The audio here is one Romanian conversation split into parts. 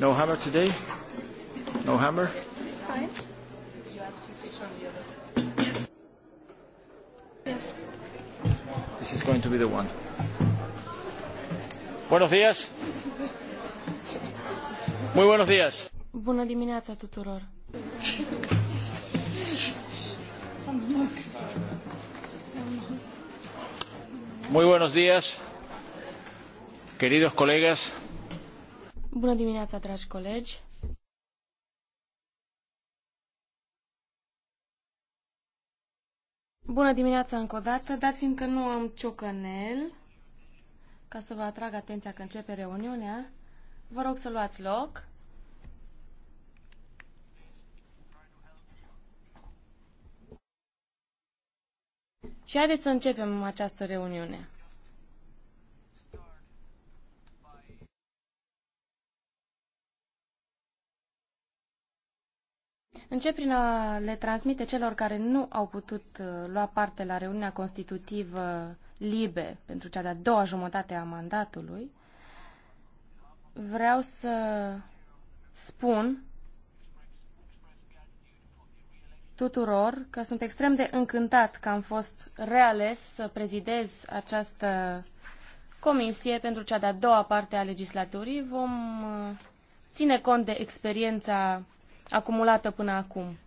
No hammer today? No hammer? This is going to be the one. Buenos días. Muy buenos días. Bună dimineața tuturor. Muy buenos días. Queridos colegas. Bună dimineața, dragi colegi. Bună dimineața încă o dată, dat fiindcă nu am ciocănel, ca să vă atrag atenția că începe reuniunea, vă rog să luați loc. Și haideți să începem această reuniune. Încep prin a le transmite celor care nu au putut uh, lua parte la reuniunea constitutivă libe pentru cea de-a doua jumătate a mandatului. Vreau să spun tuturor că sunt extrem de încântat că am fost reales să prezidez această comisie pentru cea de-a doua parte a legislaturii. Vom uh, ține cont de experiența acumulată până acum,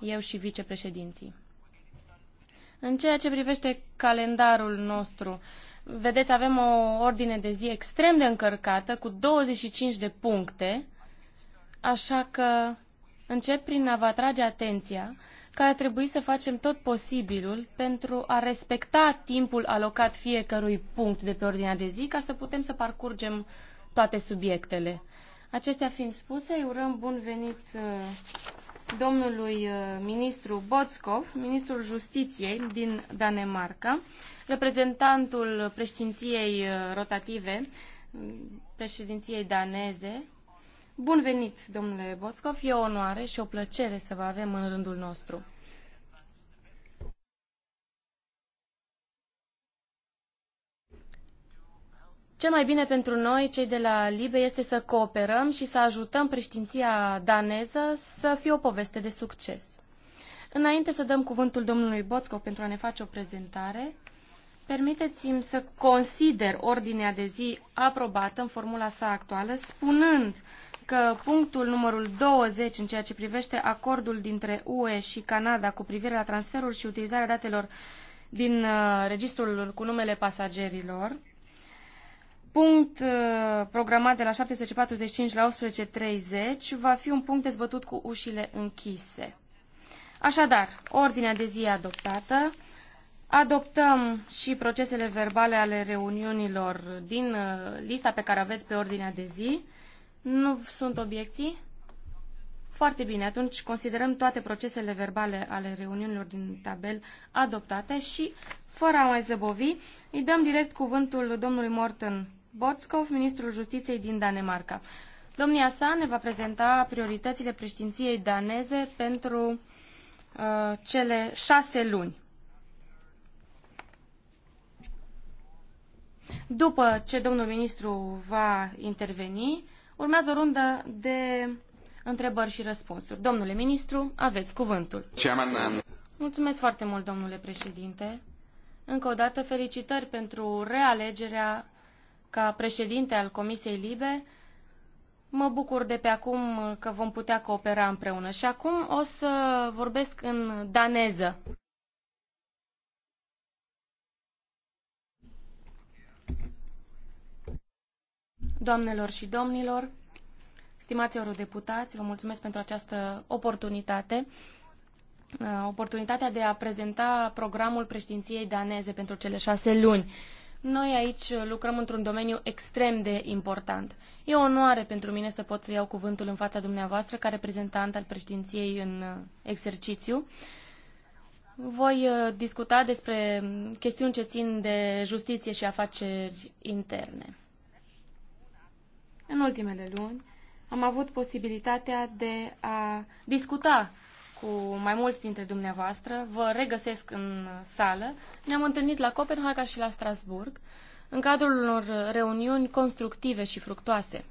eu și vicepreședinții. În ceea ce privește calendarul nostru, vedeți, avem o ordine de zi extrem de încărcată, cu 25 de puncte, așa că încep prin a vă atrage atenția că ar trebui să facem tot posibilul pentru a respecta timpul alocat fiecărui punct de pe ordinea de zi, ca să putem să parcurgem toate subiectele. Acestea fiind spuse, îi urăm bun venit uh, domnului uh, ministru Botskov, ministrul justiției din Danemarca, reprezentantul președinției uh, rotative, președinției daneze. Bun venit, domnule Botskov, e o onoare și o plăcere să vă avem în rândul nostru. Ce mai bine pentru noi, cei de la Libe, este să cooperăm și să ajutăm preștinția daneză să fie o poveste de succes. Înainte să dăm cuvântul domnului Boțco pentru a ne face o prezentare, permiteți-mi să consider ordinea de zi aprobată în formula sa actuală, spunând că punctul numărul 20 în ceea ce privește acordul dintre UE și Canada cu privire la transferul și utilizarea datelor din uh, registrul cu numele pasagerilor, punct uh, programat de la 17.45 la 18.30 va fi un punct dezbătut cu ușile închise. Așadar, ordinea de zi adoptată. Adoptăm și procesele verbale ale reuniunilor din uh, lista pe care aveți pe ordinea de zi. Nu sunt obiecții? Foarte bine, atunci considerăm toate procesele verbale ale reuniunilor din tabel adoptate și, fără a mai zăbovi, îi dăm direct cuvântul domnului Morton Botskov, ministrul justiției din Danemarca. Domnia sa ne va prezenta prioritățile președinției daneze pentru uh, cele șase luni. După ce domnul ministru va interveni, urmează o rundă de întrebări și răspunsuri. Domnule ministru, aveți cuvântul. Um, Mulțumesc foarte mult, domnule președinte. Încă o dată, felicitări pentru realegerea ca președinte al Comisiei Libe, mă bucur de pe acum că vom putea coopera împreună. Și acum o să vorbesc în daneză. Doamnelor și domnilor, stimați eurodeputați, vă mulțumesc pentru această oportunitate oportunitatea de a prezenta programul președinției daneze pentru cele șase luni. Noi aici lucrăm într-un domeniu extrem de important. E o onoare pentru mine să pot să iau cuvântul în fața dumneavoastră ca reprezentant al președinției în uh, exercițiu. Voi uh, discuta despre chestiuni ce țin de justiție și afaceri interne. În ultimele luni am avut posibilitatea de a discuta cu mai mulți dintre dumneavoastră, vă regăsesc în sală. Ne-am întâlnit la Copenhaga și la Strasburg, în cadrul unor reuniuni constructive și fructoase.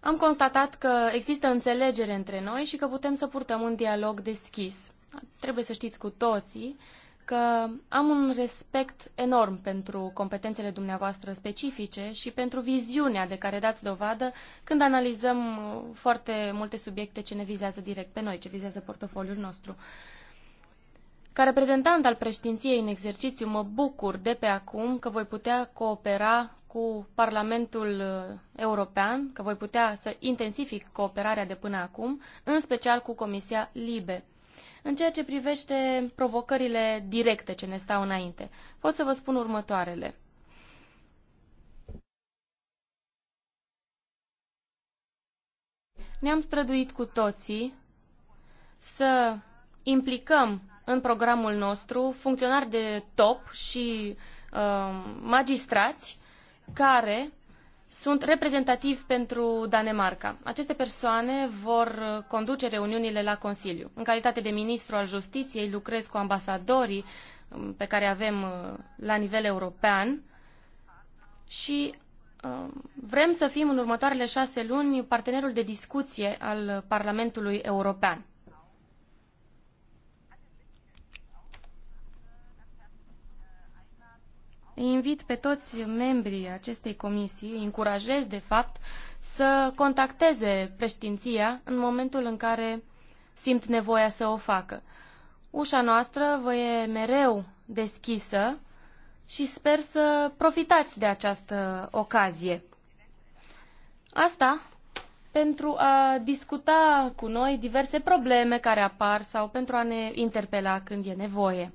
Am constatat că există înțelegere între noi și că putem să purtăm un dialog deschis. Trebuie să știți cu toții că am un respect enorm pentru competențele dumneavoastră specifice și pentru viziunea de care dați dovadă când analizăm uh, foarte multe subiecte ce ne vizează direct pe noi, ce vizează portofoliul nostru. Ca reprezentant al președinției în exercițiu, mă bucur de pe acum că voi putea coopera cu Parlamentul uh, European, că voi putea să intensific cooperarea de până acum, în special cu Comisia LIBE. În ceea ce privește provocările directe ce ne stau înainte, pot să vă spun următoarele. Ne-am străduit cu toții să implicăm în programul nostru funcționari de top și uh, magistrați care sunt reprezentativi pentru Danemarca. Aceste persoane vor conduce reuniunile la Consiliu. În calitate de ministru al justiției, lucrez cu ambasadorii um, pe care avem uh, la nivel european și um, vrem să fim în următoarele șase luni partenerul de discuție al Parlamentului European. Îi invit pe toți membrii acestei comisii, îi încurajez, de fapt, să contacteze preștinția în momentul în care simt nevoia să o facă. Ușa noastră vă e mereu deschisă și sper să profitați de această ocazie. Asta pentru a discuta cu noi diverse probleme care apar sau pentru a ne interpela când e nevoie.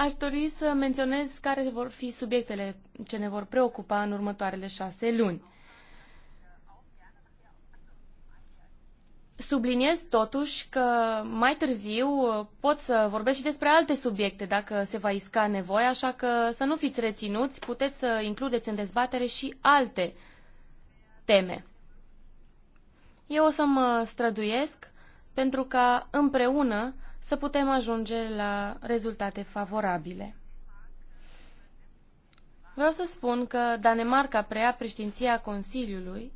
Aș dori să menționez care vor fi subiectele ce ne vor preocupa în următoarele șase luni. Subliniez totuși că mai târziu pot să vorbesc și despre alte subiecte dacă se va isca nevoie, așa că să nu fiți reținuți, puteți să includeți în dezbatere și alte teme. Eu o să mă străduiesc pentru ca împreună să putem ajunge la rezultate favorabile. Vreau să spun că Danemarca preia preștinția Consiliului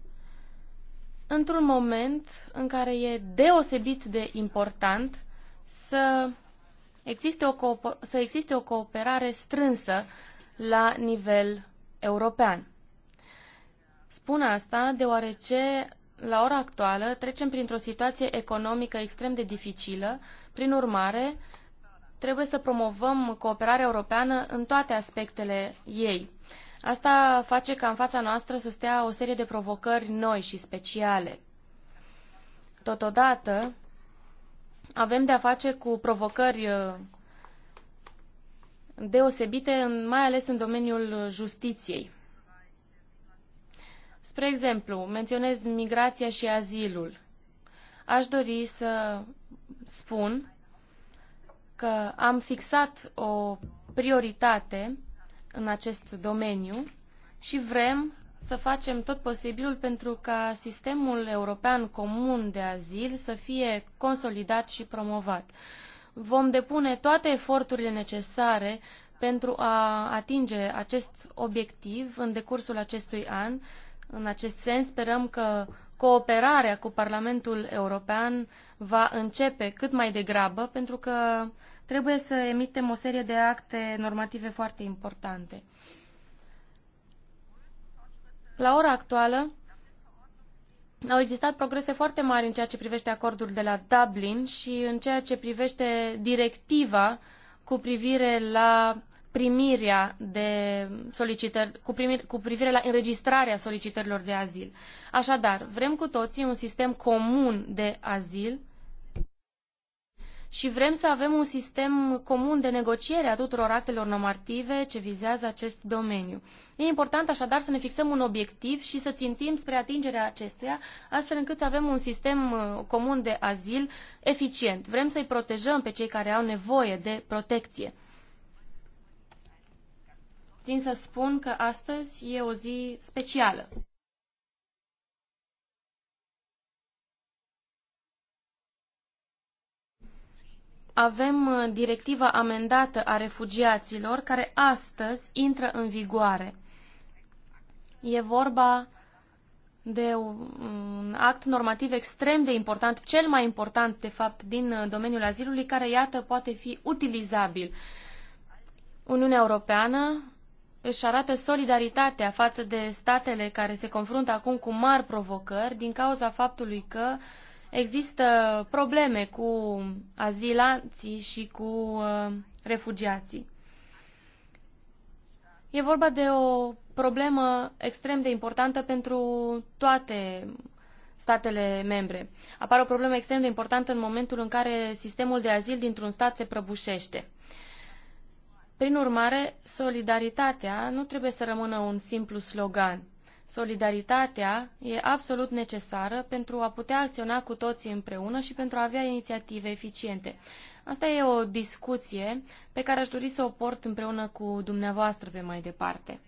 într-un moment în care e deosebit de important să existe o, să existe o cooperare strânsă la nivel european. Spun asta deoarece la ora actuală trecem printr-o situație economică extrem de dificilă prin urmare, trebuie să promovăm cooperarea europeană în toate aspectele ei. Asta face ca în fața noastră să stea o serie de provocări noi și speciale. Totodată, avem de-a face cu provocări uh, deosebite, mai ales în domeniul justiției. Spre exemplu, menționez migrația și azilul. Aș dori să spun că am fixat o prioritate în acest domeniu și vrem să facem tot posibilul pentru ca sistemul european comun de azil să fie consolidat și promovat. Vom depune toate eforturile necesare pentru a atinge acest obiectiv în decursul acestui an. În acest sens, sperăm că cooperarea cu Parlamentul European va începe cât mai degrabă, pentru că trebuie să emitem o serie de acte normative foarte importante. La ora actuală au existat progrese foarte mari în ceea ce privește acordul de la Dublin și în ceea ce privește directiva cu privire la primirea de solicitări, cu, primir, cu privire la înregistrarea solicitărilor de azil. Așadar, vrem cu toții un sistem comun de azil și vrem să avem un sistem comun de negociere a tuturor actelor normative ce vizează acest domeniu. E important așadar să ne fixăm un obiectiv și să țintim spre atingerea acestuia, astfel încât să avem un sistem uh, comun de azil eficient. Vrem să-i protejăm pe cei care au nevoie de protecție. Țin să spun că astăzi e o zi specială. Avem uh, directiva amendată a refugiaților care astăzi intră în vigoare. E vorba de un act normativ extrem de important, cel mai important, de fapt, din uh, domeniul azilului, care, iată, poate fi utilizabil. Uniunea Europeană își arată solidaritatea față de statele care se confruntă acum cu mari provocări din cauza faptului că există probleme cu azilanții și cu uh, refugiații. E vorba de o problemă extrem de importantă pentru toate statele membre. Apare o problemă extrem de importantă în momentul în care sistemul de azil dintr-un stat se prăbușește. Uh, prin urmare, solidaritatea nu trebuie să rămână un simplu slogan. Solidaritatea e absolut necesară pentru a putea acționa cu toții împreună și pentru a avea inițiative eficiente. Asta e o discuție pe care aș dori să o port împreună cu dumneavoastră pe mai departe.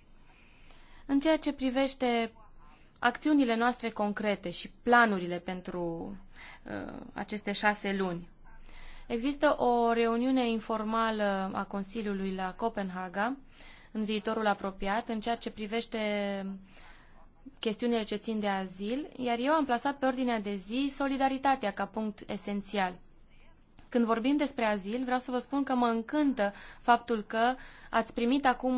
În ceea ce privește acțiunile noastre concrete și planurile pentru uh, aceste șase luni, Există o reuniune informală a Consiliului la Copenhaga în viitorul apropiat în ceea ce privește chestiunile ce țin de azil, iar eu am plasat pe ordinea de zi solidaritatea ca punct esențial. Când vorbim despre azil, vreau să vă spun că mă încântă faptul că ați primit acum,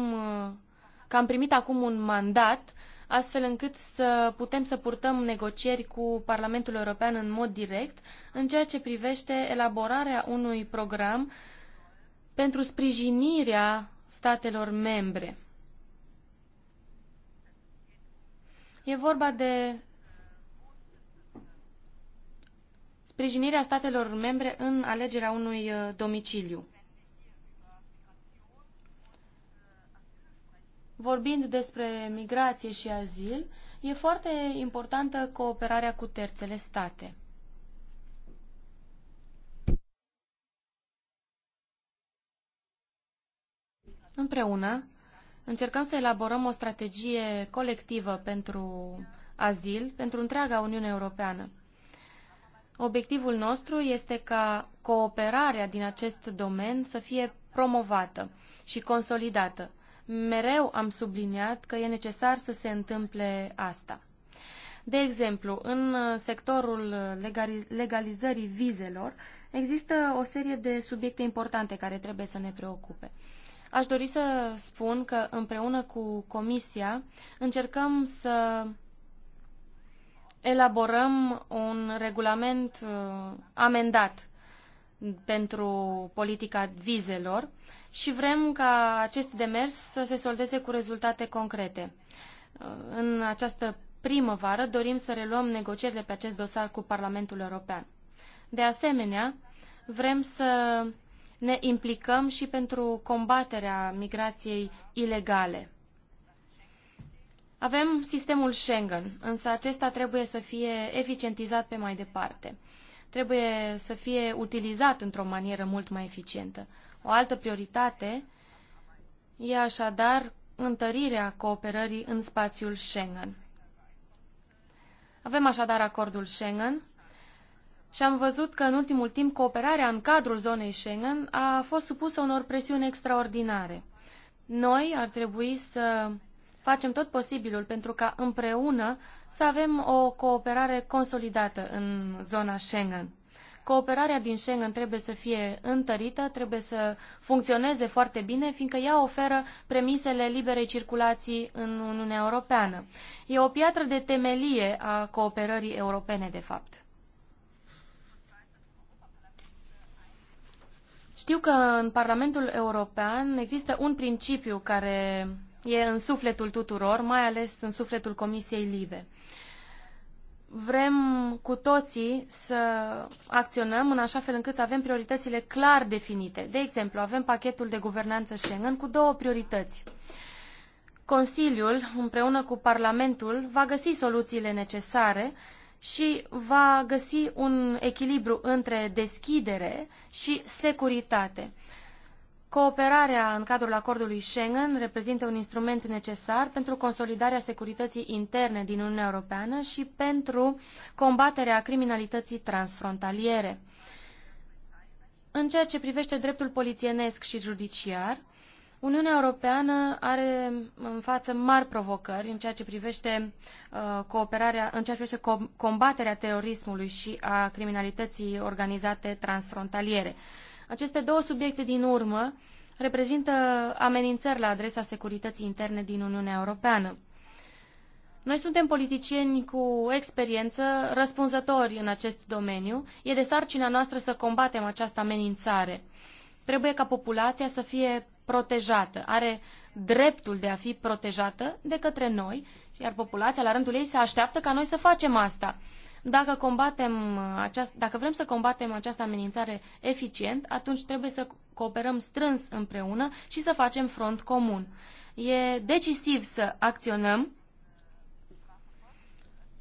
că am primit acum un mandat uh, astfel încât să putem să purtăm negocieri cu Parlamentul European în mod direct în ceea ce privește elaborarea unui program pentru sprijinirea statelor membre. E vorba de sprijinirea statelor membre în alegerea unui domiciliu. vorbind despre migrație și azil, e foarte importantă cooperarea cu terțele state. Împreună, încercăm să elaborăm o strategie colectivă pentru azil, pentru întreaga Uniune Europeană. Obiectivul nostru este ca cooperarea din acest domen să fie promovată și consolidată mereu am subliniat că e necesar să se întâmple asta. De exemplu, în uh, sectorul uh, legalizării vizelor există o serie de subiecte importante care trebuie să ne preocupe. Aș dori să spun că împreună cu Comisia încercăm să elaborăm un regulament uh, amendat pentru politica vizelor și vrem ca acest demers să se soldeze cu rezultate concrete. Uh, în această primăvară dorim să reluăm negocierile pe acest dosar cu Parlamentul European. De asemenea, vrem să ne implicăm și pentru combaterea migrației ilegale. Avem sistemul Schengen, însă acesta trebuie să fie eficientizat pe mai departe trebuie să fie utilizat într-o manieră mult mai eficientă. O altă prioritate e așadar întărirea cooperării în spațiul Schengen. Avem așadar acordul Schengen și am văzut că în ultimul timp cooperarea în cadrul zonei Schengen a fost supusă unor presiuni extraordinare. Noi ar trebui să facem tot posibilul pentru ca împreună să avem o cooperare consolidată în zona Schengen. Cooperarea din Schengen trebuie să fie întărită, trebuie să funcționeze foarte bine, fiindcă ea oferă premisele liberei circulații în Uniunea Europeană. E o piatră de temelie a cooperării europene, de fapt. Știu că în Parlamentul European există un principiu care e în sufletul tuturor, mai ales în sufletul Comisiei Libe. Vrem cu toții să acționăm în așa fel încât să avem prioritățile clar definite. De exemplu, avem pachetul de guvernanță Schengen cu două priorități. Consiliul, împreună cu Parlamentul, va găsi soluțiile necesare și va găsi un echilibru între deschidere și securitate. Cooperarea în cadrul acordului Schengen reprezintă un instrument necesar pentru consolidarea securității interne din Uniunea Europeană și pentru combaterea criminalității transfrontaliere. În ceea ce privește dreptul polițienesc și judiciar, Uniunea Europeană are în față mari provocări în ceea ce privește uh, cooperarea, în ceea ce privește com combaterea terorismului și a criminalității organizate transfrontaliere. Aceste două subiecte din urmă reprezintă amenințări la adresa securității interne din Uniunea Europeană. Noi suntem politicieni cu experiență, răspunzători în acest domeniu. E de sarcina noastră să combatem această amenințare. Trebuie ca populația să fie protejată, are dreptul de a fi protejată de către noi, iar populația la rândul ei se așteaptă ca noi să facem asta. Dacă, combatem aceast, dacă vrem să combatem această amenințare eficient, atunci trebuie să cooperăm strâns împreună și să facem front comun. E decisiv să acționăm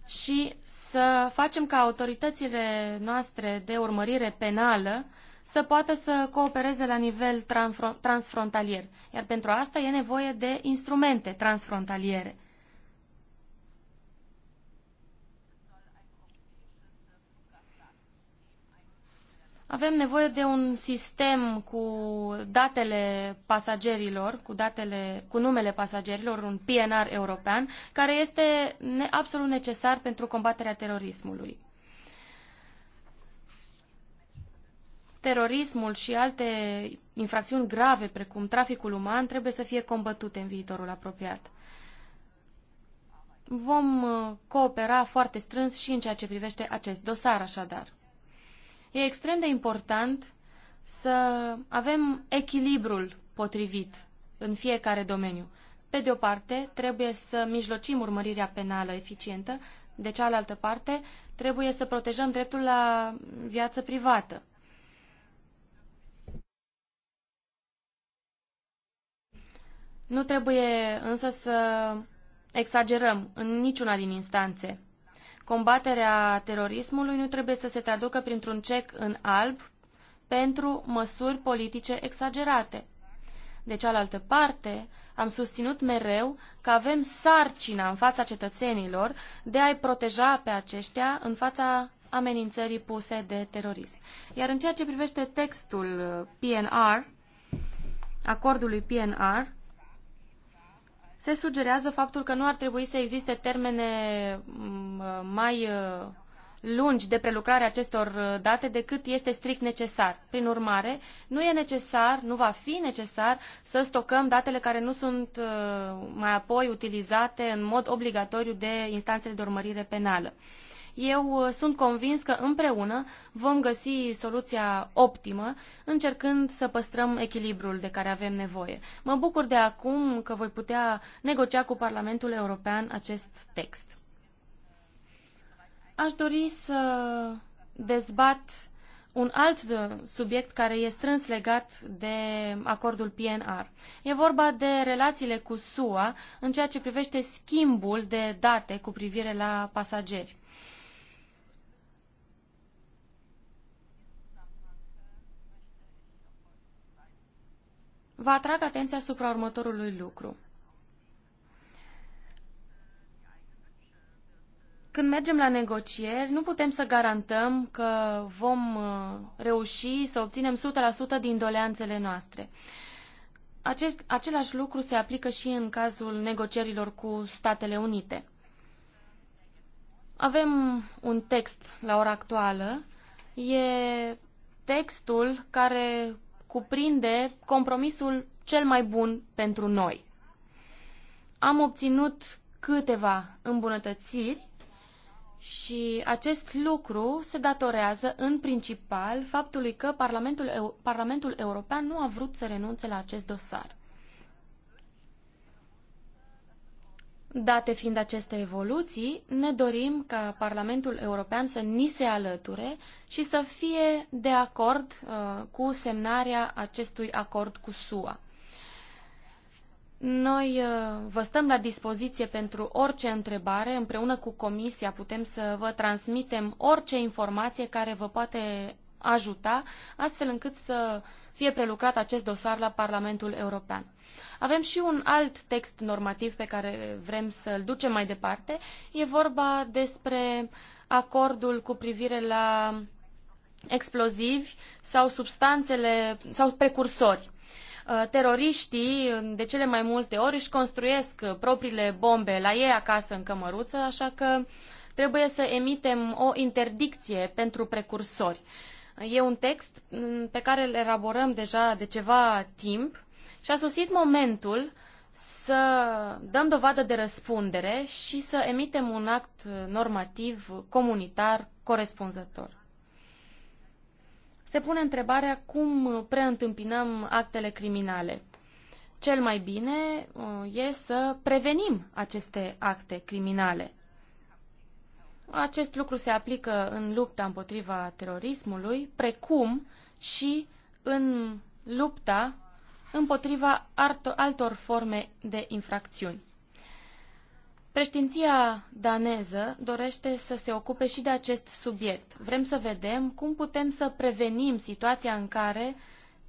și să facem ca autoritățile noastre de urmărire penală să poată să coopereze la nivel transfrontalier. Iar pentru asta e nevoie de instrumente transfrontaliere. Avem nevoie de un sistem cu datele pasagerilor, cu, datele, cu numele pasagerilor, un PNR european, care este absolut necesar pentru combaterea terorismului. Terorismul și alte infracțiuni grave, precum traficul uman, trebuie să fie combătute în viitorul apropiat vom uh, coopera foarte strâns și în ceea ce privește acest dosar, așadar. E extrem de important să avem echilibrul potrivit în fiecare domeniu. Pe de o parte, trebuie să mijlocim urmărirea penală eficientă, de cealaltă parte, trebuie să protejăm dreptul la viață privată. Nu trebuie însă să exagerăm în niciuna din instanțe. Combaterea terorismului nu trebuie să se traducă printr-un cec în alb pentru măsuri politice exagerate. De cealaltă parte, am susținut mereu că avem sarcina în fața cetățenilor de a-i proteja pe aceștia în fața amenințării puse de terorism. Iar în ceea ce privește textul PNR, acordului PNR, se sugerează faptul că nu ar trebui să existe termene mm, mai uh, lungi de prelucrare acestor uh, date decât este strict necesar. Prin urmare, nu e necesar, nu va fi necesar să stocăm datele care nu sunt uh, mai apoi utilizate în mod obligatoriu de instanțele de urmărire penală. Eu uh, sunt convins că împreună vom găsi soluția optimă, încercând să păstrăm echilibrul de care avem nevoie. Mă bucur de acum că voi putea negocia cu Parlamentul European acest text. Aș dori să dezbat un alt uh, subiect care e strâns legat de acordul PNR. E vorba de relațiile cu SUA în ceea ce privește schimbul de date cu privire la pasageri. Vă atrag atenția asupra următorului lucru. Când mergem la negocieri, nu putem să garantăm că vom uh, reuși să obținem 100% din doleanțele noastre. Acest, același lucru se aplică și în cazul negocierilor cu Statele Unite. Avem un text la ora actuală. E textul care cuprinde compromisul cel mai bun pentru noi. Am obținut câteva îmbunătățiri și acest lucru se datorează în principal faptului că Parlamentul, Parlamentul European nu a vrut să renunțe la acest dosar. Date fiind aceste evoluții, ne dorim ca Parlamentul European să ni se alăture și să fie de acord uh, cu semnarea acestui acord cu SUA. Noi uh, vă stăm la dispoziție pentru orice întrebare. Împreună cu Comisia putem să vă transmitem orice informație care vă poate ajuta, astfel încât să fie prelucrat acest dosar la Parlamentul European. Avem și un alt text normativ pe care vrem să-l ducem mai departe. E vorba despre acordul cu privire la explozivi sau substanțele sau precursori uh, teroriștii uh, de cele mai multe ori își construiesc propriile bombe la ei acasă în cămăruță, așa că trebuie să emitem o interdicție pentru precursori. E un text mm, pe care îl elaborăm deja de ceva timp și a sosit momentul să dăm dovadă de răspundere și să emitem un act uh, normativ comunitar corespunzător. Se pune întrebarea cum uh, preîntâmpinăm actele criminale. Cel mai bine uh, e să prevenim aceste acte criminale. Acest lucru se aplică în lupta împotriva terorismului, precum și în lupta împotriva altor forme de infracțiuni. Preștinția daneză dorește să se ocupe și de acest subiect. Vrem să vedem cum putem să prevenim situația în care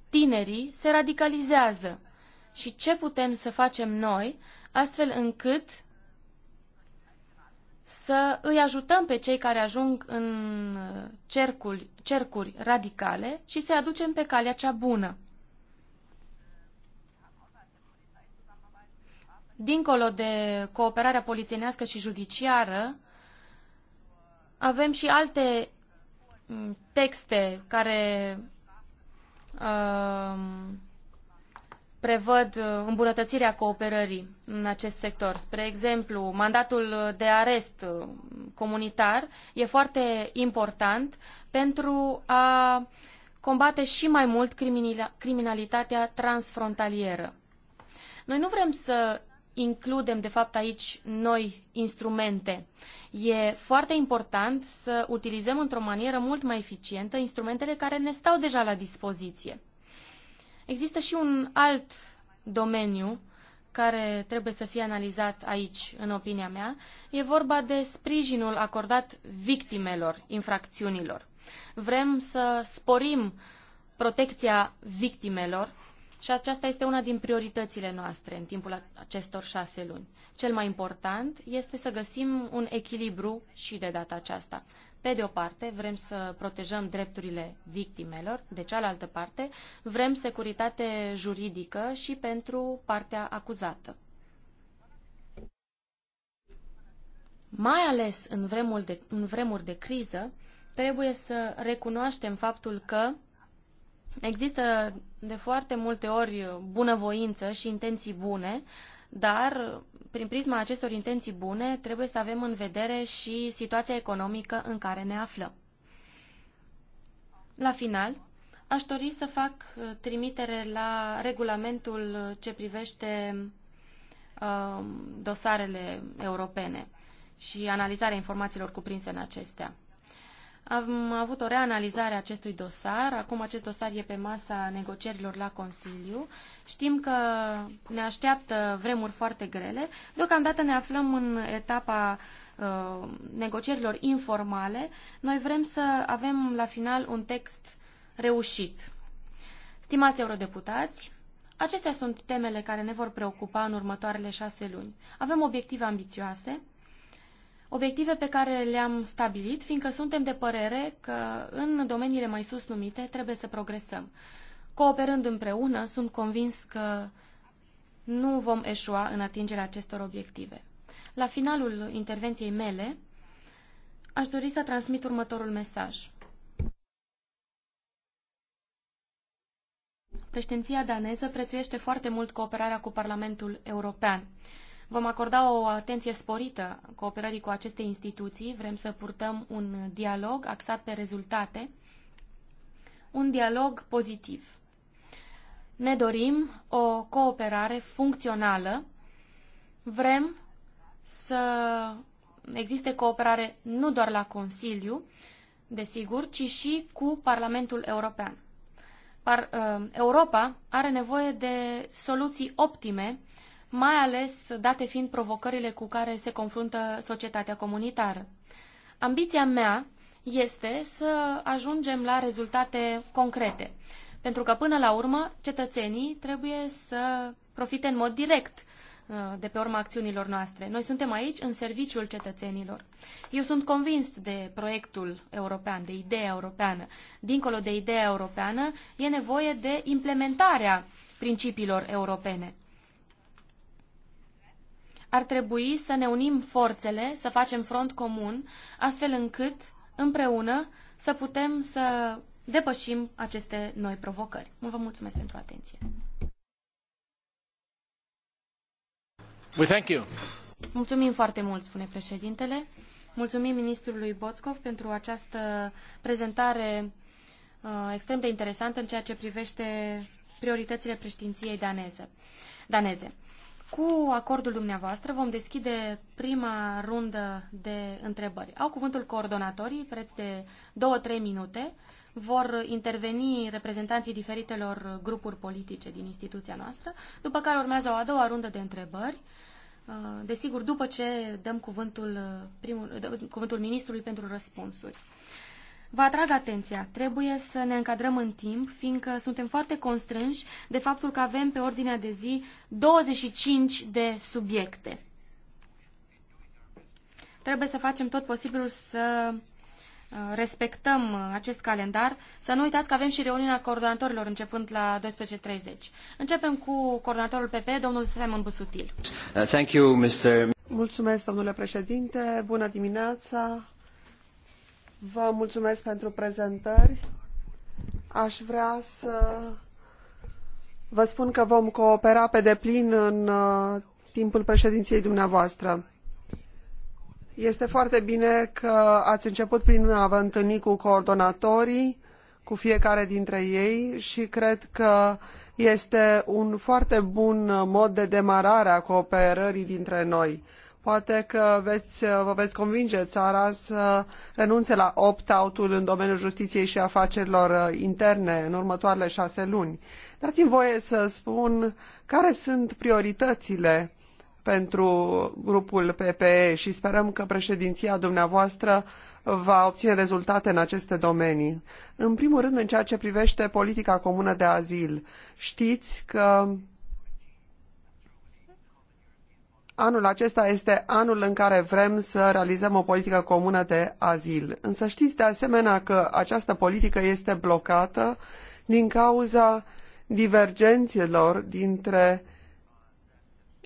tinerii se radicalizează și ce putem să facem noi astfel încât să îi ajutăm pe cei care ajung în uh, cercuri, cercuri radicale și să-i aducem pe calea cea bună. Dincolo de cooperarea polițienească și judiciară, avem și alte mm, texte care uh, prevăd uh, îmbunătățirea cooperării în acest sector. Spre exemplu, mandatul de arest uh, comunitar e foarte important pentru a combate și mai mult criminalitatea transfrontalieră. Noi nu vrem să includem, de fapt, aici noi instrumente. E foarte important să utilizăm într-o manieră mult mai eficientă instrumentele care ne stau deja la dispoziție. Există și un alt domeniu care trebuie să fie analizat aici, în opinia mea. E vorba de sprijinul acordat victimelor infracțiunilor. Vrem să sporim protecția victimelor și aceasta este una din prioritățile noastre în timpul acestor șase luni. Cel mai important este să găsim un echilibru și de data aceasta. Pe de o parte, vrem să protejăm drepturile victimelor, de cealaltă parte, vrem securitate juridică și pentru partea acuzată. Mai ales în, vremul de, în vremuri de criză, trebuie să recunoaștem faptul că există de foarte multe ori bunăvoință și intenții bune, dar prin prisma acestor intenții bune trebuie să avem în vedere și situația economică în care ne aflăm. La final, aș dori să fac uh, trimitere la regulamentul ce privește um, dosarele europene și analizarea informațiilor cuprinse în acestea. Am avut o reanalizare a acestui dosar. Acum acest dosar e pe masa negocierilor la Consiliu. Știm că ne așteaptă vremuri foarte grele. Deocamdată ne aflăm în etapa uh, negocierilor informale. Noi vrem să avem la final un text reușit. Stimați eurodeputați, acestea sunt temele care ne vor preocupa în următoarele șase luni. Avem obiective ambițioase, Obiective pe care le-am stabilit, fiindcă suntem de părere că în domeniile mai sus numite trebuie să progresăm. Cooperând împreună, sunt convins că nu vom eșua în atingerea acestor obiective. La finalul intervenției mele, aș dori să transmit următorul mesaj. Președinția daneză prețuiește foarte mult cooperarea cu Parlamentul European. Vom acorda o atenție sporită cooperării cu aceste instituții. Vrem să purtăm un dialog axat pe rezultate, un dialog pozitiv. Ne dorim o cooperare funcțională. Vrem să existe cooperare nu doar la Consiliu, desigur, ci și cu Parlamentul European. Par, uh, Europa are nevoie de soluții optime mai ales date fiind provocările cu care se confruntă societatea comunitară. Ambiția mea este să ajungem la rezultate concrete, pentru că până la urmă cetățenii trebuie să profite în mod direct uh, de pe urma acțiunilor noastre. Noi suntem aici în serviciul cetățenilor. Eu sunt convins de proiectul european, de ideea europeană. Dincolo de ideea europeană, e nevoie de implementarea principiilor europene. Ar trebui să ne unim forțele, să facem front comun, astfel încât, împreună, să putem să depășim aceste noi provocări. Vă mulțumesc pentru atenție. We thank you. Mulțumim foarte mult, spune președintele. Mulțumim ministrului Boțcov pentru această prezentare uh, extrem de interesantă în ceea ce privește prioritățile președinției daneze. daneze. Cu acordul dumneavoastră vom deschide prima rundă de întrebări. Au cuvântul coordonatorii, preț de 2-3 minute. Vor interveni reprezentanții diferitelor grupuri politice din instituția noastră, după care urmează o a doua rundă de întrebări. Uh, desigur, după ce dăm cuvântul, uh, primul, uh, cuvântul ministrului pentru răspunsuri. Vă atrag atenția, trebuie să ne încadrăm în timp, fiindcă suntem foarte constrânși de faptul că avem pe ordinea de zi 25 de subiecte. Trebuie să facem tot posibilul să uh, respectăm acest calendar. Să nu uitați că avem și reuniunea coordonatorilor începând la 12.30. Începem cu coordonatorul PP, domnul Simon Busutil. Uh, thank you, Mr. Mulțumesc, domnule președinte. Bună dimineața. Vă mulțumesc pentru prezentări. Aș vrea să vă spun că vom coopera pe deplin în uh, timpul președinției dumneavoastră. Este foarte bine că ați început prin a vă întâlni cu coordonatorii, cu fiecare dintre ei și cred că este un foarte bun mod de demarare a cooperării dintre noi. Poate că veți, vă veți convinge țara să renunțe la opt-out-ul în domeniul justiției și afacerilor uh, interne în următoarele șase luni. Dați-mi voie să spun care sunt prioritățile pentru grupul PPE și sperăm că președinția dumneavoastră va obține rezultate în aceste domenii. În primul rând, în ceea ce privește politica comună de azil, știți că Anul acesta este anul în care vrem să realizăm o politică comună de azil. Însă știți de asemenea că această politică este blocată din cauza divergențelor dintre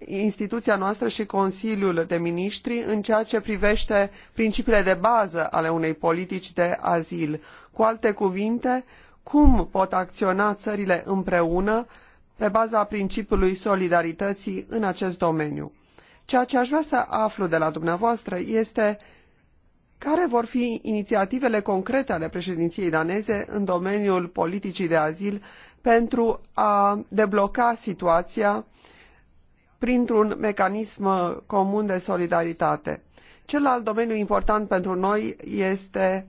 instituția noastră și Consiliul de Ministri în ceea ce privește principiile de bază ale unei politici de azil. Cu alte cuvinte, cum pot acționa țările împreună pe baza principiului solidarității în acest domeniu. Ceea ce aș vrea să aflu de la dumneavoastră este care vor fi inițiativele concrete ale președinției daneze în domeniul politicii de azil pentru a debloca situația printr-un mecanism comun de solidaritate. Celălalt domeniu important pentru noi este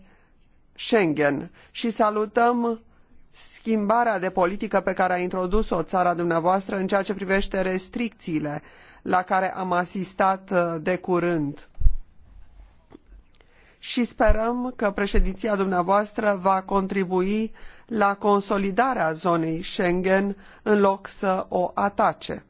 Schengen și salutăm schimbarea de politică pe care a introdus-o țara dumneavoastră în ceea ce privește restricțiile la care am asistat uh, de curând. Și sperăm că președinția dumneavoastră va contribui la consolidarea zonei Schengen în loc să o atace.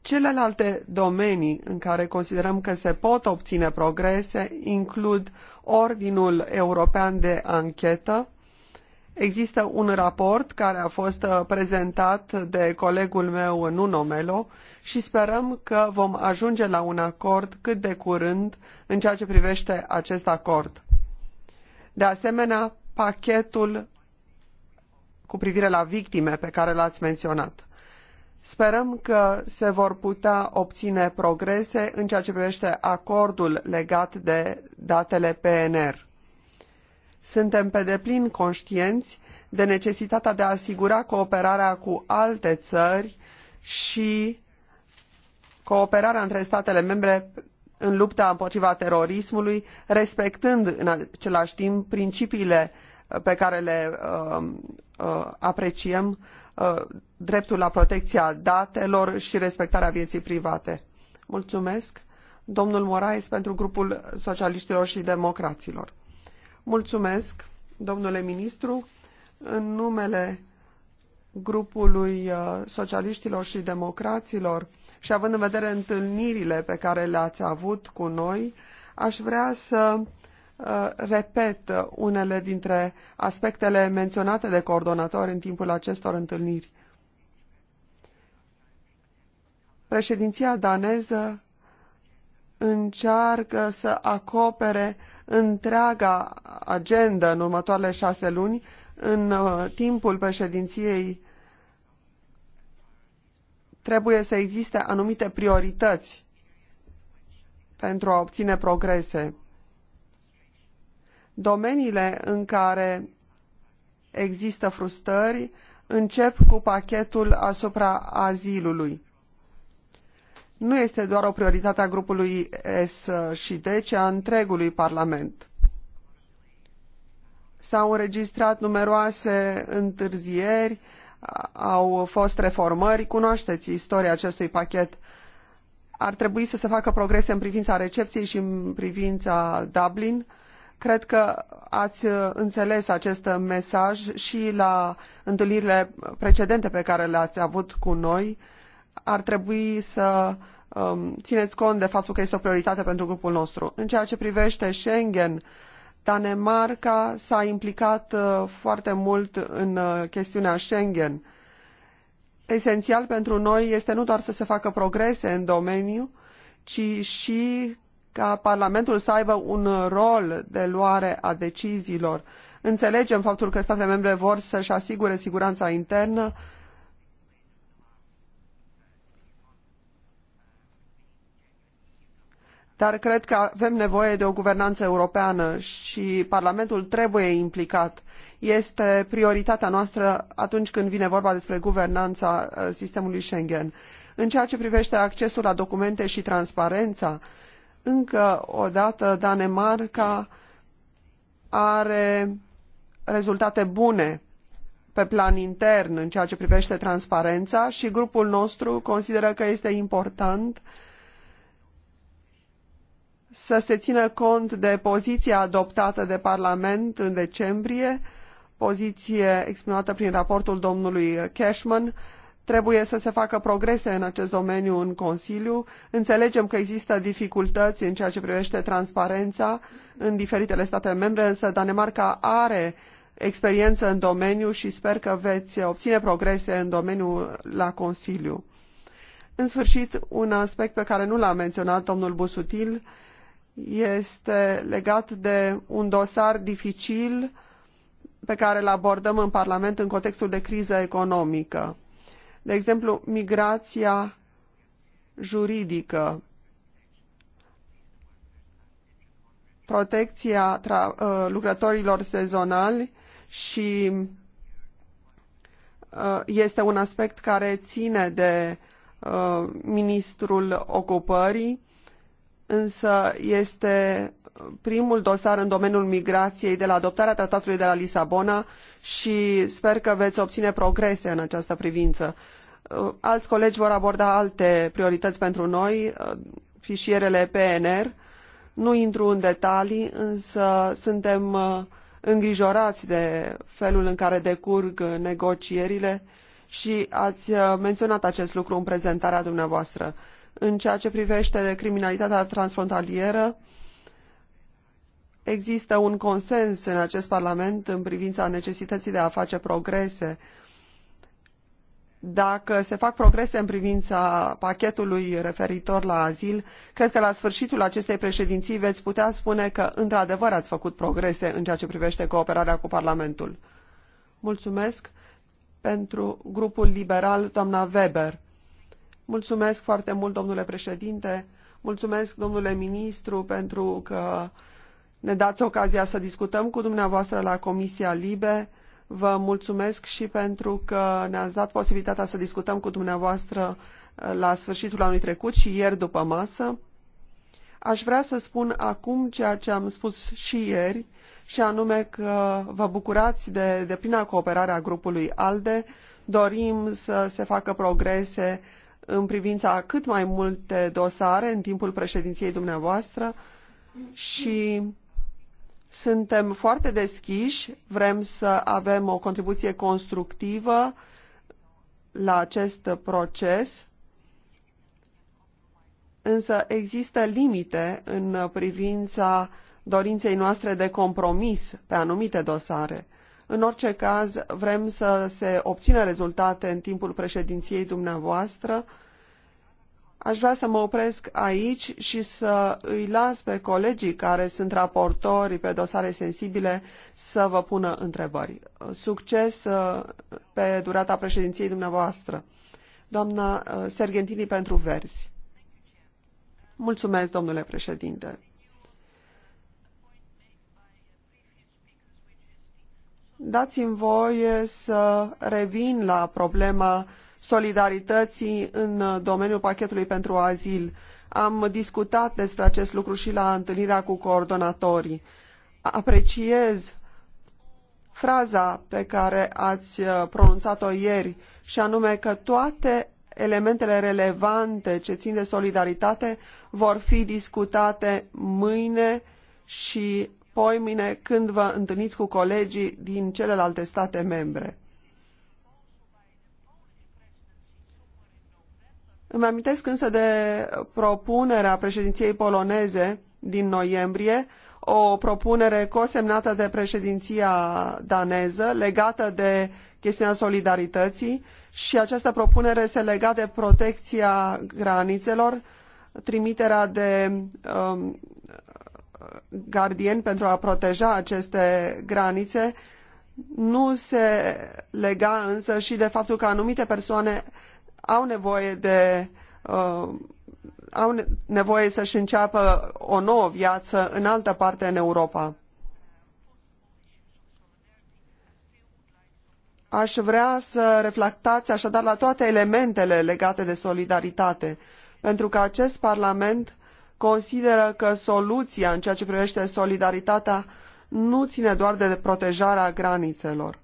Celelalte domenii în care considerăm că se pot obține progrese includ Ordinul European de Anchetă, Există un raport care a fost uh, prezentat de colegul meu Nuno Melo și sperăm că vom ajunge la un acord cât de curând în ceea ce privește acest acord. De asemenea, pachetul cu privire la victime pe care l-ați menționat. Sperăm că se vor putea obține progrese în ceea ce privește acordul legat de datele PNR. Suntem pe deplin conștienți de necesitatea de a asigura cooperarea cu alte țări și cooperarea între statele membre în lupta împotriva terorismului, respectând în același timp principiile uh, pe care le uh, uh, apreciem, uh, dreptul la protecția datelor și respectarea vieții private. Mulțumesc, domnul Moraes, pentru grupul socialiștilor și democraților. Mulțumesc, domnule ministru. În numele grupului uh, socialiștilor și democraților și având în vedere întâlnirile pe care le-ați avut cu noi, aș vrea să uh, repet unele dintre aspectele menționate de coordonatori în timpul acestor întâlniri. Președinția daneză încearcă să acopere întreaga agendă în următoarele șase luni, în uh, timpul președinției trebuie să existe anumite priorități pentru a obține progrese. Domeniile în care există frustrări încep cu pachetul asupra azilului nu este doar o prioritate a grupului S și D, ci a întregului Parlament. S-au înregistrat numeroase întârzieri, au fost reformări, cunoașteți istoria acestui pachet. Ar trebui să se facă progrese în privința recepției și în privința Dublin. Cred că ați înțeles acest mesaj și la întâlnirile precedente pe care le-ați avut cu noi ar trebui să um, țineți cont de faptul că este o prioritate pentru grupul nostru. În ceea ce privește Schengen, Danemarca s-a implicat uh, foarte mult în uh, chestiunea Schengen. Esențial pentru noi este nu doar să se facă progrese în domeniu, ci și ca Parlamentul să aibă un rol de luare a deciziilor. Înțelegem faptul că statele membre vor să-și asigure siguranța internă, dar cred că avem nevoie de o guvernanță europeană și Parlamentul trebuie implicat. Este prioritatea noastră atunci când vine vorba despre guvernanța uh, sistemului Schengen. În ceea ce privește accesul la documente și transparența, încă o dată Danemarca are rezultate bune pe plan intern în ceea ce privește transparența și grupul nostru consideră că este important uh, să se țină cont de poziția adoptată de Parlament în decembrie, poziție exprimată prin raportul domnului Cashman. Trebuie să se facă progrese în acest domeniu în Consiliu. Înțelegem că există dificultăți în ceea ce privește transparența în diferitele state membre, însă Danemarca are experiență în domeniu și sper că veți obține progrese în domeniu la Consiliu. În sfârșit, un aspect pe care nu l-a menționat domnul Busutil este legat de un dosar dificil pe care îl abordăm în Parlament în contextul de criză economică. De exemplu, migrația juridică, protecția uh, lucrătorilor sezonali și uh, este un aspect care ține de uh, ministrul ocupării însă este primul dosar în domeniul migrației de la adoptarea tratatului de la Lisabona și sper că veți obține progrese în această privință. Uh, alți colegi vor aborda alte priorități pentru noi, uh, fișierele PNR. Nu intru în detalii, însă suntem uh, îngrijorați de felul în care decurg negocierile și ați menționat acest lucru în prezentarea dumneavoastră. În ceea ce privește criminalitatea transfrontalieră, există un consens în acest Parlament în privința necesității de a face progrese. Dacă se fac progrese în privința pachetului referitor la azil, cred că la sfârșitul acestei președinții veți putea spune că într-adevăr ați făcut progrese în ceea ce privește cooperarea cu Parlamentul. Mulțumesc pentru grupul liberal, doamna Weber. Mulțumesc foarte mult, domnule președinte. Mulțumesc, domnule ministru, pentru că ne dați ocazia să discutăm cu dumneavoastră la Comisia Libe. Vă mulțumesc și pentru că ne-ați dat posibilitatea să discutăm cu dumneavoastră eh, la sfârșitul anului trecut și ieri după masă. Aș vrea să spun acum ceea ce am spus și ieri, și anume că vă bucurați de, de plina cooperare a grupului ALDE, dorim să se facă progrese în privința cât mai multe dosare în timpul președinției dumneavoastră și suntem foarte deschiși, vrem să avem o contribuție constructivă la acest proces, însă există limite în privința dorinței noastre de compromis pe anumite dosare. În orice caz, vrem să se obțină rezultate în timpul președinției dumneavoastră. Aș vrea să mă opresc aici și să îi las pe colegii care sunt raportori pe dosare sensibile să vă pună întrebări. Succes uh, pe durata președinției dumneavoastră. Doamna uh, Sergentini pentru Verzi. Mulțumesc, domnule președinte. Dați-mi voie să revin la problema solidarității în domeniul pachetului pentru azil. Am discutat despre acest lucru și la întâlnirea cu coordonatorii. Apreciez fraza pe care ați uh, pronunțat-o ieri și anume că toate elementele relevante ce țin de solidaritate vor fi discutate mâine și poimine când vă întâlniți cu colegii din celelalte state membre. Îmi amintesc însă de propunerea președinției poloneze din noiembrie, o propunere cosemnată de președinția daneză legată de chestiunea solidarității și această propunere se lega de protecția granițelor, trimiterea de um, gardieni pentru a proteja aceste granițe, nu se lega însă și de faptul că anumite persoane au nevoie de uh, au nevoie să-și înceapă o nouă viață în altă parte în Europa. Aș vrea să reflectați așadar la toate elementele legate de solidaritate, pentru că acest Parlament consideră că soluția în ceea ce privește solidaritatea nu ține doar de protejarea granițelor.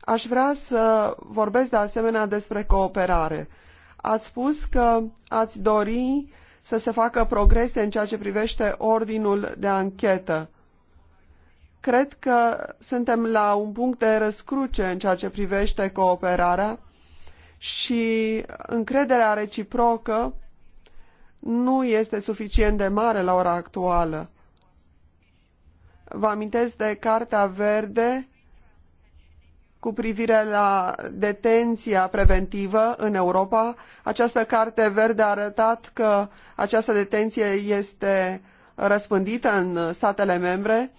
Aș vrea să vorbesc de asemenea despre cooperare. Ați spus că ați dori să se facă progrese în ceea ce privește ordinul de anchetă. Cred că suntem la un punct de răscruce în ceea ce privește cooperarea și încrederea reciprocă nu este suficient de mare la ora actuală. Vă amintesc de Cartea Verde cu privire la detenția preventivă în Europa. Această carte verde a arătat că această detenție este răspândită în statele membre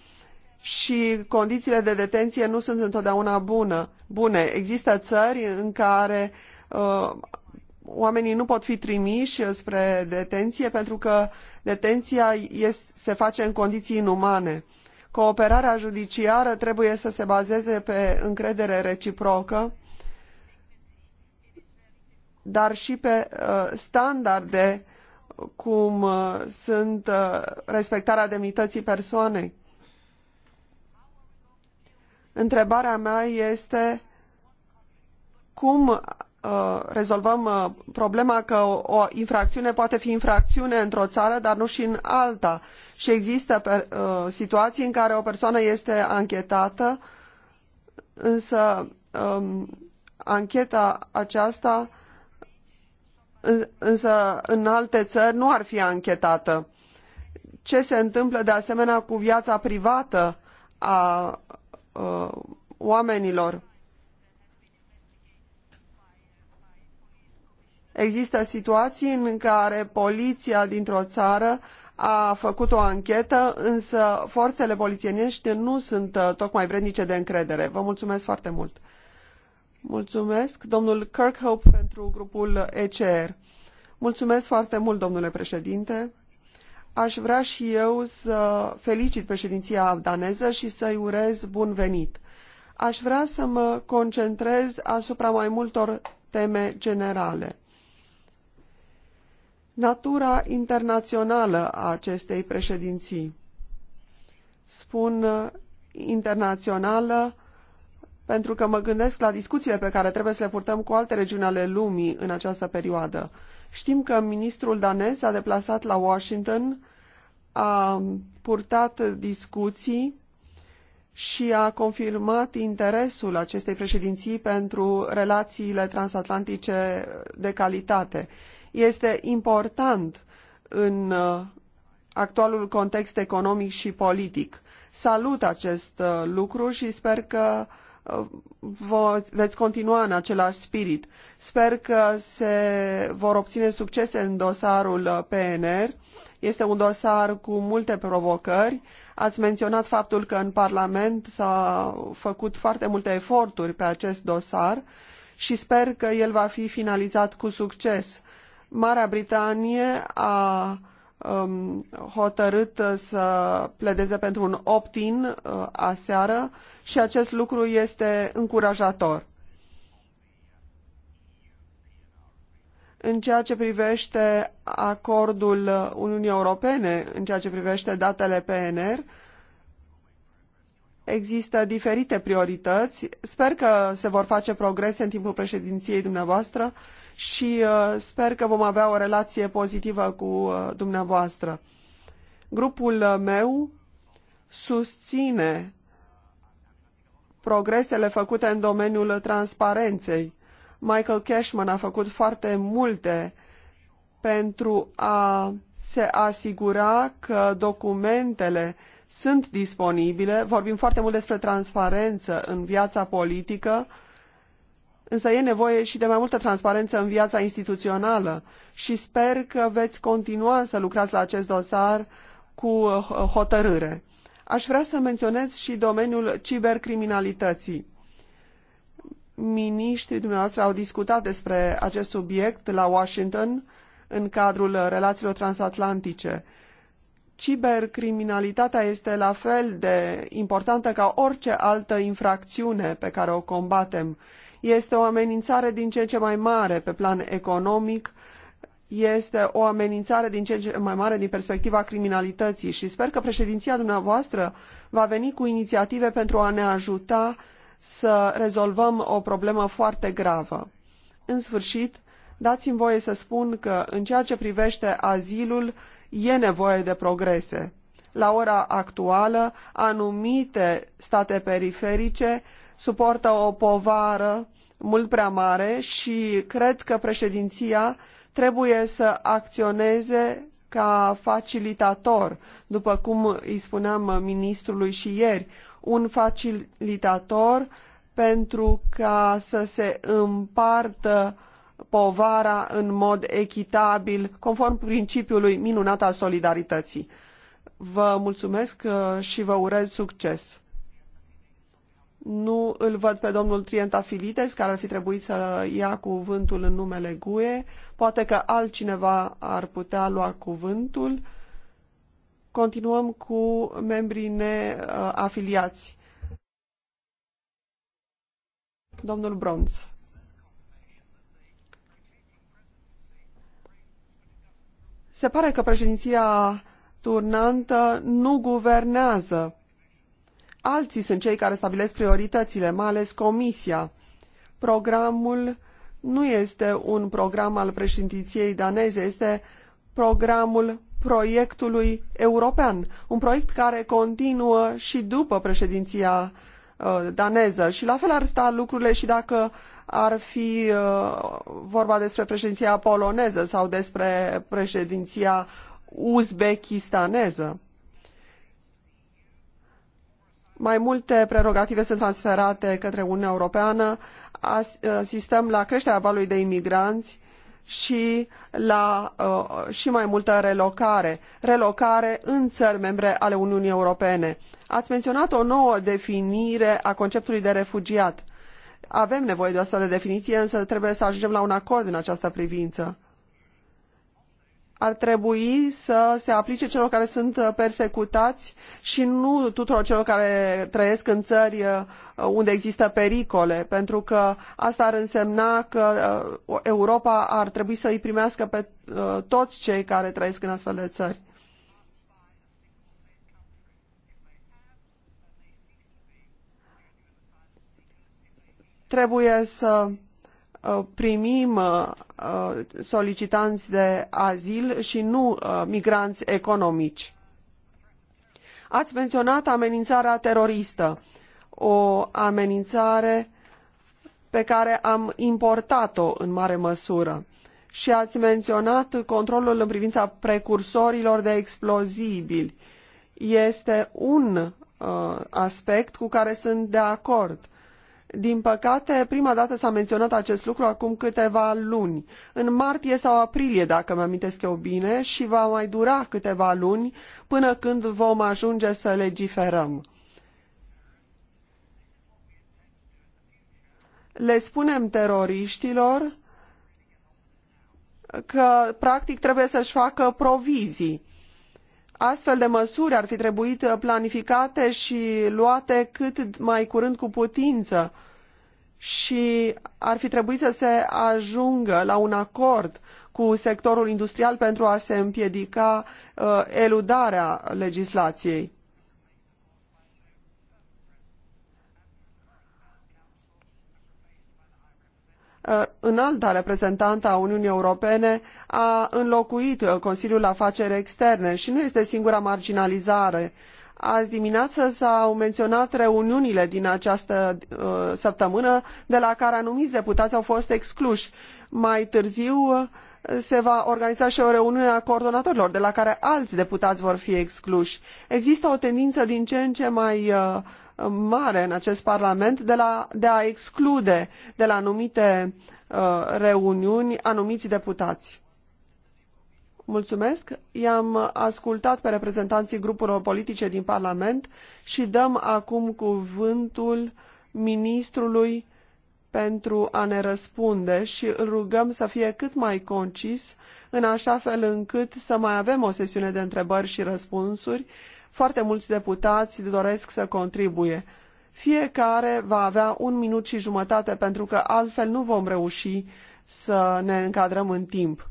și condițiile de detenție nu sunt întotdeauna bună, bune. Există țări în care uh, oamenii nu pot fi trimiși spre detenție pentru că detenția se face în condiții inumane. Cooperarea judiciară trebuie să se bazeze pe încredere reciprocă, dar și pe uh, standarde cum uh, sunt uh, respectarea demnității persoanei. Întrebarea mea este cum Uh, rezolvăm uh, problema că o infracțiune poate fi infracțiune într-o țară, dar nu și în alta. Și există uh, situații în care o persoană este anchetată, însă um, ancheta aceasta însă în alte țări nu ar fi anchetată. Ce se întâmplă de asemenea cu viața privată a, a oamenilor? Există situații în care poliția dintr-o țară a făcut o anchetă, însă forțele polițienești nu sunt uh, tocmai vrednice de încredere. Vă mulțumesc foarte mult! Mulțumesc, domnul Kirkhope, pentru grupul ECR. Mulțumesc foarte mult, domnule președinte. Aș vrea și eu să felicit președinția daneză și să-i urez bun venit. Aș vrea să mă concentrez asupra mai multor teme generale natura internațională a acestei președinții. Spun uh, internațională pentru că mă gândesc la discuțiile pe care trebuie să le purtăm cu alte regiuni ale lumii în această perioadă. Știm că ministrul danez s-a deplasat la Washington, a purtat discuții și a confirmat interesul acestei președinții pentru relațiile transatlantice de calitate este important în uh, actualul context economic și politic. Salut acest uh, lucru și sper că uh, vă, veți continua în același spirit. Sper că se vor obține succese în dosarul PNR. Este un dosar cu multe provocări. Ați menționat faptul că în Parlament s-au făcut foarte multe eforturi pe acest dosar și sper că el va fi finalizat cu succes. Marea Britanie a um, hotărât să pledeze pentru un opt-in uh, aseară și acest lucru este încurajator. În ceea ce privește acordul Uniunii Europene, în ceea ce privește datele PNR, Există diferite priorități. Sper că se vor face progrese în timpul președinției dumneavoastră și uh, sper că vom avea o relație pozitivă cu uh, dumneavoastră. Grupul uh, meu susține progresele făcute în domeniul transparenței. Michael Cashman a făcut foarte multe pentru a se asigura că documentele sunt disponibile, vorbim foarte mult despre transparență în viața politică, însă e nevoie și de mai multă transparență în viața instituțională și sper că veți continua să lucrați la acest dosar cu hotărâre. Aș vrea să menționez și domeniul cibercriminalității. Miniștrii dumneavoastră au discutat despre acest subiect la Washington în cadrul relațiilor transatlantice Cibercriminalitatea este la fel de importantă ca orice altă infracțiune pe care o combatem. Este o amenințare din ce în ce mai mare pe plan economic, este o amenințare din ce în ce mai mare din perspectiva criminalității și sper că președinția dumneavoastră va veni cu inițiative pentru a ne ajuta să rezolvăm o problemă foarte gravă. În sfârșit, dați-mi voie să spun că în ceea ce privește azilul, e nevoie de progrese. La ora actuală, anumite state periferice suportă o povară mult prea mare și cred că președinția trebuie să acționeze ca facilitator, după cum îi spuneam ministrului și ieri, un facilitator pentru ca să se împartă povara în mod echitabil, conform principiului minunat al solidarității. Vă mulțumesc uh, și vă urez succes. Nu îl văd pe domnul Trienta Filites, care ar fi trebuit să ia cuvântul în numele GUE. Poate că altcineva ar putea lua cuvântul. Continuăm cu membrii neafiliați. Domnul Bronz. Se pare că președinția turnantă nu guvernează. Alții sunt cei care stabilesc prioritățile, mai ales Comisia. Programul nu este un program al președinției daneze, este programul proiectului european, un proiect care continuă și după președinția Uh, daneză. Și la fel ar sta lucrurile și dacă ar fi uh, vorba despre președinția poloneză sau despre președinția uzbekistaneză. Mai multe prerogative sunt transferate către Uniunea Europeană, asistăm uh, la creșterea valului de imigranți, și la uh, și mai multă relocare, relocare în țări membre ale Uniunii Europene. Ați menționat o nouă definire a conceptului de refugiat. Avem nevoie de o astfel de definiție, însă trebuie să ajungem la un acord în această privință ar trebui să se aplice celor care sunt uh, persecutați și nu tuturor celor care trăiesc în țări uh, unde există pericole, pentru că asta ar însemna că uh, Europa ar trebui să îi primească pe toți cei care trăiesc în astfel de țări. Trebuie să Uh, primim uh, uh, solicitanți de azil și nu migranți economici. Ați menționat amenințarea teroristă, o amenințare pe care am importat-o în mare măsură și ați menționat controlul în privința precursorilor de explozibili. Este un uh, aspect cu care sunt de acord. Din păcate, prima dată s-a menționat acest lucru acum câteva luni, în martie sau aprilie, dacă mă amintesc eu bine, și va mai dura câteva luni până când vom ajunge să legiferăm. Le spunem teroriștilor că practic trebuie să-și facă provizii Astfel de măsuri ar fi trebuit uh, planificate și luate cât mai curând cu putință și ar fi trebuit să se ajungă la un acord cu sectorul industrial pentru a se împiedica uh, eludarea legislației. Uh, înalta reprezentantă a Uniunii Europene a înlocuit uh, Consiliul Afaceri Externe și nu este singura marginalizare. Azi dimineață s-au menționat reuniunile din această uh, săptămână de la care anumiți deputați au fost excluși. Mai târziu uh, se va organiza și o reuniune a coordonatorilor de la care alți deputați vor fi excluși. Există o tendință din ce în ce mai uh, mare în acest Parlament de, la, de a exclude de la anumite uh, reuniuni anumiți deputați. Mulțumesc. I-am ascultat pe reprezentanții grupurilor politice din Parlament și dăm acum cuvântul ministrului pentru a ne răspunde și îl rugăm să fie cât mai concis, în așa fel încât să mai avem o sesiune de întrebări și răspunsuri, foarte mulți deputați doresc să contribuie. Fiecare va avea un minut și jumătate pentru că altfel nu vom reuși să ne încadrăm în timp.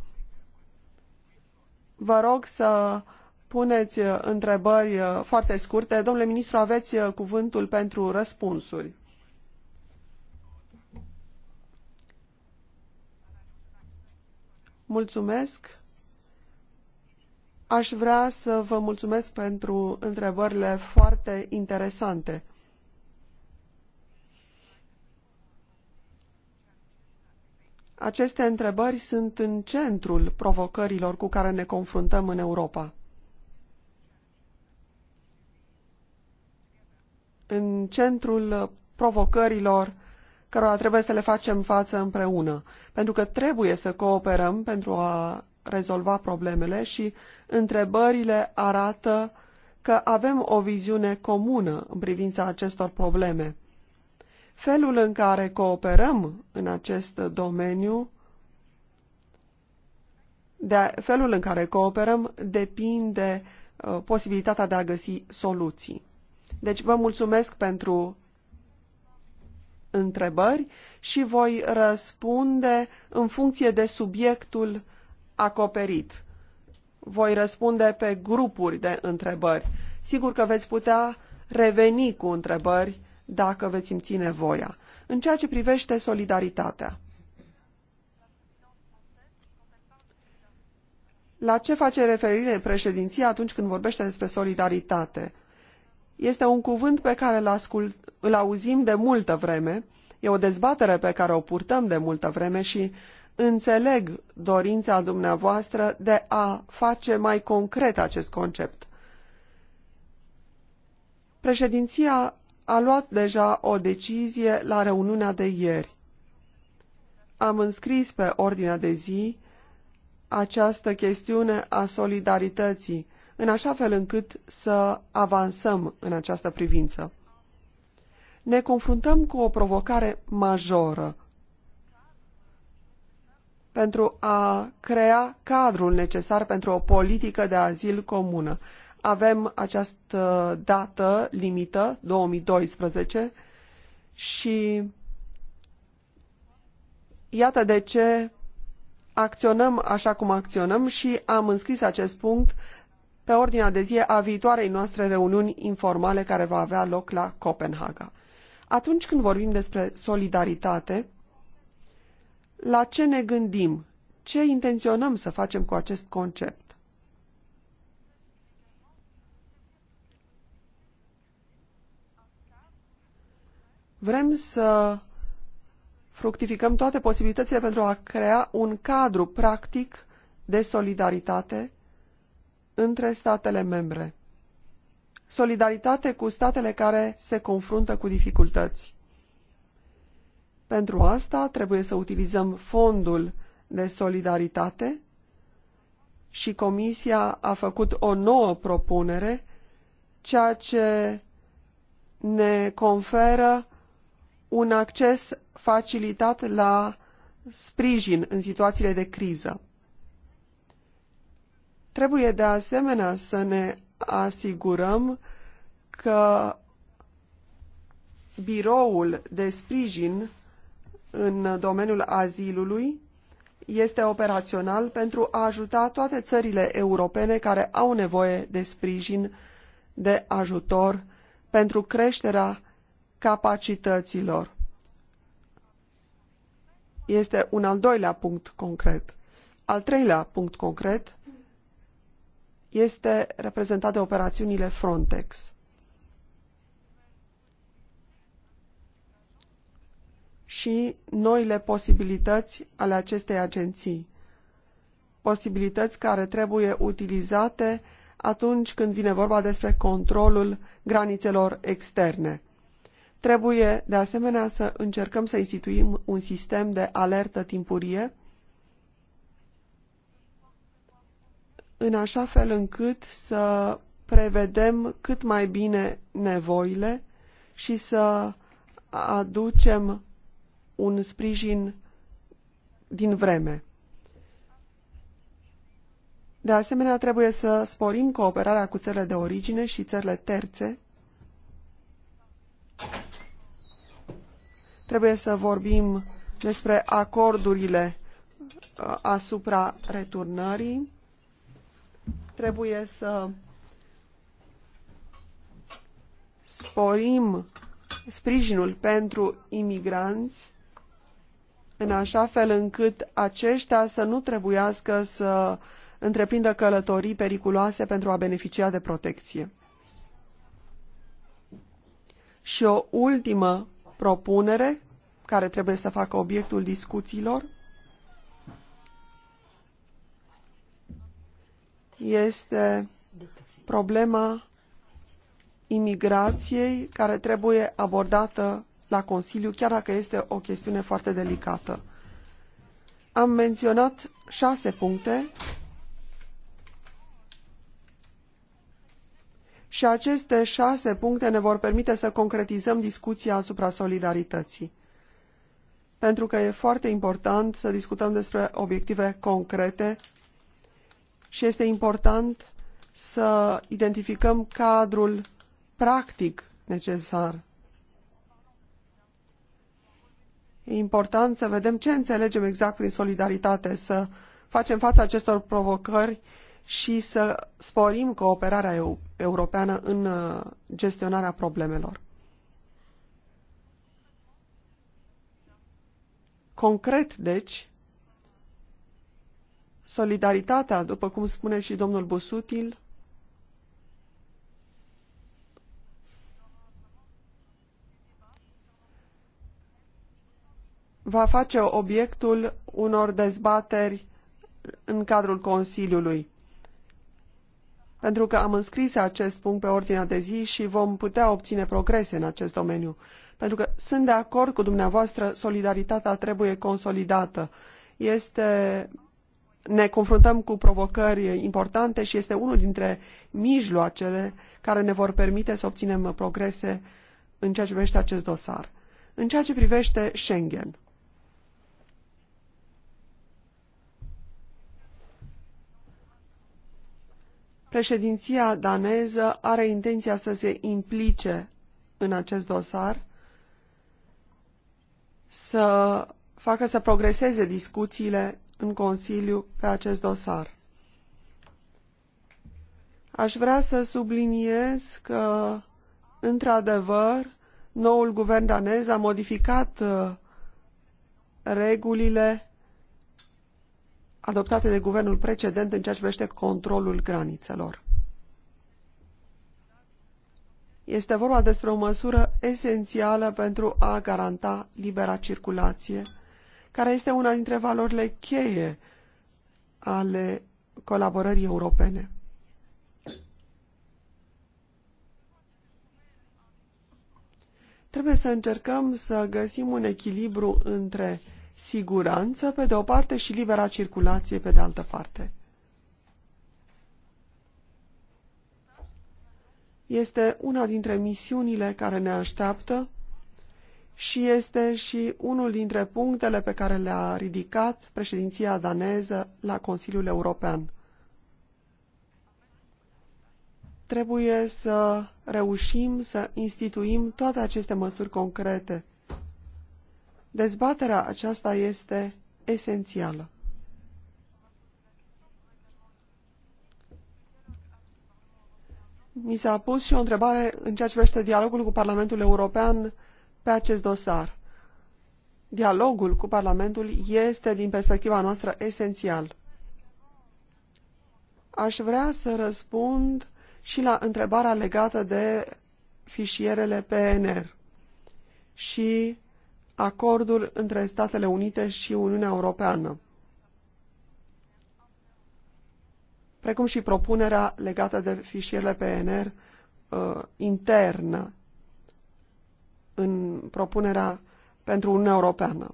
Vă rog să puneți întrebări foarte scurte. Domnule ministru, aveți cuvântul pentru răspunsuri. Mulțumesc. Aș vrea să vă mulțumesc pentru întrebările foarte interesante. Aceste întrebări sunt în centrul provocărilor cu care ne confruntăm în Europa. În centrul provocărilor cărora trebuie să le facem față împreună, pentru că trebuie să cooperăm pentru a rezolva problemele și întrebările arată că avem o viziune comună în privința acestor probleme. Felul în care cooperăm în acest domeniu de felul în care cooperăm depinde uh, posibilitatea de a găsi soluții. Deci vă mulțumesc pentru întrebări și voi răspunde în funcție de subiectul acoperit. Voi răspunde pe grupuri de întrebări. Sigur că veți putea reveni cu întrebări dacă veți simți nevoia. În ceea ce privește solidaritatea. La ce face referire președinția atunci când vorbește despre solidaritate? Este un cuvânt pe care îl, ascult, îl auzim de multă vreme, e o dezbatere pe care o purtăm de multă vreme și înțeleg dorința dumneavoastră de a face mai concret acest concept. Președinția a luat deja o decizie la reuniunea de ieri. Am înscris pe ordinea de zi această chestiune a solidarității, în așa fel încât să avansăm în această privință. Ne confruntăm cu o provocare majoră pentru a crea cadrul necesar pentru o politică de azil comună. Avem această dată limită, 2012, și iată de ce acționăm așa cum acționăm și am înscris acest punct pe ordinea de zi a viitoarei noastre reuniuni informale care va avea loc la Copenhaga. Atunci când vorbim despre solidaritate, la ce ne gândim, ce intenționăm să facem cu acest concept. Vrem să fructificăm toate posibilitățile pentru a crea un cadru practic de solidaritate între statele membre. Solidaritate cu statele care se confruntă cu dificultăți. Pentru asta trebuie să utilizăm fondul de solidaritate și Comisia a făcut o nouă propunere, ceea ce ne conferă un acces facilitat la sprijin în situațiile de criză. Trebuie de asemenea să ne asigurăm că biroul de sprijin în domeniul azilului este operațional pentru a ajuta toate țările europene care au nevoie de sprijin, de ajutor pentru creșterea capacităților. Este un al doilea punct concret. Al treilea punct concret este reprezentat de operațiunile Frontex. și noile posibilități ale acestei agenții. Posibilități care trebuie utilizate atunci când vine vorba despre controlul granițelor externe. Trebuie, de asemenea, să încercăm să instituim un sistem de alertă timpurie în așa fel încât să prevedem cât mai bine nevoile și să aducem un sprijin din vreme. De asemenea, trebuie să sporim cooperarea cu țările de origine și țările terțe. Trebuie să vorbim despre acordurile uh, asupra returnării. Trebuie să sporim sprijinul pentru imigranți în așa fel încât aceștia să nu trebuiască să întreprindă călătorii periculoase pentru a beneficia de protecție. Și o ultimă propunere care trebuie să facă obiectul discuțiilor este problema imigrației care trebuie abordată la Consiliu, chiar dacă este o chestiune foarte delicată. Am menționat șase puncte și aceste șase puncte ne vor permite să concretizăm discuția asupra solidarității. Pentru că e foarte important să discutăm despre obiective concrete și este important să identificăm cadrul practic necesar. E important să vedem ce înțelegem exact prin solidaritate, să facem față acestor provocări și să sporim cooperarea eu, europeană în uh, gestionarea problemelor. Concret, deci, solidaritatea, după cum spune și domnul Busutil, va face obiectul unor dezbateri în cadrul Consiliului. Pentru că am înscris acest punct pe ordinea de zi și vom putea obține progrese în acest domeniu. Pentru că sunt de acord cu dumneavoastră, solidaritatea trebuie consolidată. Este ne confruntăm cu provocări importante și este unul dintre mijloacele care ne vor permite să obținem progrese în ceea ce privește acest dosar. În ceea ce privește Schengen, Președinția daneză are intenția să se implice în acest dosar, să facă să progreseze discuțiile în Consiliu pe acest dosar. Aș vrea să subliniez că, într-adevăr, noul guvern danez a modificat uh, regulile adoptate de guvernul precedent în ceea ce privește controlul granițelor. Este vorba despre o măsură esențială pentru a garanta libera circulație, care este una dintre valorile cheie ale colaborării europene. Trebuie să încercăm să găsim un echilibru între siguranță pe de o parte și libera circulație pe de altă parte. Este una dintre misiunile care ne așteaptă și este și unul dintre punctele pe care le-a ridicat președinția daneză la Consiliul European. Trebuie să reușim să instituim toate aceste măsuri concrete – Dezbaterea aceasta este esențială. Mi s-a pus și o întrebare în ceea ce privește dialogul cu Parlamentul European pe acest dosar. Dialogul cu Parlamentul este, din perspectiva noastră, esențial. Aș vrea să răspund și la întrebarea legată de fișierele PNR și acordul între Statele Unite și Uniunea Europeană, precum și propunerea legată de fișierele PNR uh, internă în propunerea pentru Uniunea Europeană.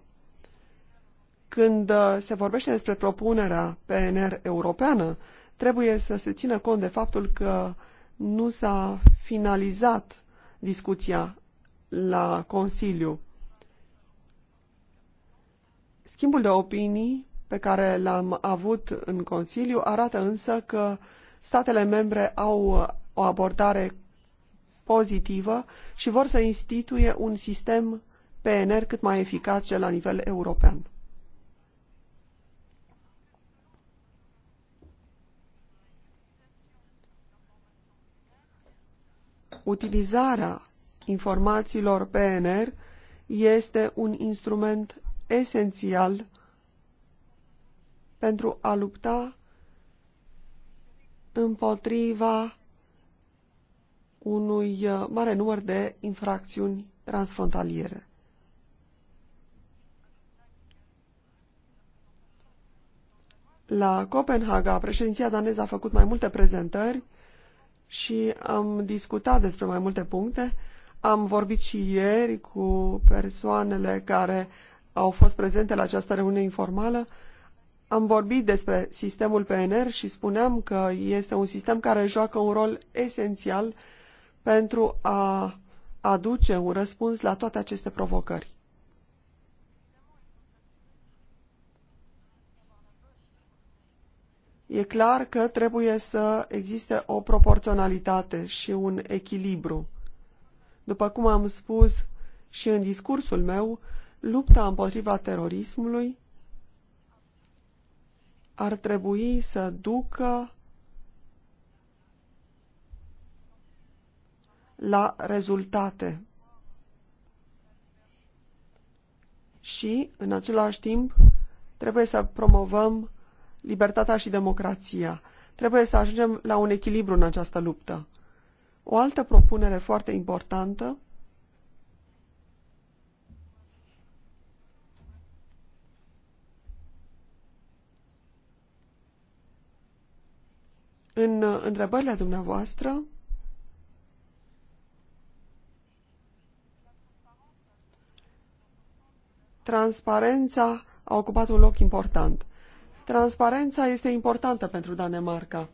Când uh, se vorbește despre propunerea PNR europeană, trebuie să se țină cont de faptul că nu s-a finalizat discuția la Consiliu. Schimbul de opinii pe care l-am avut în Consiliu arată însă că statele membre au uh, o abordare pozitivă și vor să instituie un sistem PNR cât mai eficace la nivel european. Utilizarea informațiilor PNR este un instrument esențial pentru a lupta împotriva unui uh, mare număr de infracțiuni transfrontaliere. La Copenhaga, președinția daneză a făcut mai multe prezentări și am discutat despre mai multe puncte. Am vorbit și ieri cu persoanele care au fost prezente la această reuniune informală, am vorbit despre sistemul PNR și spuneam că este un sistem care joacă un rol esențial pentru a aduce un răspuns la toate aceste provocări. E clar că trebuie să existe o proporționalitate și un echilibru. După cum am spus și în discursul meu, lupta împotriva terorismului ar trebui să ducă la rezultate. Și, în același timp, trebuie să promovăm libertatea și democrația. Trebuie să ajungem la un echilibru în această luptă. O altă propunere foarte importantă În uh, întrebările dumneavoastră, transparența a ocupat un loc important. Transparența este importantă pentru Danemarca.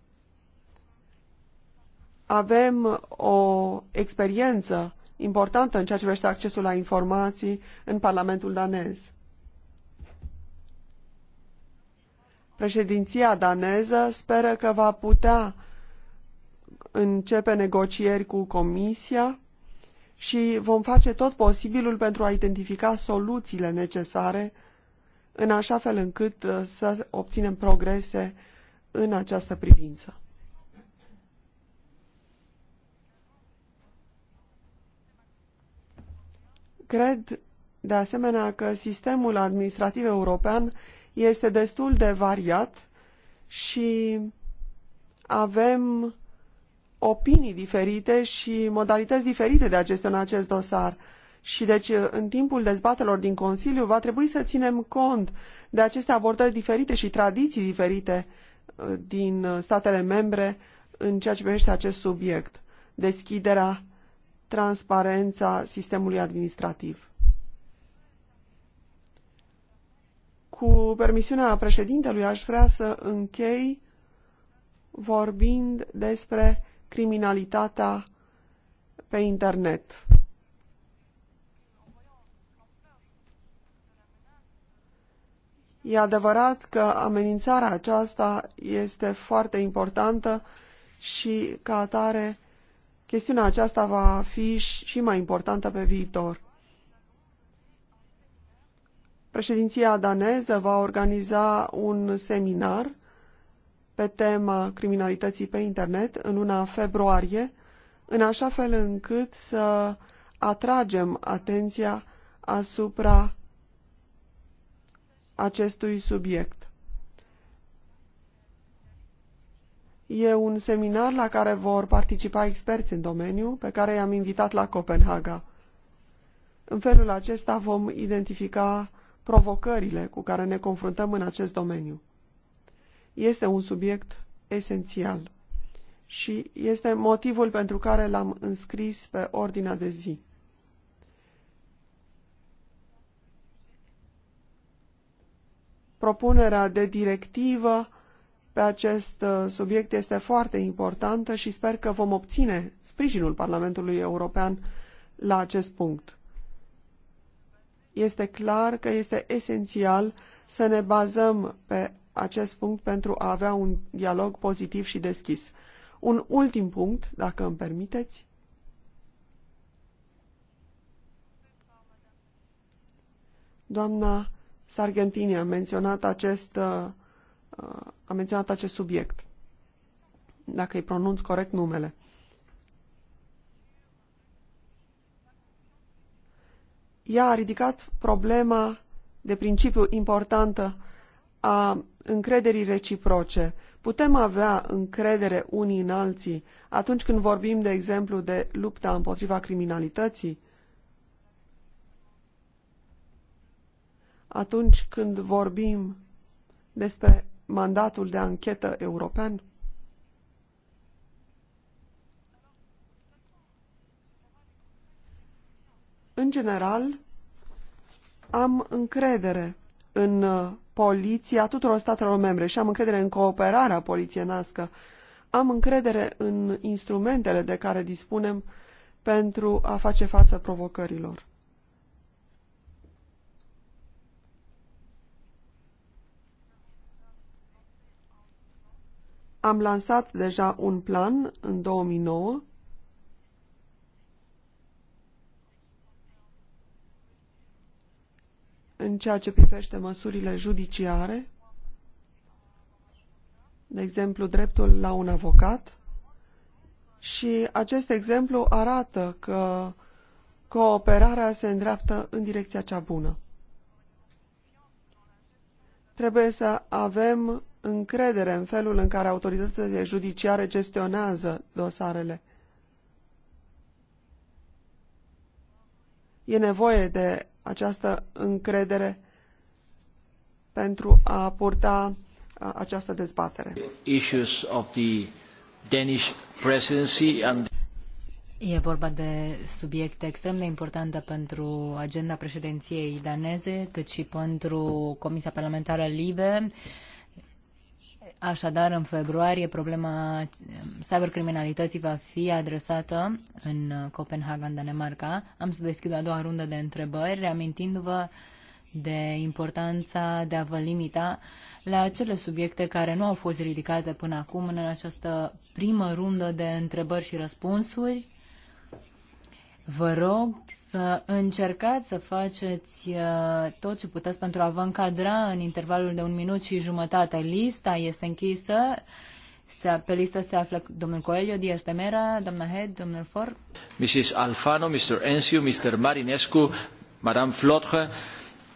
Avem o experiență importantă în ceea ce privește accesul la informații în Parlamentul danez. Președinția daneză speră că va putea începe negocieri cu Comisia și vom face tot posibilul pentru a identifica soluțiile necesare în așa fel încât uh, să obținem progrese în această privință. Cred, de asemenea, că sistemul administrativ european este destul de variat și avem opinii diferite și modalități diferite de a gestiona acest dosar. Și deci, în timpul dezbatelor din Consiliu, va trebui să ținem cont de aceste abordări diferite și tradiții diferite uh, din statele membre în ceea ce privește acest subiect, deschiderea, transparența sistemului administrativ. Cu permisiunea președintelui, aș vrea să închei vorbind despre criminalitatea pe internet. E adevărat că amenințarea aceasta este foarte importantă și, ca atare, chestiunea aceasta va fi și mai importantă pe viitor. Președinția daneză va organiza un seminar pe tema criminalității pe internet în luna februarie, în așa fel încât să atragem atenția asupra acestui subiect. E un seminar la care vor participa experți în domeniu, pe care i-am invitat la Copenhaga. În felul acesta vom identifica provocările cu care ne confruntăm în acest domeniu. Este un subiect esențial și este motivul pentru care l-am înscris pe ordinea de zi. Propunerea de directivă pe acest uh, subiect este foarte importantă și sper că vom obține sprijinul Parlamentului European la acest punct. Este clar că este esențial să ne bazăm pe acest punct pentru a avea un dialog pozitiv și deschis. Un ultim punct, dacă îmi permiteți. Doamna Sargentini a menționat acest, uh, uh, a menționat acest subiect, dacă îi pronunț corect numele. Ea a ridicat problema de principiu importantă a încrederii reciproce. Putem avea încredere unii în alții atunci când vorbim, de exemplu, de lupta împotriva criminalității? Atunci când vorbim despre mandatul de anchetă european? În general, am încredere în uh, poliția tuturor statelor membre și am încredere în cooperarea polițienească. Am încredere în instrumentele de care dispunem pentru a face față provocărilor. Am lansat deja un plan în 2009 în ceea ce privește măsurile judiciare, de exemplu, dreptul la un avocat. Și acest exemplu arată că cooperarea se îndreaptă în direcția cea bună. Trebuie să avem încredere în felul în care autoritățile judiciare gestionează dosarele. E nevoie de această încredere pentru a purta această dezbatere. Issues of the Danish presidency and E vorba de subiecte extrem de importante pentru agenda președinției daneze, cât și pentru Comisia Parlamentară Libe. Uh, Așadar, în februarie, problema cybercriminalității va fi adresată în Copenhaga, în Danemarca. Am să deschid a doua rundă de întrebări, reamintindu-vă de importanța de a vă limita la acele subiecte care nu au fost ridicate până acum în această primă rundă de întrebări și răspunsuri. Vă rog să încercați să faceți uh, tot ce puteți pentru a vă încadra în intervalul de un minut și jumătate. Lista este închisă. pe listă se află domnul Coelho, Dias de Mera, doamna Head, domnul For. Mrs. Alfano, Mr. Enciu, Mr. Marinescu, Madame Flotre,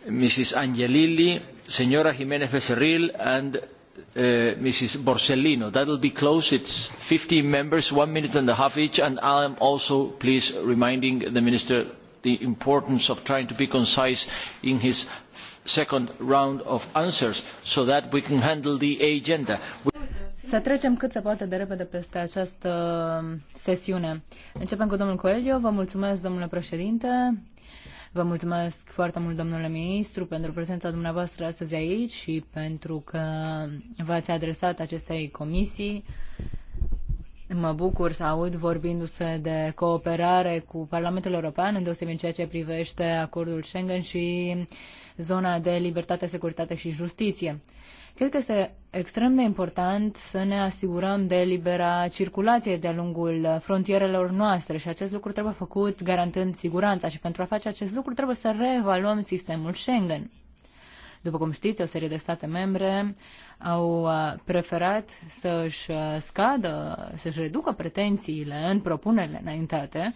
Mrs. Angelilli, Senora Jiménez Becerril and Uh, Mrs. Borsellino. That will be close. is fifteen members, one minute and a half each. And I am also, please, reminding the Minister the importance of trying to be concise in his second round of answers so that we can handle the agenda. Să trecem cât se poate de repede peste această sesiune. Începem cu domnul Coelho. Vă mulțumesc, domnule președinte. Vă mulțumesc foarte mult, domnule ministru, pentru prezența dumneavoastră astăzi aici și pentru că v-ați adresat acestei comisii. Mă bucur să aud vorbindu-se de cooperare cu Parlamentul European, în deosebire în ceea ce privește acordul Schengen și zona de libertate, securitate și justiție. Cred că este extrem de important să ne asigurăm de libera circulație de-a lungul frontierelor noastre și acest lucru trebuie făcut garantând siguranța și pentru a face acest lucru trebuie să reevaluăm sistemul Schengen. După cum știți, o serie de state membre au uh, preferat să-și uh, scadă, să-și reducă pretențiile în propunerile înaintate,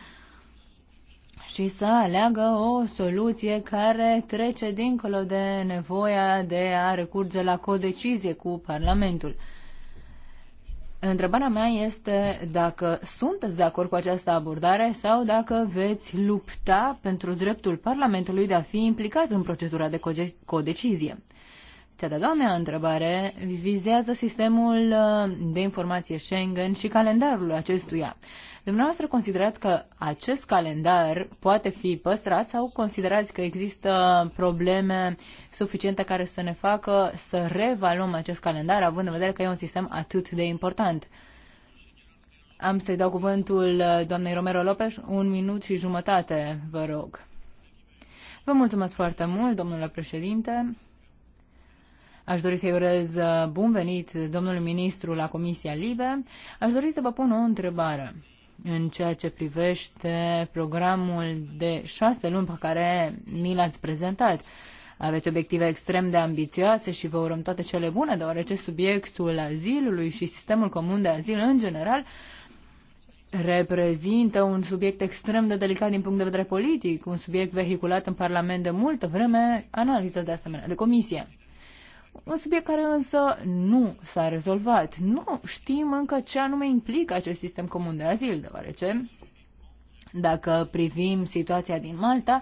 și să aleagă o soluție care trece dincolo de nevoia de a recurge la codecizie cu Parlamentul. Întrebarea mea este dacă sunteți de acord cu această abordare sau dacă veți lupta pentru dreptul Parlamentului de a fi implicat în procedura de codecizie. Cea de-a doua mea întrebare vizează sistemul uh, de informație Schengen și calendarul acestuia. Dumneavoastră considerați că acest calendar poate fi păstrat sau considerați că există probleme suficiente care să ne facă să revaluăm acest calendar, având în vedere că e un sistem atât de important? Am să-i dau cuvântul uh, doamnei Romero Lopez, un minut și jumătate, vă rog. Vă mulțumesc foarte mult, domnule președinte. Aș dori să-i urez uh, bun venit domnului ministru la Comisia Libe. Aș dori să vă pun o întrebare în ceea ce privește programul de șase luni pe care mi l-ați prezentat. Aveți obiective extrem de ambițioase și vă urăm toate cele bune, deoarece subiectul azilului și sistemul comun de azil în general reprezintă un subiect extrem de delicat din punct de vedere politic, un subiect vehiculat în Parlament de multă vreme, analizat de asemenea de comisie. Un subiect care însă nu s-a rezolvat. Nu știm încă ce anume implică acest sistem comun de azil, deoarece dacă privim situația din Malta,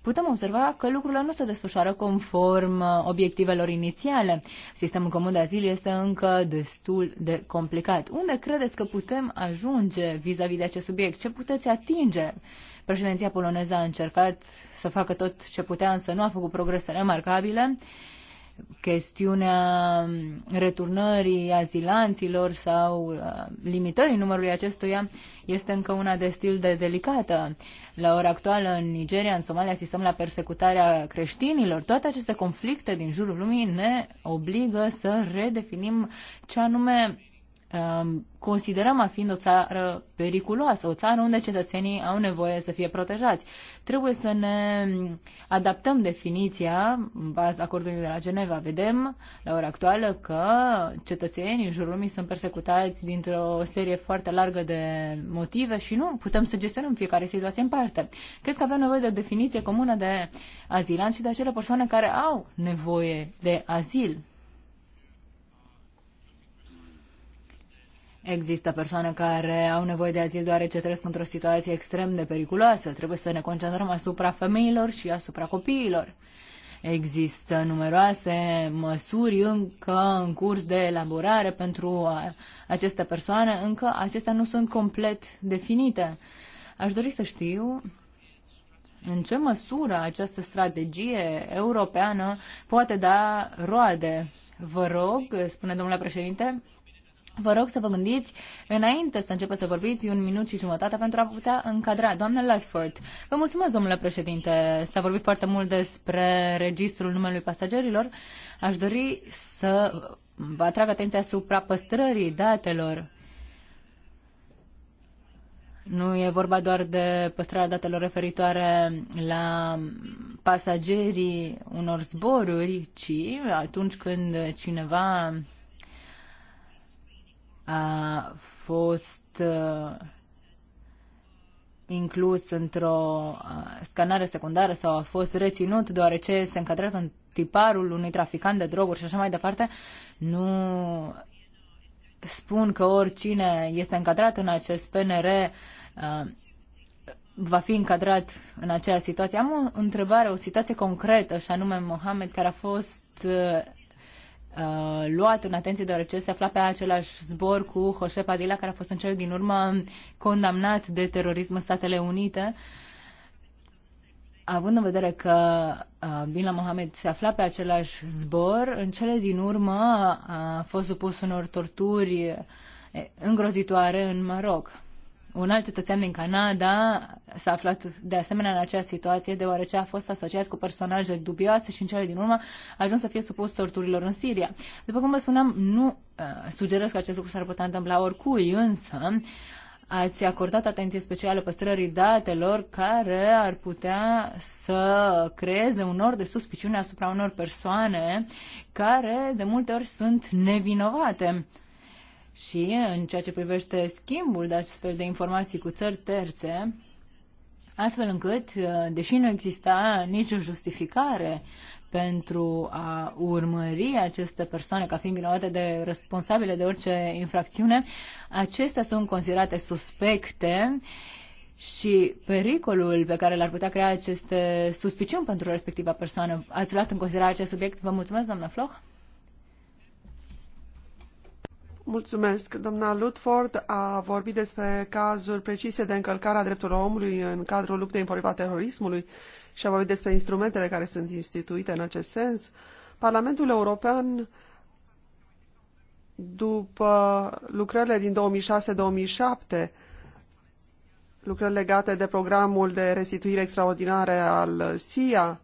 putem observa că lucrurile nu se desfășoară conform uh, obiectivelor inițiale. Sistemul comun de azil este încă destul de complicat. Unde credeți că putem ajunge vis-a-vis -vis de acest subiect? Ce puteți atinge? Președinția poloneză a încercat să facă tot ce putea, însă nu a făcut progrese remarcabile chestiunea returnării azilanților sau uh, limitării numărului acestuia este încă una destul de delicată. La ora actuală, în Nigeria, în Somalia, asistăm la persecutarea creștinilor. Toate aceste conflicte din jurul lumii ne obligă să redefinim ce anume Um, considerăm a fiind o țară periculoasă, o țară unde cetățenii au nevoie să fie protejați. Trebuie să ne adaptăm definiția în baza acordului de la Geneva. Vedem la ora actuală că cetățenii în jurul lumii sunt persecutați dintr-o serie foarte largă de motive și nu putem să gestionăm fiecare situație în parte. Cred că avem nevoie de o definiție comună de azilanți și de acele persoane care au nevoie de azil Există persoane care au nevoie de azil deoarece trăiesc într-o situație extrem de periculoasă. Trebuie să ne concentrăm asupra femeilor și asupra copiilor. Există numeroase măsuri încă în curs de elaborare pentru aceste persoane, încă acestea nu sunt complet definite. Aș dori să știu în ce măsură această strategie europeană poate da roade. Vă rog, spune domnule președinte, Vă rog să vă gândiți înainte să începeți să vorbiți un minut și jumătate pentru a putea încadra. Doamna Lightford, vă mulțumesc, domnule președinte. S-a vorbit foarte mult despre registrul numelui pasagerilor. Aș dori să vă atrag atenția asupra păstrării datelor. Nu e vorba doar de păstrarea datelor referitoare la pasagerii unor zboruri, ci atunci când cineva a fost uh, inclus într-o uh, scanare secundară sau a fost reținut deoarece se încadrează în tiparul unui traficant de droguri și așa mai departe, nu spun că oricine este încadrat în acest PNR uh, va fi încadrat în aceeași situație. Am o întrebare, o situație concretă, și anume Mohamed, care a fost Uh, luat în atenție deoarece se afla pe același zbor cu Jose Padilla, care a fost în cel din urmă condamnat de terorism în Statele Unite. Având în vedere că uh, Bin Mohamed se afla pe același zbor, în cele din urmă a fost supus unor torturi eh, îngrozitoare în Maroc. Un alt cetățean din Canada s-a aflat de asemenea în această situație, deoarece a fost asociat cu personaje dubioase și în cele din urmă a ajuns să fie supus torturilor în Siria. După cum vă spuneam, nu uh, sugerez că acest lucru s-ar putea întâmpla oricui, însă ați acordat atenție specială păstrării datelor care ar putea să creeze un nor de suspiciune asupra unor persoane care de multe ori sunt nevinovate. Și în ceea ce privește schimbul de astfel de informații cu țări terțe, astfel încât, uh, deși nu exista nicio justificare pentru a urmări aceste persoane ca fiind vinovate de responsabile de orice infracțiune, acestea sunt considerate suspecte și pericolul pe care l-ar putea crea aceste suspiciuni pentru respectiva persoană. Ați luat în considerare acest subiect? Vă mulțumesc, doamna Floch. Mulțumesc. Doamna Ludford a vorbit despre cazuri precise de încălcare a drepturilor omului în cadrul luptei împotriva terorismului și a vorbit despre instrumentele care sunt instituite în acest sens. Parlamentul European, după lucrările din 2006-2007, lucrări legate de programul de restituire extraordinare al SIA,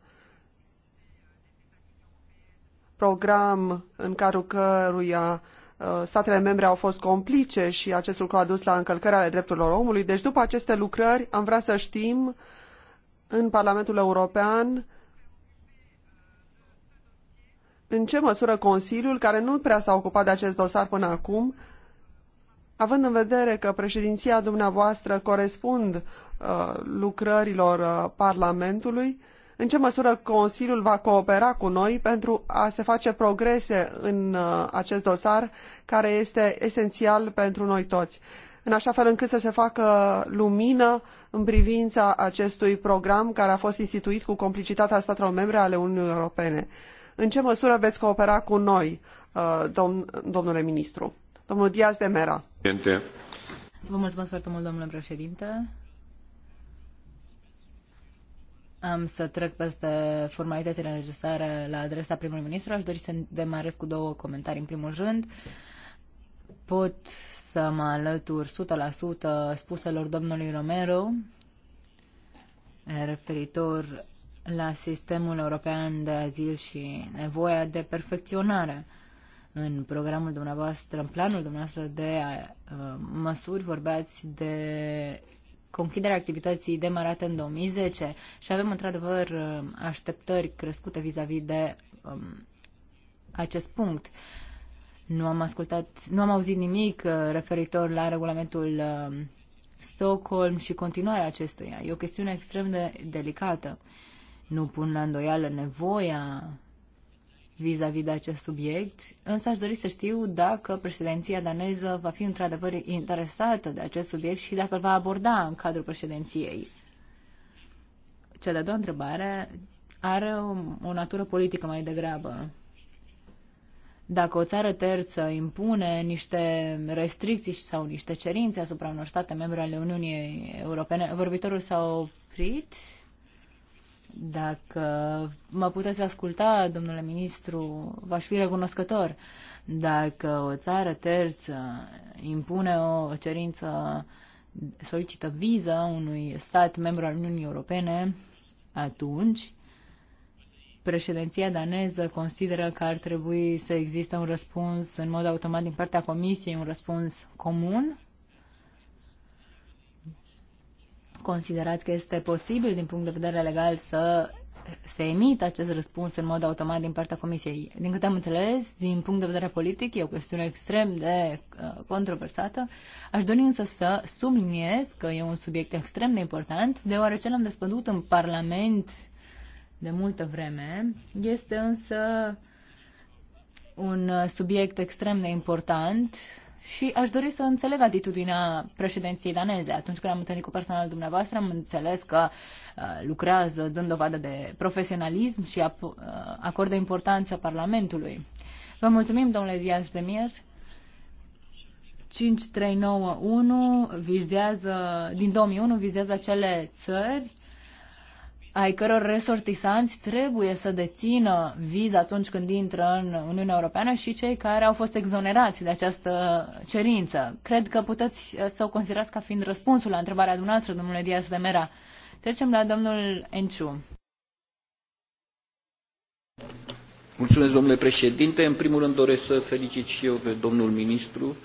program în cadrul căruia Uh, statele membre au fost complice și acest lucru a dus la încălcări ale drepturilor omului. Deci după aceste lucrări am vrea să știm în Parlamentul European în ce măsură Consiliul, care nu prea s-a ocupat de acest dosar până acum, având în vedere că președinția dumneavoastră corespund uh, lucrărilor uh, Parlamentului, uh, în ce măsură Consiliul va coopera cu noi pentru a se face progrese în uh, acest dosar care este esențial pentru noi toți? în așa fel încât să se facă lumină în privința acestui program care a fost instituit cu complicitatea statelor membre ale Uniunii Europene. În ce măsură veți coopera cu noi, uh, domn, domnule ministru? Domnul Diaz de Mera. Vă mulțumesc foarte mult, domnule președinte. Am să trec peste formalitățile necesare la adresa primului ministru. Aș dori să demarez cu două comentarii. În primul rând, pot să mă alătur 100% spuselor domnului Romero referitor la sistemul european de azil și nevoia de perfecționare în programul dumneavoastră, în planul dumneavoastră de uh, măsuri, vorbeați de conchiderea activității demarate în 2010 și avem într-adevăr așteptări crescute vis-a-vis -vis de um, acest punct. Nu am ascultat, nu am auzit nimic uh, referitor la regulamentul um, Stockholm și continuarea acestuia. E o chestiune extrem de delicată. Nu pun la îndoială nevoia vis-a-vis -vis de acest subiect, însă aș dori să știu dacă președinția daneză va fi într-adevăr interesată de acest subiect și dacă îl va aborda în cadrul președinției. Cea de-a doua întrebare are o, o natură politică mai degrabă. Dacă o țară terță impune niște restricții sau niște cerințe asupra unor state membre ale Uniunii Europene, vorbitorul s-a oprit dacă mă puteți asculta, domnule ministru, v-aș fi recunoscător. Dacă o țară terță impune o cerință, solicită viză unui stat membru al Uniunii Europene, atunci președinția daneză consideră că ar trebui să existe un răspuns în mod automat din partea Comisiei, un răspuns comun Considerați că este posibil din punct de vedere legal să se emită acest răspuns în mod automat din partea Comisiei. Din câte am înțeles, din punct de vedere politic, e o chestiune extrem de uh, controversată. Aș dori însă să subliniez că e un subiect extrem de important, deoarece l-am despădut în Parlament de multă vreme. Este însă un uh, subiect extrem de important și aș dori să înțeleg atitudinea președinției daneze. Atunci când am întâlnit cu personalul dumneavoastră, am înțeles că uh, lucrează dând dovadă de profesionalism și uh, acordă importanță Parlamentului. Vă mulțumim, domnule Diaz de Miers. 5391 vizează, din 2001 vizează acele țări ai căror resortisanți trebuie să dețină viză atunci când intră în Uniunea Europeană și cei care au fost exonerați de această cerință. Cred că puteți uh, să o considerați ca fiind răspunsul la întrebarea dumneavoastră, domnule Diaz de Mera. Trecem la domnul Enciu. Mulțumesc, domnule președinte. În primul rând doresc să felicit și eu pe domnul ministru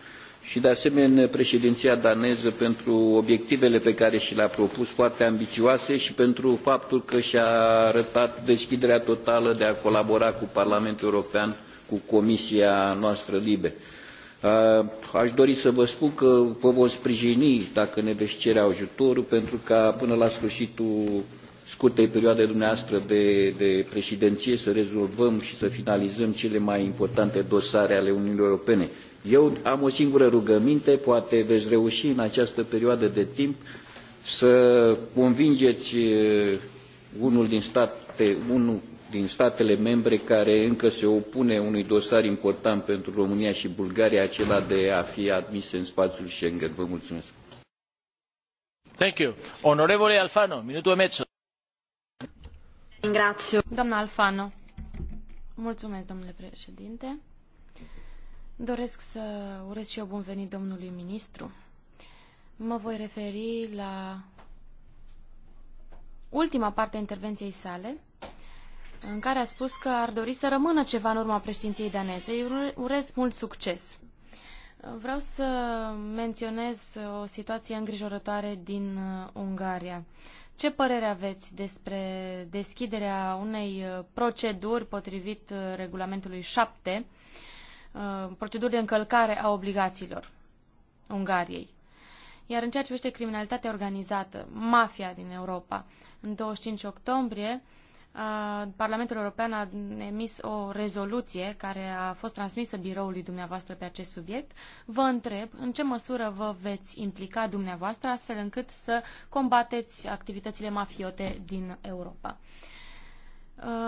și de asemenea președinția daneză pentru obiectivele pe care și le-a propus foarte ambicioase, și pentru faptul că și-a arătat deschiderea totală de a colabora cu Parlamentul European, cu Comisia noastră LIBE. Aș dori să vă spun că vă voi sprijini dacă ne veți cere ajutorul pentru ca până la sfârșitul scurtei perioade dumneavoastră de, de președinție să rezolvăm și să finalizăm cele mai importante dosare ale Uniunii Europene. Eu am o singură rugăminte, poate veți reuși în această perioadă de timp să convingeți unul din, state, unul din statele membre care încă se opune unui dosar important pentru România și Bulgaria, acela de a fi admise în spațiul Schengen. Vă mulțumesc. Thank you. Onorevole Alfano, minutul e mezzo. Ringrazio. Doamna Alfano. Mulțumesc, domnule președinte. Doresc să urez și eu bun venit domnului ministru. Mă voi referi la ultima parte a intervenției sale, în care a spus că ar dori să rămână ceva în urma preștinției daneze. Îi urez mult succes. Vreau să menționez o situație îngrijorătoare din uh, Ungaria. Ce părere aveți despre deschiderea unei uh, proceduri potrivit uh, regulamentului 7 Uh, proceduri de încălcare a obligațiilor Ungariei. Iar în ceea ce privește criminalitatea organizată, mafia din Europa, în 25 octombrie, uh, Parlamentul European a emis o rezoluție care a fost transmisă biroului dumneavoastră pe acest subiect. Vă întreb în ce măsură vă veți implica dumneavoastră astfel încât să combateți activitățile mafiote din Europa.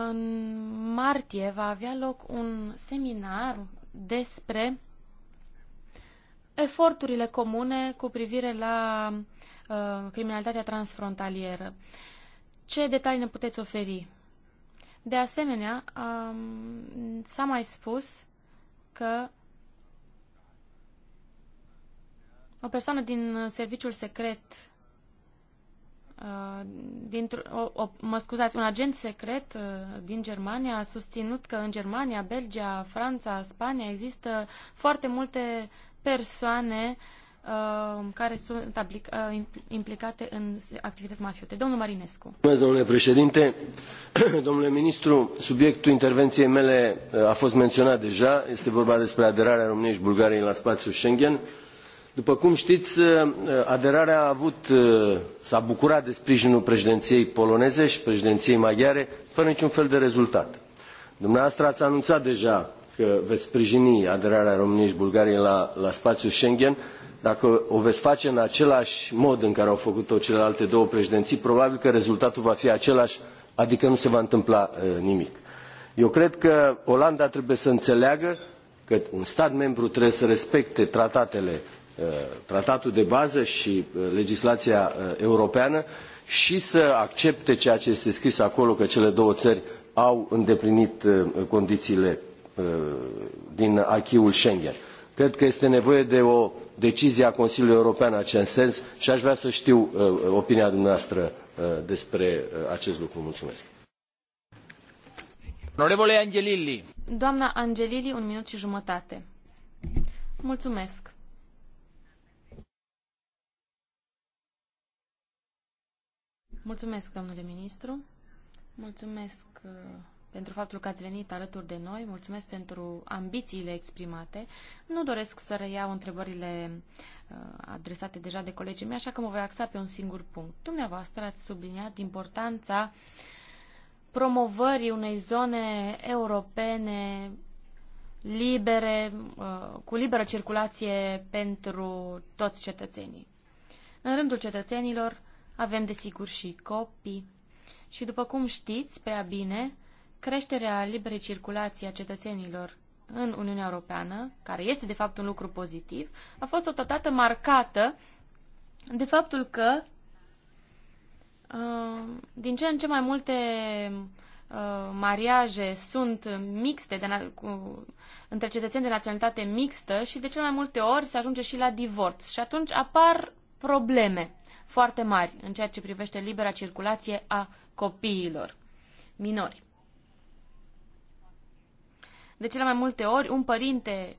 În martie va avea loc un seminar despre eforturile comune cu privire la uh, criminalitatea transfrontalieră. Ce detalii ne puteți oferi? De asemenea, um, s-a mai spus că o persoană din serviciul secret o, o, mă scuzați, un agent secret uh, din Germania a susținut că în Germania, Belgia, Franța, Spania există foarte multe persoane uh, care sunt uh, implicate în activități mafiote. Domnul Marinescu. Mulțumesc, domnule președinte. domnule ministru, subiectul intervenției mele uh, a fost menționat deja. Este vorba despre aderarea României și Bulgariei la spațiul Schengen. Uh, după cum știți, uh, uh, aderarea a avut, uh, s-a bucurat de sprijinul președinției poloneze și președinției maghiare, fără niciun fel de rezultat. Dumneavoastră ați anunțat deja că veți sprijini aderarea României și Bulgariei la, la spațiul Schengen. Dacă o veți face în același mod în care au făcut-o celelalte două președinții, probabil că rezultatul va fi același, adică nu se va întâmpla nimic. Eu cred că Olanda trebuie să înțeleagă că un stat membru trebuie să respecte tratatele Uh, tratatul de bază și uh, legislația uh, europeană și să accepte ceea ce este scris acolo că cele două țări au îndeplinit condițiile din acquis-ul Schengen. Cred că este nevoie de o decizie a Consiliului European în acest sens și aș vrea să știu opinia dumneavoastră despre acest lucru. Mulțumesc. Angelilli. Doamna Angelilli, un minut și jumătate. Mulțumesc. Mulțumesc, domnule ministru. Mulțumesc uh, pentru faptul că ați venit alături de noi, mulțumesc pentru ambițiile exprimate. Nu doresc să reiau întrebările uh, adresate deja de colegii mei, așa că mă voi axa pe un singur punct. Dumneavoastră ați subliniat importanța promovării unei zone europene libere, uh, cu liberă circulație pentru toți cetățenii. În rândul cetățenilor, avem, desigur, și copii. Și, după cum știți prea bine, creșterea liberei circulații a cetățenilor în Uniunea Europeană, care este, de fapt, un lucru pozitiv, a fost totodată marcată de faptul că uh, din ce în ce mai multe uh, mariaje sunt mixte de, cu, între cetățeni de naționalitate mixtă și de cel mai multe ori se ajunge și la divorț. Și atunci apar probleme foarte mari în ceea ce privește libera circulație a copiilor minori. De cele mai multe ori, un părinte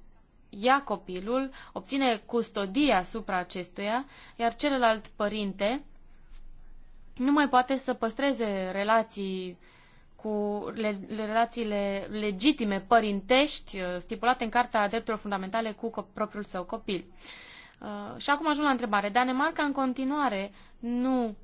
ia copilul, obține custodia asupra acestuia, iar celălalt părinte nu mai poate să păstreze relații cu le, relațiile legitime părintești uh, stipulate în Carta Drepturilor Fundamentale cu propriul său copil. Uh, și acum ajung la întrebare. Danemarca în continuare nu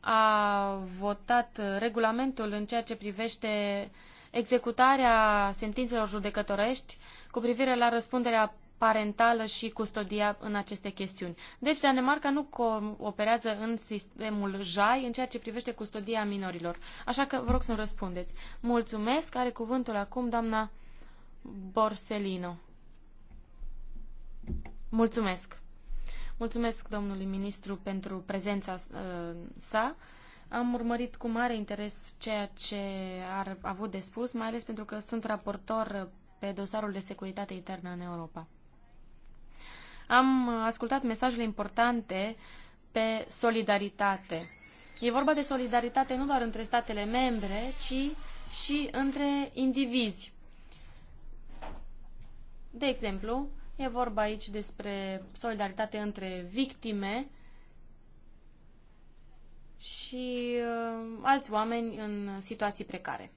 a votat regulamentul în ceea ce privește executarea sentințelor judecătorești cu privire la răspunderea parentală și custodia în aceste chestiuni. Deci Danemarca nu cooperează în sistemul JAI în ceea ce privește custodia minorilor. Așa că vă rog să-mi răspundeți. Mulțumesc. Are cuvântul acum doamna Borselino. Mulțumesc. Mulțumesc domnului ministru pentru prezența uh, sa. Am urmărit cu mare interes ceea ce a avut de spus, mai ales pentru că sunt raportor pe dosarul de securitate internă în Europa. Am ascultat mesajele importante pe solidaritate. E vorba de solidaritate nu doar între statele membre, ci și între indivizi. De exemplu, E vorba aici despre solidaritate între victime și uh, alți oameni în situații precare.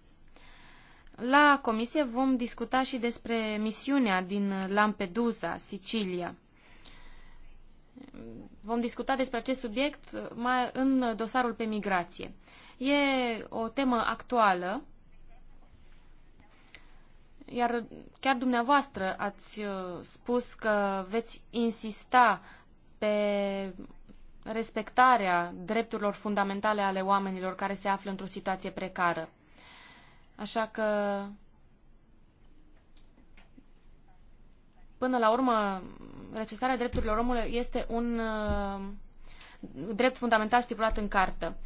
La comisie vom discuta și despre misiunea din Lampedusa, Sicilia. Vom discuta despre acest subiect mai în dosarul pe migrație. E o temă actuală iar chiar dumneavoastră ați uh, spus că veți insista pe respectarea drepturilor fundamentale ale oamenilor care se află într-o situație precară. Așa că, până la urmă, respectarea drepturilor omului este un uh, drept fundamental stipulat în cartă.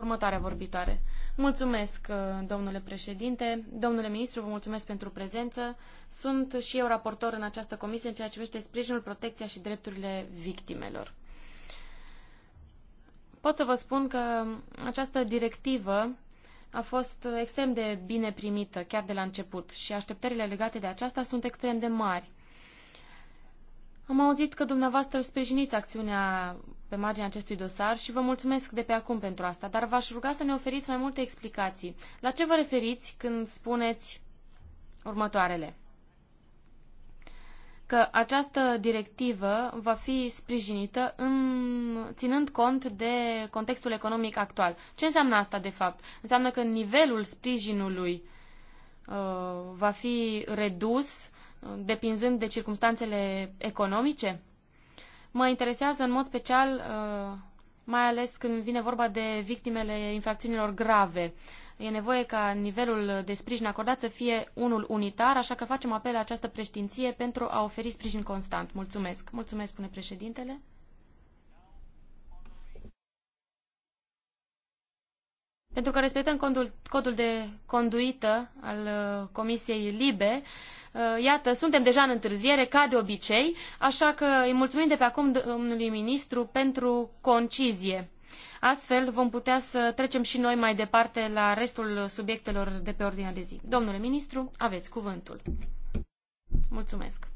Următoarea vorbitoare. Mulțumesc, uh, domnule președinte. Domnule ministru, vă mulțumesc pentru prezență. Sunt și eu raportor în această comisie în ceea ce privește sprijinul, protecția și drepturile victimelor. Pot să vă spun că această directivă a fost extrem de bine primită chiar de la început și așteptările legate de aceasta sunt extrem de mari. Am auzit că dumneavoastră sprijiniți acțiunea pe marginea acestui dosar și vă mulțumesc de pe acum pentru asta, dar v-aș ruga să ne oferiți mai multe explicații. La ce vă referiți când spuneți următoarele? Că această directivă va fi sprijinită în, ținând cont de contextul economic actual. Ce înseamnă asta, de fapt? Înseamnă că nivelul sprijinului uh, va fi redus depinzând de circumstanțele economice? Mă interesează în mod special, uh, mai ales când vine vorba de victimele infracțiunilor grave. E nevoie ca nivelul de sprijin acordat să fie unul unitar, așa că facem apel la această preștinție pentru a oferi sprijin constant. Mulțumesc. Mulțumesc, spune președintele. Pentru că respectăm codul, codul de conduită al uh, Comisiei Libe, Uh, iată, suntem deja în întârziere, ca de obicei, așa că îi mulțumim de pe acum domnului ministru pentru concizie. Astfel vom putea să trecem și noi mai departe la restul subiectelor de pe ordinea de zi. Domnule ministru, aveți cuvântul. Mulțumesc.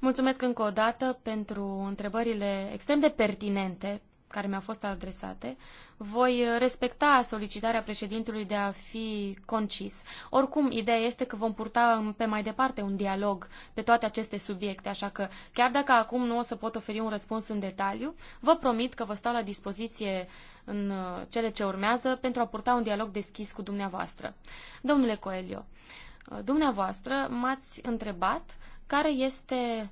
Mulțumesc încă o dată pentru întrebările extrem de pertinente care mi-au fost adresate, voi respecta solicitarea președintelui de a fi concis. Oricum, ideea este că vom purta pe mai departe un dialog pe toate aceste subiecte, așa că chiar dacă acum nu o să pot oferi un răspuns în detaliu, vă promit că vă stau la dispoziție în uh, cele ce urmează pentru a purta un dialog deschis cu dumneavoastră. Domnule Coelio, uh, dumneavoastră m-ați întrebat care este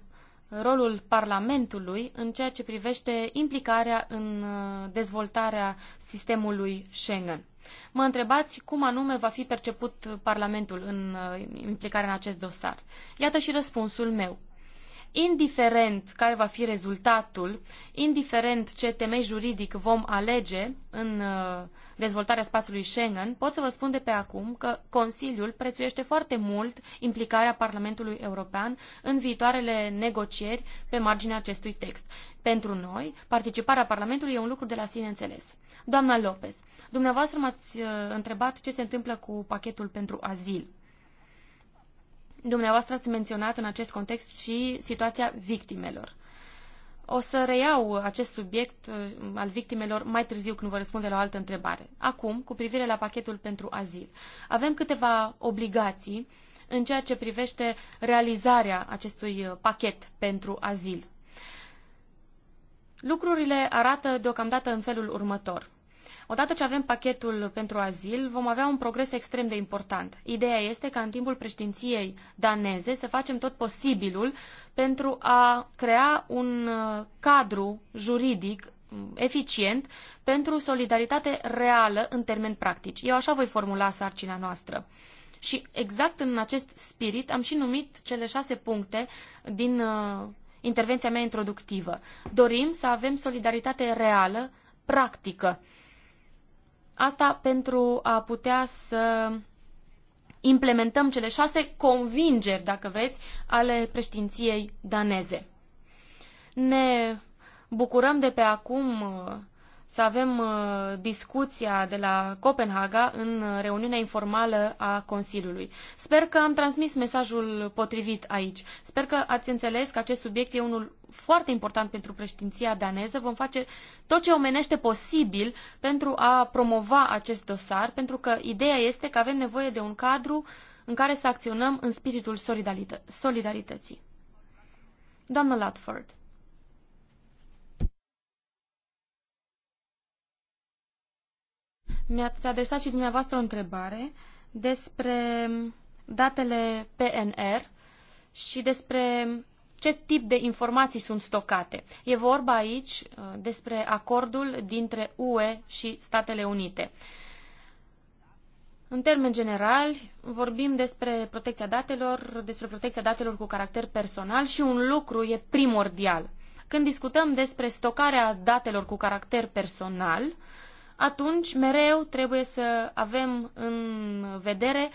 rolul Parlamentului în ceea ce privește implicarea în uh, dezvoltarea sistemului Schengen. Mă întrebați cum anume va fi perceput Parlamentul în uh, implicarea în acest dosar. Iată și răspunsul meu indiferent care va fi rezultatul, indiferent ce temei juridic vom alege în uh, dezvoltarea spațiului Schengen, pot să vă spun de pe acum că Consiliul prețuiește foarte mult implicarea Parlamentului European în viitoarele negocieri pe marginea acestui text. Pentru noi, participarea Parlamentului e un lucru de la sine înțeles. Doamna Lopez, dumneavoastră m-ați uh, întrebat ce se întâmplă cu pachetul pentru azil. Dumneavoastră ați menționat în acest context și situația victimelor. O să reiau acest subiect uh, al victimelor mai târziu când vă răspunde la o altă întrebare. Acum, cu privire la pachetul pentru azil. Avem câteva obligații în ceea ce privește realizarea acestui uh, pachet pentru azil. Lucrurile arată deocamdată în felul următor. Odată ce avem pachetul pentru azil, vom avea un progres extrem de important. Ideea este ca în timpul președinției daneze să facem tot posibilul pentru a crea un uh, cadru juridic mm, eficient pentru solidaritate reală în termeni practici. Eu așa voi formula sarcina noastră. Și exact în acest spirit am și numit cele șase puncte din uh, intervenția mea introductivă. Dorim să avem solidaritate reală, practică. Uh, Asta pentru a putea să implementăm cele șase convingeri, dacă vreți, ale preștinției daneze. Ne bucurăm de pe acum să avem uh, discuția de la Copenhaga în reuniunea informală a Consiliului. Sper că am transmis mesajul potrivit aici. Sper că ați înțeles că acest subiect e unul foarte important pentru președinția daneză. Vom face tot ce omenește posibil pentru a promova acest dosar, pentru că ideea este că avem nevoie de un cadru în care să acționăm în spiritul solidarită- solidarității. Doamnă Latford. Mi-ați adresat și dumneavoastră o întrebare despre datele PNR și despre ce tip de informații sunt stocate. E vorba aici uh, despre acordul dintre UE și Statele Unite. În termen general, vorbim despre protecția datelor, despre protecția datelor cu caracter personal și un lucru e primordial. Când discutăm despre stocarea datelor cu caracter personal, atunci mereu trebuie să avem în vedere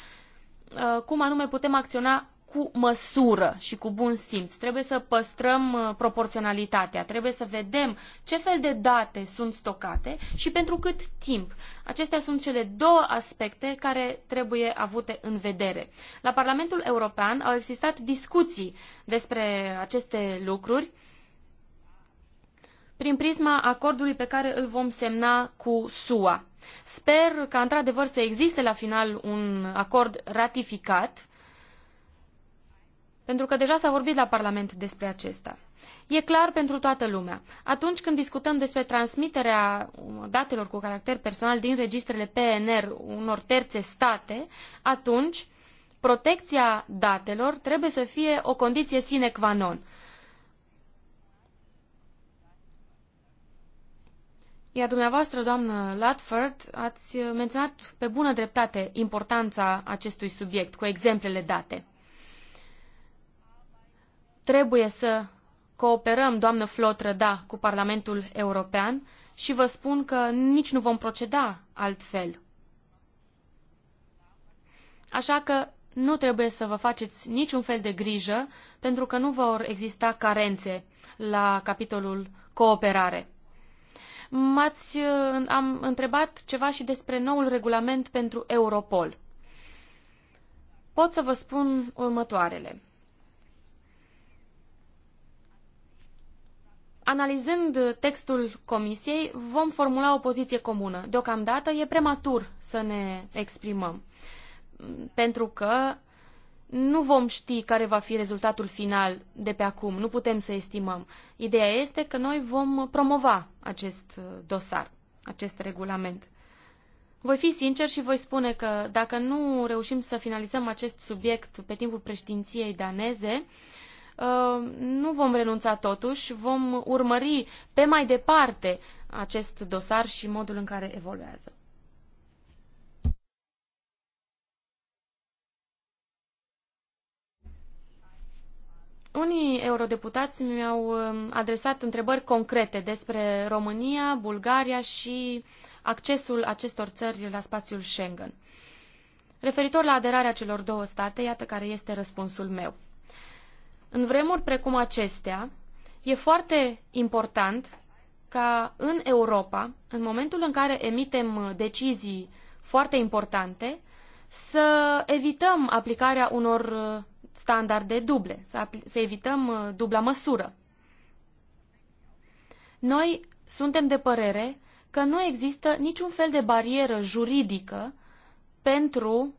uh, cum anume putem acționa cu măsură și cu bun simț. Trebuie să păstrăm uh, proporționalitatea, trebuie să vedem ce fel de date sunt stocate și pentru cât timp. Acestea sunt cele două aspecte care trebuie avute în vedere. La Parlamentul European au existat discuții despre aceste lucruri prin prisma acordului pe care îl vom semna cu SUA. Sper ca într-adevăr să existe la final un acord ratificat, pentru că deja s-a vorbit la Parlament despre acesta. E clar pentru toată lumea. Atunci când discutăm despre transmiterea datelor cu caracter personal din registrele PNR unor terțe state, atunci protecția datelor trebuie să fie o condiție sine qua non. Iar dumneavoastră, doamnă Latford, ați menționat pe bună dreptate importanța acestui subiect cu exemplele date. Trebuie să cooperăm, doamnă Flotră, da, cu Parlamentul European și vă spun că nici nu vom proceda altfel. Așa că nu trebuie să vă faceți niciun fel de grijă, pentru că nu vor exista carențe la capitolul cooperare m-ați, uh, am întrebat ceva și despre noul regulament pentru Europol. Pot să vă spun următoarele. Analizând textul Comisiei, vom formula o poziție comună. Deocamdată e prematur să ne exprimăm, pentru că nu vom ști care va fi rezultatul final de pe acum, nu putem să estimăm. Ideea este că noi vom promova acest uh, dosar, acest regulament. Voi fi sincer și voi spune că dacă nu reușim să finalizăm acest subiect pe timpul președinției daneze, uh, nu vom renunța totuși, vom urmări pe mai departe acest dosar și modul în care evoluează. Unii eurodeputați mi-au um, adresat întrebări concrete despre România, Bulgaria și accesul acestor țări la spațiul Schengen. Referitor la aderarea celor două state, iată care este răspunsul meu. În vremuri precum acestea, e foarte important ca în Europa, în momentul în care emitem decizii foarte importante, să evităm aplicarea unor uh, standarde duble, să, să evităm uh, dubla măsură. Noi suntem de părere că nu există niciun fel de barieră juridică pentru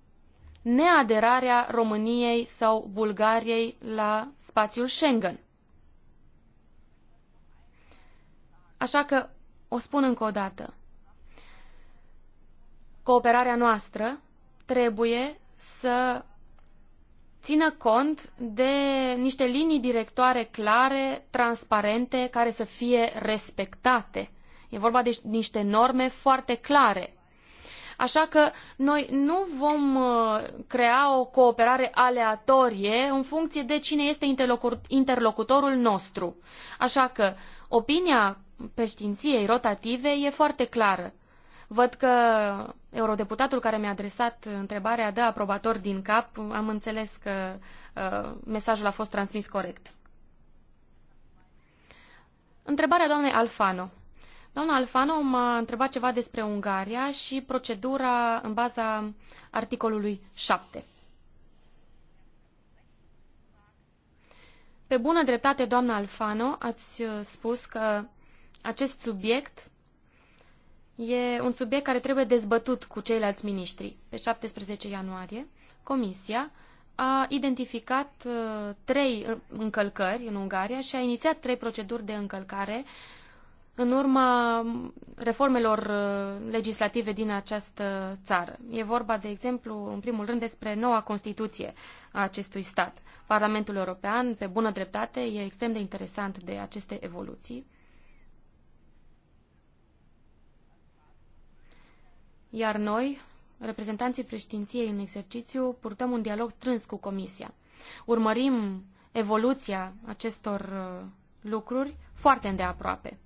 neaderarea României sau Bulgariei la spațiul Schengen. Așa că o spun încă o dată. Cooperarea noastră trebuie să țină cont de niște linii directoare clare, transparente, care să fie respectate. E vorba de niște norme foarte clare. Așa că noi nu vom uh, crea o cooperare aleatorie în funcție de cine este interlocutorul nostru. Așa că opinia peștiinției rotative e foarte clară. Văd că eurodeputatul care mi-a adresat întrebarea dă aprobator din cap. Am înțeles că uh, mesajul a fost transmis corect. Întrebarea doamnei Alfano. Doamna Alfano m-a întrebat ceva despre Ungaria și procedura în baza articolului 7. Pe bună dreptate, doamna Alfano, ați uh, spus că acest subiect E un subiect care trebuie dezbătut cu ceilalți miniștri. Pe 17 ianuarie, Comisia a identificat uh, trei uh, încălcări în Ungaria și a inițiat trei proceduri de încălcare în urma reformelor uh, legislative din această țară. E vorba, de exemplu, în primul rând despre noua Constituție a acestui stat. Parlamentul European, pe bună dreptate, e extrem de interesant de aceste evoluții iar noi, reprezentanții preștiinției în exercițiu, purtăm un dialog strâns cu Comisia. Urmărim evoluția acestor uh, lucruri foarte îndeaproape.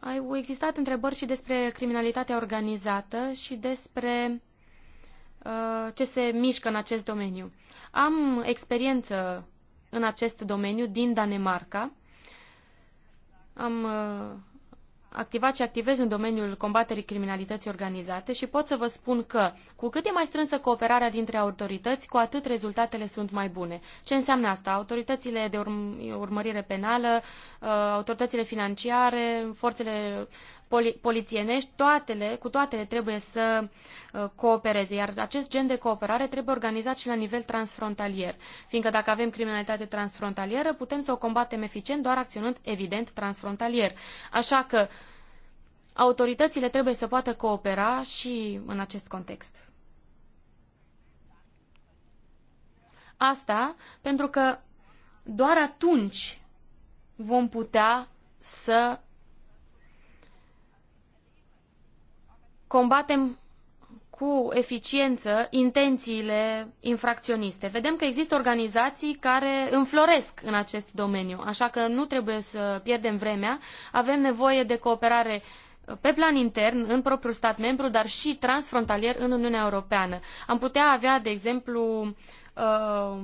Au existat întrebări și despre criminalitatea organizată și despre uh, ce se mișcă în acest domeniu. Am experiență în acest domeniu din Danemarca. Am uh, activat și activez în domeniul combaterii criminalității organizate și pot să vă spun că, cu cât e mai strânsă cooperarea dintre autorități, cu atât rezultatele sunt mai bune. Ce înseamnă asta? Autoritățile de urm urmărire penală, uh, autoritățile financiare, forțele polițienești, toatele, cu toatele trebuie să uh, coopereze, iar acest gen de cooperare trebuie organizat și la nivel transfrontalier, fiindcă dacă avem criminalitate transfrontalieră, putem să o combatem eficient doar acționând, evident, transfrontalier. Așa că autoritățile trebuie să poată coopera și în acest context. Asta pentru că doar atunci vom putea să combatem cu eficiență intențiile infracționiste. Vedem că există organizații care înfloresc în acest domeniu, așa că nu trebuie să pierdem vremea. Avem nevoie de cooperare pe plan intern, în propriul stat membru, dar și transfrontalier în Uniunea Europeană. Am putea avea, de exemplu, uh,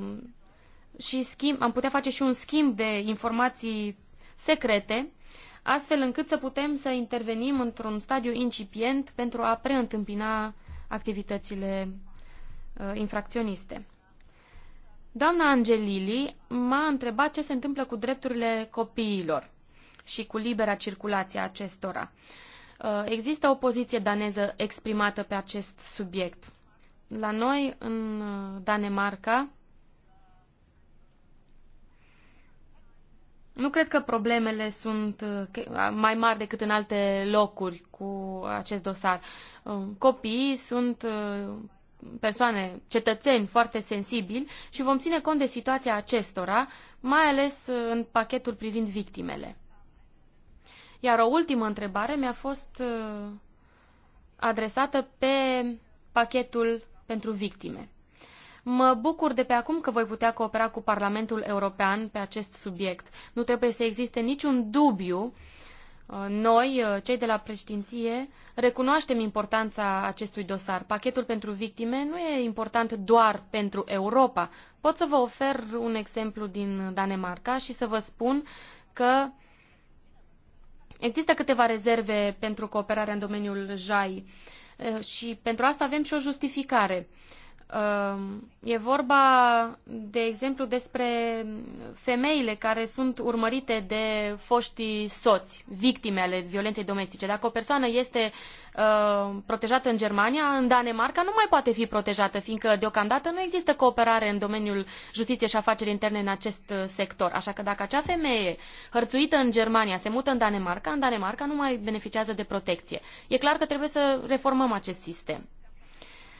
și schimb, am putea face și un schimb de informații secrete astfel încât să putem să intervenim într-un stadiu incipient pentru a preîntâmpina activitățile uh, infracționiste. Doamna Angelili m-a întrebat ce se întâmplă cu drepturile copiilor și cu libera circulație a acestora. Uh, există o poziție daneză exprimată pe acest subiect. La noi, în uh, Danemarca, Nu cred că problemele sunt uh, mai mari decât în alte locuri cu acest dosar. Um, copiii sunt uh, persoane, cetățeni foarte sensibili și vom ține cont de situația acestora, mai ales uh, în pachetul privind victimele. Iar o ultimă întrebare mi-a fost adresată pe pachetul pentru victime. Mă bucur de pe acum că voi putea coopera cu Parlamentul European pe acest subiect. Nu trebuie să existe niciun dubiu. Uh, noi, uh, cei de la președinție, recunoaștem importanța acestui dosar. Pachetul pentru victime nu e important doar pentru Europa. Pot să vă ofer un exemplu din Danemarca și să vă spun că există câteva rezerve pentru cooperarea în domeniul JAI uh, și pentru asta avem și o justificare. Um, e vorba, de exemplu, despre femeile care sunt urmărite de foștii soți, victime ale violenței domestice. Dacă o persoană este uh, protejată în Germania, în Danemarca nu mai poate fi protejată, fiindcă deocamdată nu există cooperare în domeniul justiției și afaceri interne în acest uh, sector. Așa că dacă acea femeie hărțuită în Germania se mută în Danemarca, în Danemarca nu mai beneficiază de protecție. E clar că trebuie să reformăm acest sistem.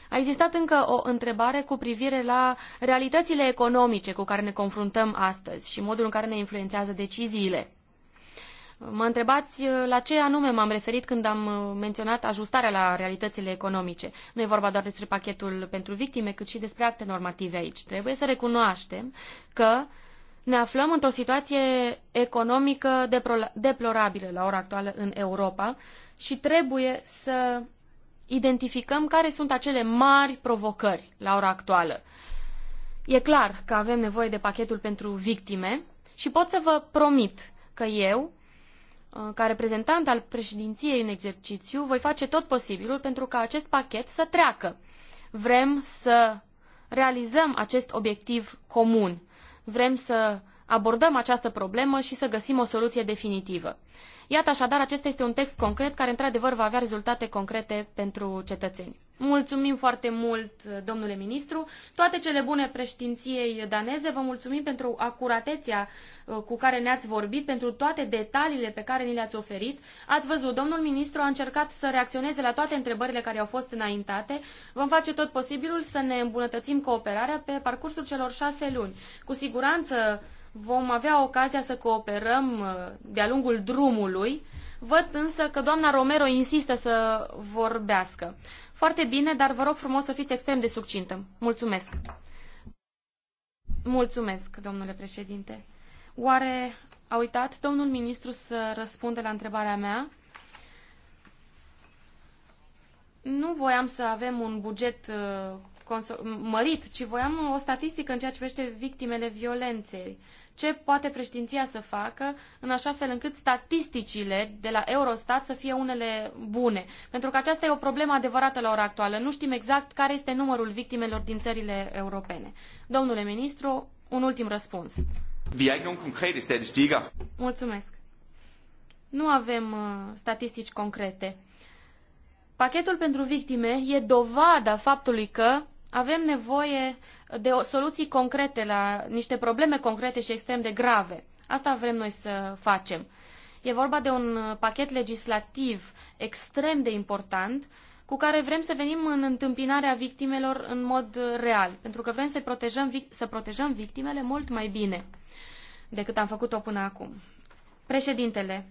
A existat încă o întrebare cu privire la realitățile economice cu care ne confruntăm astăzi și modul în care ne influențează deciziile. Mă întrebați uh, la ce anume m-am referit când am uh, menționat ajustarea la realitățile economice. Nu e vorba doar despre pachetul pentru victime, cât și despre acte normative aici. Trebuie să recunoaștem că ne aflăm într-o situație economică deplorabilă la ora actuală în Europa și trebuie să identificăm care sunt acele mari provocări la ora actuală. E clar că avem nevoie de pachetul pentru victime și pot să vă promit că eu, uh, ca reprezentant al președinției în exercițiu, voi face tot posibilul pentru ca acest pachet să treacă. Vrem să realizăm acest obiectiv comun. Vrem să abordăm această problemă și să găsim o soluție definitivă. Iată așadar, acesta este un text concret care într-adevăr va avea rezultate concrete pentru cetățeni. Mulțumim foarte mult, domnule ministru. Toate cele bune preștinției daneze. Vă mulțumim pentru acuratețea uh, cu care ne-ați vorbit, pentru toate detaliile pe care ni le-ați oferit. Ați văzut, domnul ministru a încercat să reacționeze la toate întrebările care au fost înaintate. Vom face tot posibilul să ne îmbunătățim cooperarea pe parcursul celor șase luni. Cu siguranță vom avea ocazia să cooperăm uh, de-a lungul drumului. Văd însă că doamna Romero insistă să vorbească. Foarte bine, dar vă rog frumos să fiți extrem de succintă. Mulțumesc. Mulțumesc, domnule președinte. Oare a uitat domnul ministru să răspundă la întrebarea mea? Nu voiam să avem un buget uh, mărit, ci voiam o statistică în ceea ce privește victimele violenței. Ce poate președinția să facă în așa fel încât statisticile de la Eurostat să fie unele bune? Pentru că aceasta e o problemă adevărată la ora actuală. Nu știm exact care este numărul victimelor din țările europene. Domnule ministru, un ultim răspuns. Mulțumesc. Nu avem uh, statistici concrete. Pachetul pentru victime e dovada faptului că avem nevoie de soluții concrete la niște probleme concrete și extrem de grave. Asta vrem noi să facem. E vorba de un pachet legislativ extrem de important cu care vrem să venim în întâmpinarea victimelor în mod real, pentru că vrem să protejăm, să protejăm victimele mult mai bine decât am făcut-o până acum. Președintele,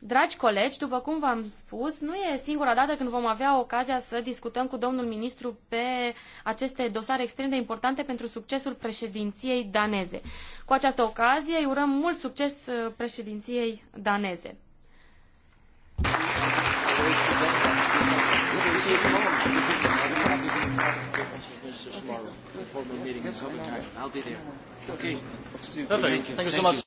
Dragi colegi, după cum v-am spus, nu e singura dată când vom avea ocazia să discutăm cu domnul ministru pe aceste dosare extrem de importante pentru succesul președinției daneze. Cu această ocazie îi urăm mult succes uh, președinției daneze. Okay. Perfect. Thank you so much.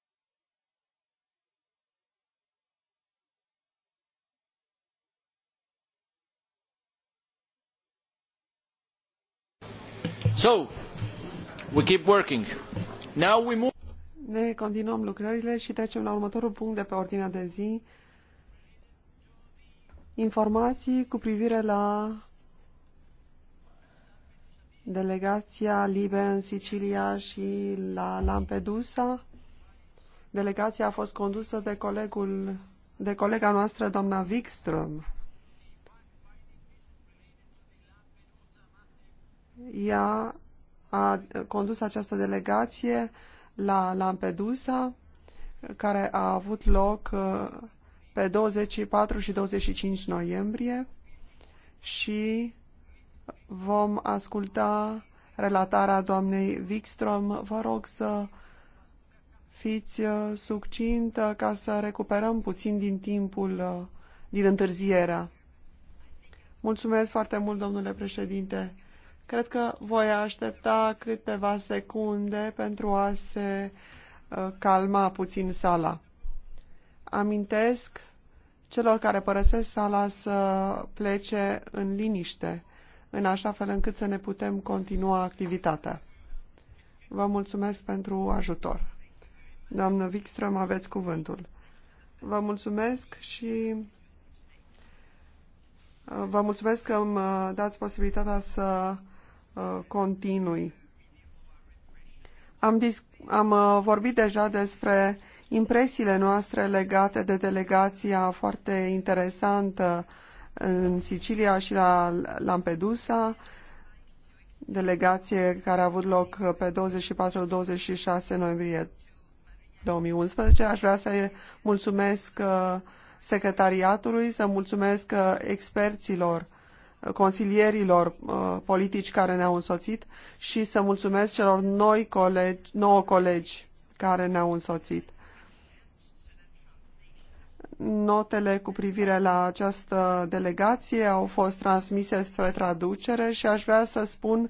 Ne continuăm lucrările și trecem la următorul punct de pe ordinea de zi. Informații cu privire la delegația Libe în Sicilia și la Lampedusa. Delegația a fost condusă de colegul de colega noastră, doamna Wikström. Ea a condus această delegație la Lampedusa, care a avut loc uh, pe 24 și 25 noiembrie și vom asculta relatarea doamnei Wikström. Vă rog să fiți uh, succintă ca să recuperăm puțin din timpul, uh, din întârzierea. Mulțumesc foarte mult, domnule președinte. Cred că voi aștepta câteva secunde pentru a se uh, calma puțin sala. Amintesc celor care părăsesc sala să plece în liniște, în așa fel încât să ne putem continua activitatea. Vă mulțumesc pentru ajutor. Doamnă Wikström, aveți cuvântul. Vă mulțumesc și uh, vă mulțumesc că îmi uh, dați posibilitatea să uh, continui. Am, dis am uh, vorbit deja despre impresiile noastre legate de delegația foarte interesantă în Sicilia și la Lampedusa, delegație care a avut loc pe 24-26 noiembrie 2011. Aș vrea să mulțumesc uh, secretariatului, să mulțumesc uh, experților consilierilor uh, politici care ne-au însoțit și să mulțumesc celor noi colegi, nouă colegi care ne-au însoțit. Notele cu privire la această delegație au fost transmise spre traducere și aș vrea să spun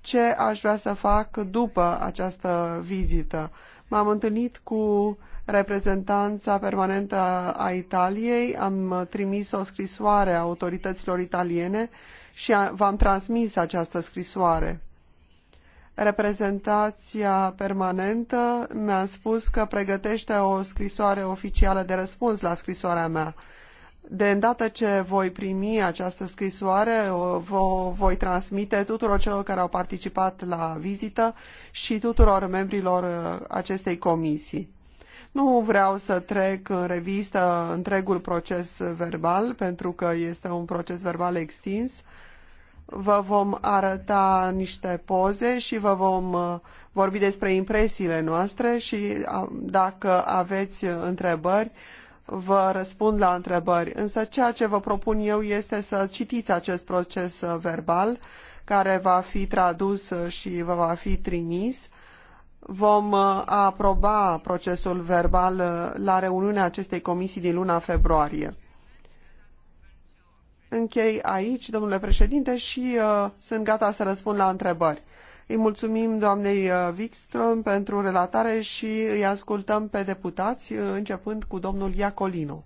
ce aș vrea să fac după această vizită. M-am întâlnit cu reprezentanța permanentă a Italiei, am trimis o scrisoare a autorităților italiene și v-am transmis această scrisoare. Reprezentația permanentă mi-a spus că pregătește o scrisoare oficială de răspuns la scrisoarea mea. De îndată ce voi primi această scrisoare, vă voi transmite tuturor celor care au participat la vizită și tuturor membrilor uh, acestei comisii. Nu vreau să trec în revistă întregul proces verbal, pentru că este un proces verbal extins. Vă vom arăta niște poze și vă vom uh, vorbi despre impresiile noastre și uh, dacă aveți întrebări, vă răspund la întrebări. Însă ceea ce vă propun eu este să citiți acest proces verbal care va fi tradus și vă va fi trimis vom uh, aproba procesul verbal uh, la reuniunea acestei comisii din luna februarie. Închei aici, domnule președinte, și uh, sunt gata să răspund la întrebări. Îi mulțumim doamnei uh, Wikström pentru relatare și îi ascultăm pe deputați, începând cu domnul Iacolino.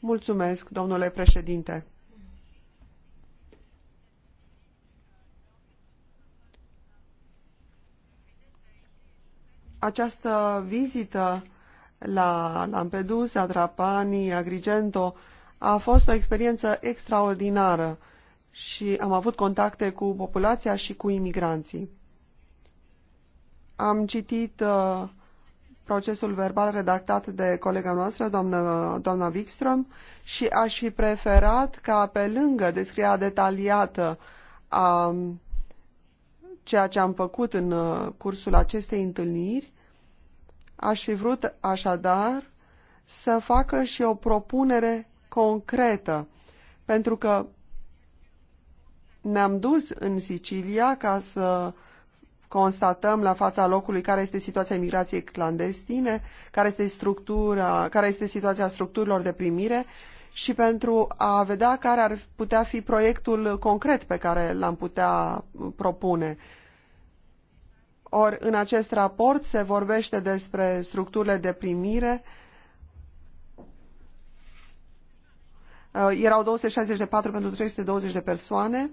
Mulțumesc, domnule președinte. Această vizită la Lampedusa, Trapani, Agrigento a fost o experiență extraordinară și am avut contacte cu populația și cu imigranții. Am citit uh, procesul verbal redactat de colega noastră, doamna, doamna Wikström, și aș fi preferat ca pe lângă descrierea detaliată a ceea ce am făcut în uh, cursul acestei întâlniri. Aș fi vrut așadar să facă și o propunere concretă, pentru că ne-am dus în Sicilia ca să constatăm la fața locului care este situația imigrației clandestine, care este, structura, care este situația structurilor de primire și pentru a vedea care ar putea fi proiectul concret pe care l-am putea propune. Or, în acest raport se vorbește despre structurile de primire. Uh, erau 264 pentru 320 de persoane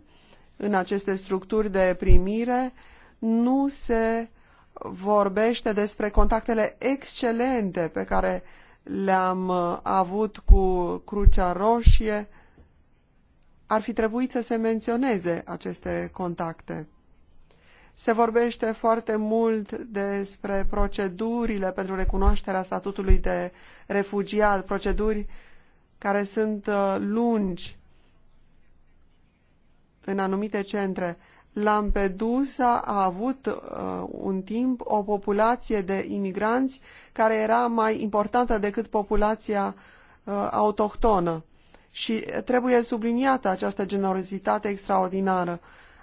în aceste structuri de primire. Nu se vorbește despre contactele excelente pe care uh, le-am uh, avut cu Crucea Roșie, ar fi trebuit să se menționeze aceste contacte. Se vorbește foarte mult despre procedurile pentru recunoașterea statutului de refugiat, proceduri care sunt uh, lungi în anumite centre. Lampedusa a avut uh, un timp o populație de imigranți care era mai importantă decât populația uh, autohtonă. Și trebuie subliniată această generozitate extraordinară.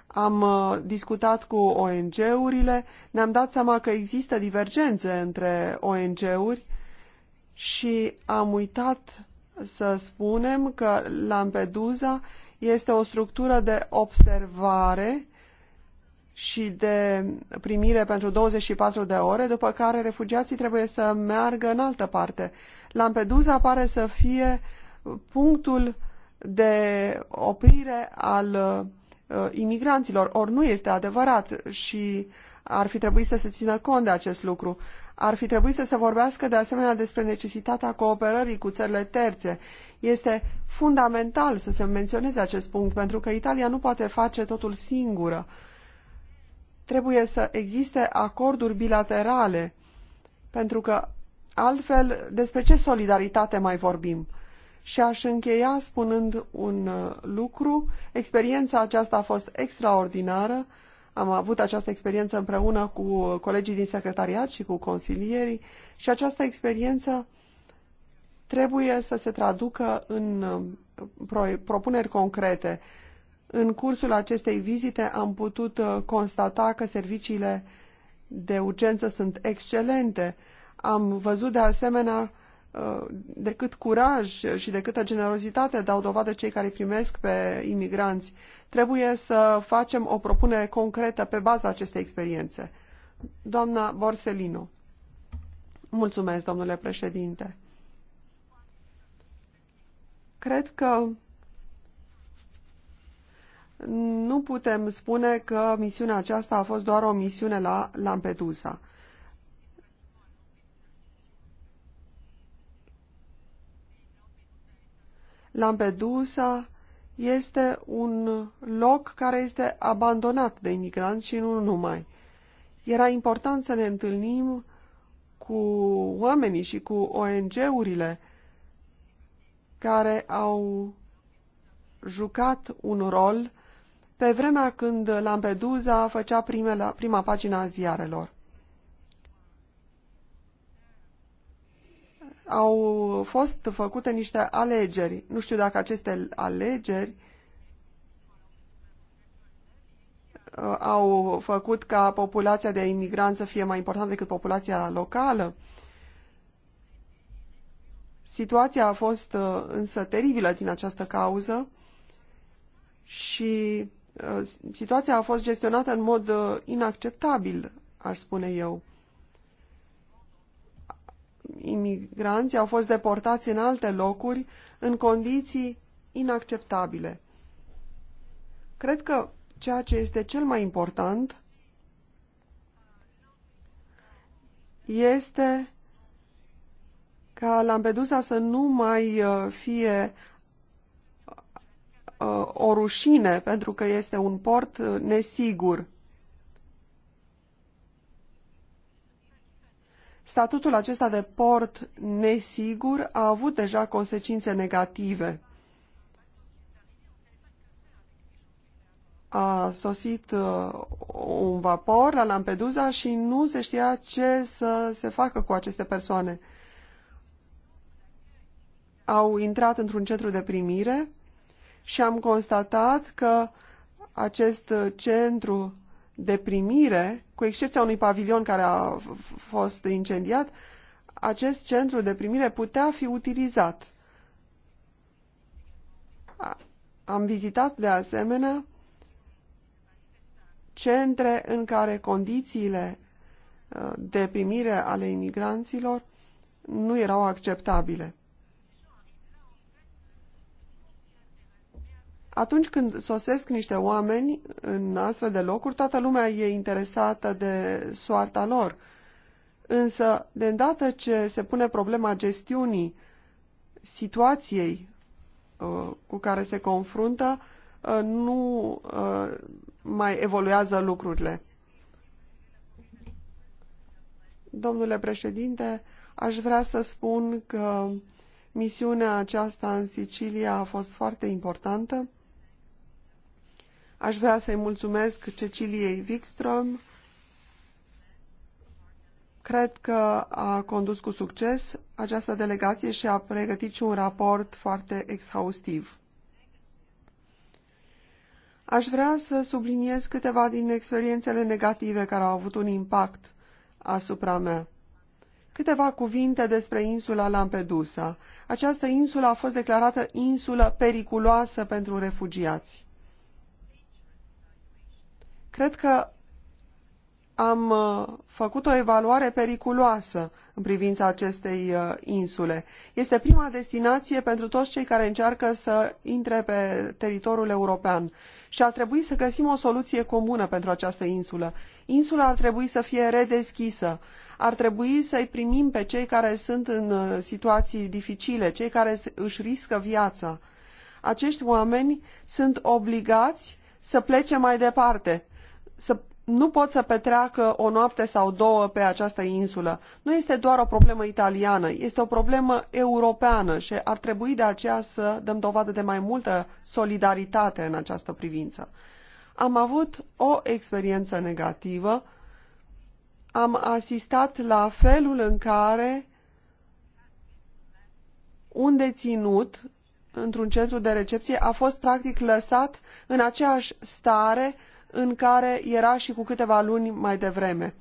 Am uh, discutat cu ONG-urile, ne-am dat seama că există divergențe între ONG-uri și am uitat să spunem că Lampedusa este o structură de observare și de primire pentru 24 de ore, după care refugiații trebuie să meargă în altă parte. Lampedusa pare să fie punctul de oprire al uh, imigranților. Ori nu este adevărat și ar fi trebuit să se țină cont de acest lucru. Ar fi trebuit să se vorbească de asemenea despre necesitatea cooperării cu țările terțe. Este fundamental să se menționeze acest punct, pentru că Italia nu poate face totul singură. Uh, Trebuie să existe acorduri bilaterale, pentru că altfel despre ce solidaritate mai vorbim? Și aș încheia spunând un uh, lucru. Experiența aceasta a fost extraordinară. Am avut această experiență împreună cu colegii din secretariat și cu consilierii și această experiență trebuie să se traducă în uh, propuneri concrete. În cursul acestei vizite am putut uh, constata că serviciile de urgență sunt excelente. Am văzut de asemenea uh, de cât curaj și de câtă generozitate dau dovadă cei care primesc pe imigranți. Trebuie să facem o propunere concretă pe baza acestei experiențe. Doamna Borsellino. Mulțumesc, domnule președinte. Cred că nu putem spune că misiunea aceasta a fost doar o misiune la Lampedusa. Lampedusa este un loc care este abandonat de imigranți și nu numai. Era important să ne întâlnim cu oamenii și cu ONG-urile care au jucat un rol pe vremea când Lampedusa făcea primele, prima pagina a ziarelor. Au fost făcute niște alegeri. Nu știu dacă aceste alegeri uh, au făcut ca populația de imigranți să fie mai importantă decât populația locală. Situația a fost uh, însă teribilă din această cauză și Uh, situația a fost gestionată în mod uh, inacceptabil, aș spune eu. Imigranții au fost deportați în alte locuri în condiții inacceptabile. Cred că ceea ce este cel mai important este ca Lampedusa să nu mai uh, fie o rușine pentru că este un port uh, nesigur. Statutul acesta de port nesigur a avut deja consecințe negative. A sosit uh, un vapor la Lampedusa și nu se știa ce să se facă cu aceste persoane. Au intrat într-un centru de primire și am constatat că acest centru de primire, cu excepția unui pavilion care a fost incendiat, acest centru de primire putea fi utilizat. Am vizitat de asemenea centre în care condițiile uh, de primire ale imigranților nu erau acceptabile. atunci când sosesc niște oameni în astfel de locuri, toată lumea e interesată de soarta lor. Însă, de îndată ce se pune problema gestiunii situației uh, cu care se confruntă, uh, nu uh, mai evoluează lucrurile. Domnule președinte, aș vrea să spun că misiunea aceasta în Sicilia a fost foarte importantă. Aș vrea să-i mulțumesc Ceciliei Wikström. Cred că a condus cu succes această delegație și a pregătit și un raport foarte exhaustiv. Aș vrea să subliniez câteva din experiențele negative care au avut un impact asupra mea. Câteva cuvinte despre insula Lampedusa. Această insulă a fost declarată insulă periculoasă pentru refugiați. Cred că am uh, făcut o evaluare periculoasă în privința acestei uh, insule. Este prima destinație pentru toți cei care încearcă să intre pe teritoriul european și ar trebui să găsim o soluție comună pentru această insulă. Insula ar trebui să fie redeschisă. Ar trebui să-i primim pe cei care sunt în uh, situații dificile, cei care își riscă viața. Acești oameni sunt obligați să plece mai departe, să nu pot să petreacă o noapte sau două pe această insulă. Nu este doar o problemă italiană, este o problemă europeană și ar trebui de aceea să dăm dovadă de mai multă solidaritate în această privință. Am avut o experiență negativă, am asistat la felul în care un deținut într-un centru de recepție a fost practic lăsat în aceeași stare în care era și cu câteva luni mai devreme.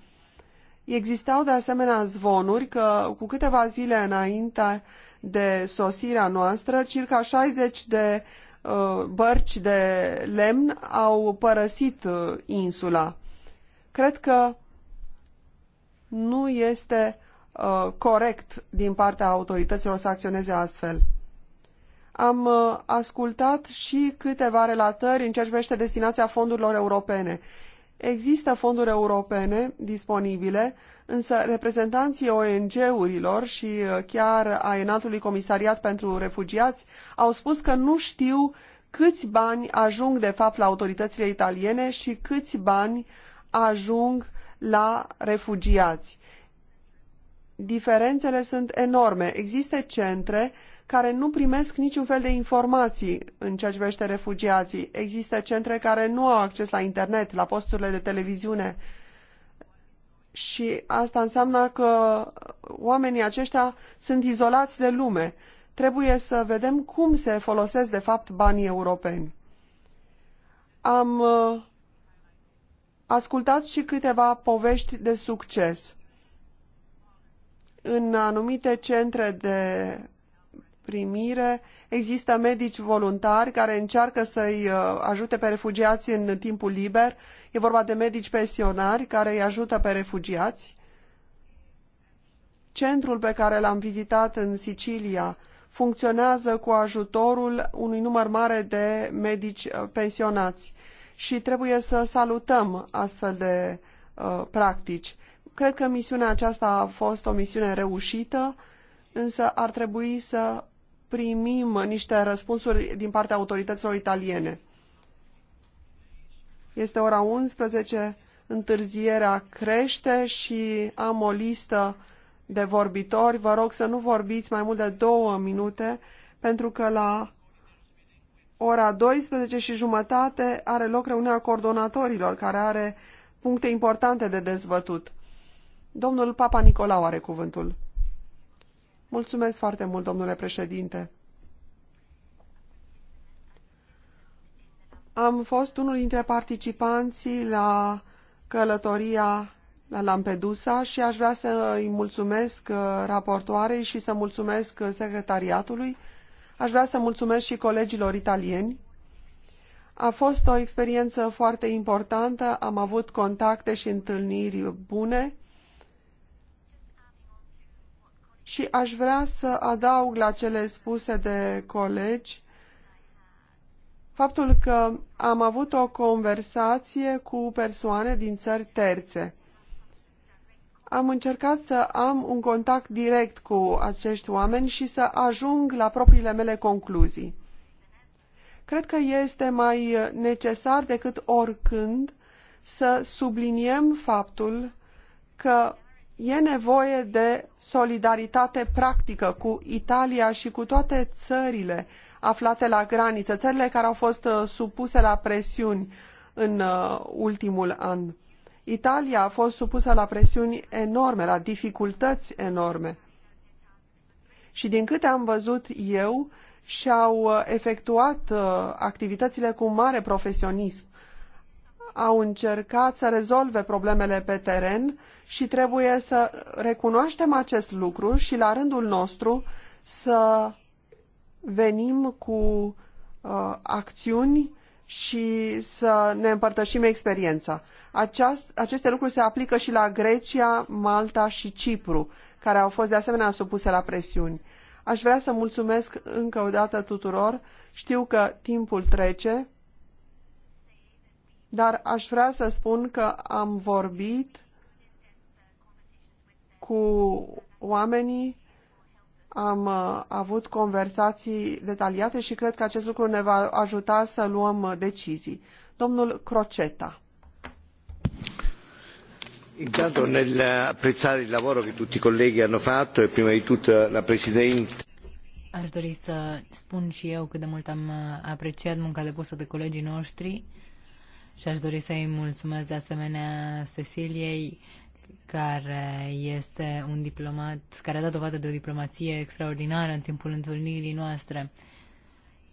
Existau de asemenea zvonuri că cu câteva zile înainte de sosirea noastră, circa 60 de uh, bărci de lemn au părăsit uh, insula. Cred că nu este uh, corect din partea autorităților să acționeze astfel am uh, ascultat și câteva relatări în ceea ce privește destinația fondurilor europene. Există fonduri europene disponibile, însă reprezentanții ONG-urilor și uh, chiar a Înaltului Comisariat pentru Refugiați au spus că nu știu câți bani ajung de fapt la autoritățile italiene și câți bani ajung la refugiați. Diferențele sunt enorme. Există centre care nu primesc niciun fel de informații în ceea ce privește refugiații. Există centre care nu au acces la internet, la posturile de televiziune. Și asta înseamnă că oamenii aceștia sunt izolați de lume. Trebuie să vedem cum se folosesc de fapt banii europeni. Am uh, ascultat și câteva povești de succes. În anumite centre de primire, există medici voluntari care încearcă să-i uh, ajute pe refugiați în timpul liber. E vorba de medici pensionari care îi ajută pe refugiați. Centrul pe care l-am vizitat în Sicilia funcționează cu ajutorul unui număr mare de medici uh, pensionați și trebuie să salutăm astfel de uh, practici. Cred că misiunea aceasta a fost o misiune reușită, însă ar trebui să primim niște răspunsuri din partea autorităților italiene. Este ora 11, întârzierea crește și am o listă de vorbitori. Vă rog să nu vorbiți mai mult de două minute, pentru că la ora 12 și jumătate are loc reuniunea coordonatorilor, care are puncte importante de dezvătut. Domnul Papa Nicolau are cuvântul. Mulțumesc foarte mult, domnule președinte. Am fost unul dintre participanții la călătoria la Lampedusa și aș vrea să îi mulțumesc uh, raportoarei și să mulțumesc uh, secretariatului. Aș vrea să mulțumesc și colegilor italieni. A fost o experiență foarte importantă, am avut contacte și întâlniri bune și aș vrea să adaug la cele spuse de colegi faptul că am avut o conversație cu persoane din țări terțe. Am încercat să am un contact direct cu acești oameni și să ajung la propriile mele concluzii. Cred că este mai necesar decât oricând să subliniem faptul că E nevoie de solidaritate practică cu Italia și cu toate țările aflate la graniță, țările care au fost uh, supuse la presiuni în uh, ultimul an. Italia a fost supusă la presiuni enorme, la dificultăți enorme. Și din câte am văzut eu, și-au uh, efectuat activitățile cu mare profesionism au încercat să rezolve problemele pe teren și trebuie să recunoaștem acest lucru și la rândul nostru să venim cu uh, acțiuni și să ne împărtășim experiența. Aceast, aceste lucruri se aplică și la Grecia, Malta și Cipru, care au fost de asemenea supuse la presiuni. Aș vrea să mulțumesc încă o dată tuturor. Știu că timpul trece dar aș vrea să spun că am vorbit cu oamenii, am uh, avut conversații detaliate și cred că acest lucru ne va ajuta să luăm decizii. Domnul Croceta. Intanto nell'apprezzare il lavoro che tutti i colleghi hanno fatto e prima di tutto la Presidente. Aș dori să spun și eu cât de mult am uh, apreciat munca depusă de colegii noștri și aș dori să-i mulțumesc de asemenea Ceciliei, care este un diplomat, care a dat dovadă de o diplomație extraordinară în timpul întâlnirii noastre.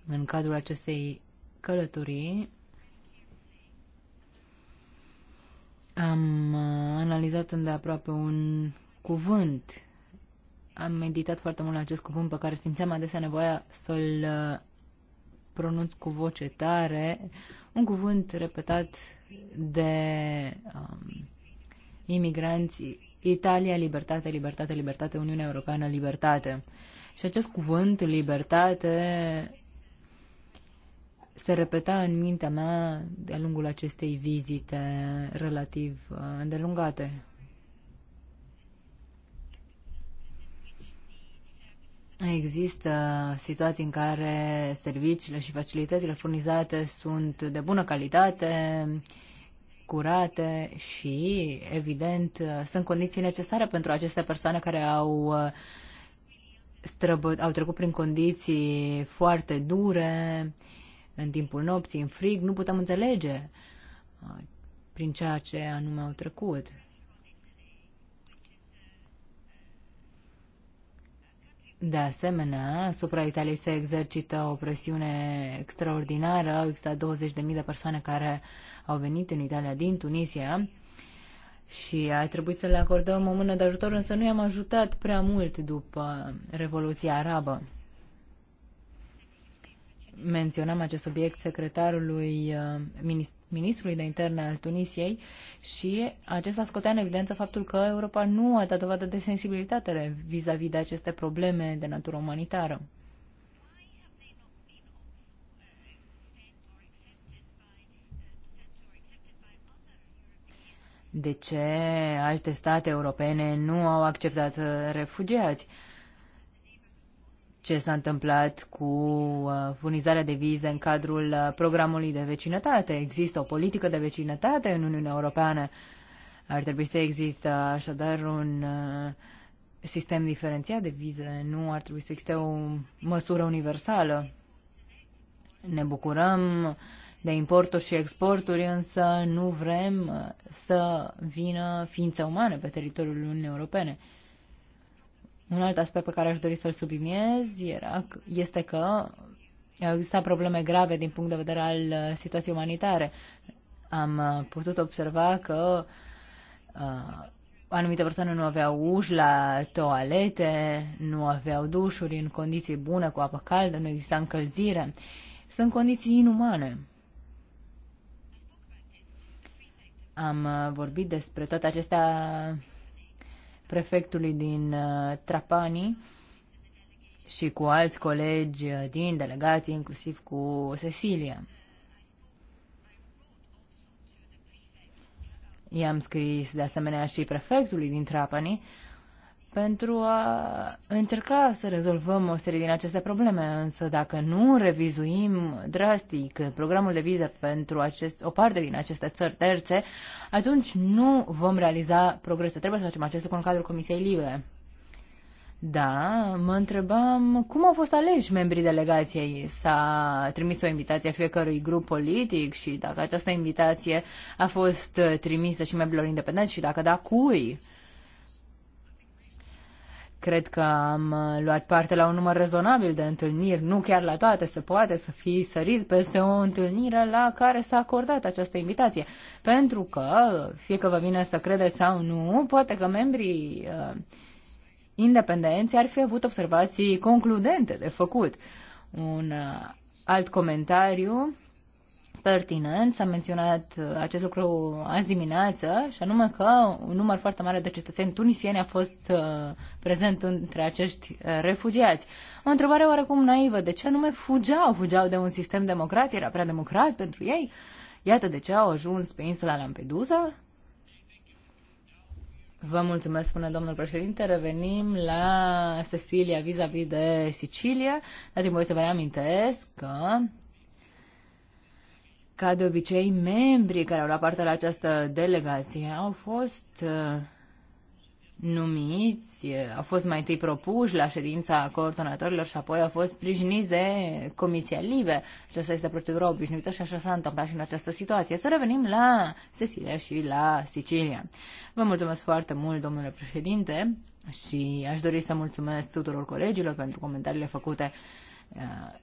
În cadrul acestei călătorii am uh, analizat îndeaproape un cuvânt. Am meditat foarte mult la acest cuvânt pe care simțeam adesea nevoia să-l uh, pronunț cu voce tare, un cuvânt repetat de um, imigranți, Italia, libertate, libertate, libertate, Uniunea Europeană, libertate. Și acest cuvânt, libertate, se repeta în mintea mea de-a lungul acestei vizite relativ uh, îndelungate. Există situații în care serviciile și facilitățile furnizate sunt de bună calitate, curate și, evident, sunt condiții necesare pentru aceste persoane care au, străbă, au trecut prin condiții foarte dure, în timpul nopții, în frig, nu putem înțelege uh, prin ceea ce anume au trecut. De asemenea, asupra Italiei se exercită o presiune extraordinară. Au existat 20.000 de persoane care au venit în Italia din Tunisia și a trebuit să le acordăm o mână de ajutor, însă nu i-am ajutat prea mult după Revoluția Arabă menționăm acest subiect secretarului uh, ministrului de interne al Tunisiei și acesta scotea în evidență faptul că Europa nu a dat dovadă de sensibilitate vis-a-vis -vis de aceste probleme de natură umanitară. De ce alte state europene nu au acceptat uh, refugiați? Uh, ce s-a întâmplat cu uh, furnizarea de vize în cadrul uh, programului de vecinătate. Există o politică de vecinătate în Uniunea Europeană. Ar trebui să există așadar un uh, sistem diferențiat de vize, nu ar trebui să existe o măsură universală. Ne bucurăm de importuri și exporturi, însă nu vrem să vină ființe umane pe teritoriul Uniunii Europene. Un alt aspect pe care aș dori să-l subliniez era, este că au existat probleme grave din punct de vedere al uh, situației umanitare. Am uh, putut observa că uh, anumite persoane nu aveau uși la toalete, nu aveau dușuri în condiții bune, cu apă caldă, nu exista încălzire. Sunt condiții inumane. Am uh, vorbit despre toate acestea prefectului din uh, Trapani și cu alți colegi uh, din delegație, inclusiv cu Cecilia. I-am scris de asemenea și prefectului din Trapani pentru a încerca să rezolvăm o serie din aceste probleme. Însă dacă nu revizuim drastic programul de vize pentru acest, o parte din aceste țări terțe, atunci nu vom realiza progrese. Trebuie să facem acest lucru în cadrul Comisiei Libe. Da, mă întrebam cum au fost aleși membrii delegației. S-a trimis o invitație a fiecărui grup politic și dacă această invitație a fost trimisă și membrilor independenți și dacă da, cui? Cred că am uh, luat parte la un număr rezonabil de întâlniri, nu chiar la toate, se poate să fi sărit peste o întâlnire la care s-a acordat această invitație. Pentru că, fie că vă vine să credeți sau nu, poate că membrii uh, independenți ar fi avut observații concludente de făcut. Un uh, alt comentariu pertinent, s-a menționat uh, acest lucru azi dimineață, și anume că un număr foarte mare de cetățeni tunisieni a fost uh, prezent între acești uh, refugiați. O întrebare oarecum naivă, de ce anume fugeau? Fugeau de un sistem democrat, era prea democrat pentru ei? Iată de ce au ajuns pe insula Lampedusa. Vă mulțumesc, spune domnul președinte. Revenim la Cecilia vis-a-vis -vis de Sicilia. Dați-mi voi să vă reamintesc că ca de obicei, membrii care au luat parte la această delegație au fost uh, numiți, au fost mai întâi propuși la ședința coordonatorilor și apoi au fost sprijiniți de Comisia Libe. Aceasta este procedura obișnuită și așa s-a întâmplat și în această situație. Să revenim la Cecilia și la Sicilia. Vă mulțumesc foarte mult, domnule președinte, și aș dori să mulțumesc tuturor colegilor pentru comentariile făcute uh,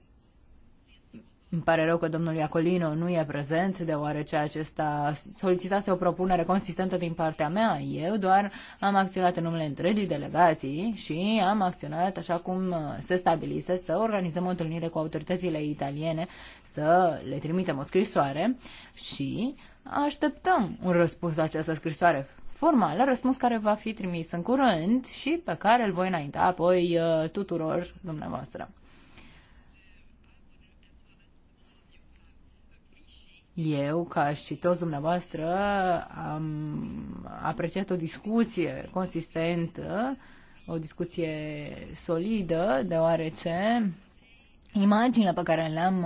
îmi pare rău că domnul Iacolino nu e prezent, deoarece acesta solicitase o propunere consistentă din partea mea. Eu doar am acționat în numele întregii delegații și am acționat așa cum se stabilise să organizăm o întâlnire cu autoritățile italiene, să le trimitem o scrisoare și așteptăm un răspuns la această scrisoare formală, răspuns care va fi trimis în curând și pe care îl voi înainta apoi uh, tuturor dumneavoastră. Eu, ca și toți dumneavoastră, am apreciat o discuție consistentă, o discuție solidă, deoarece imaginile pe care le-am,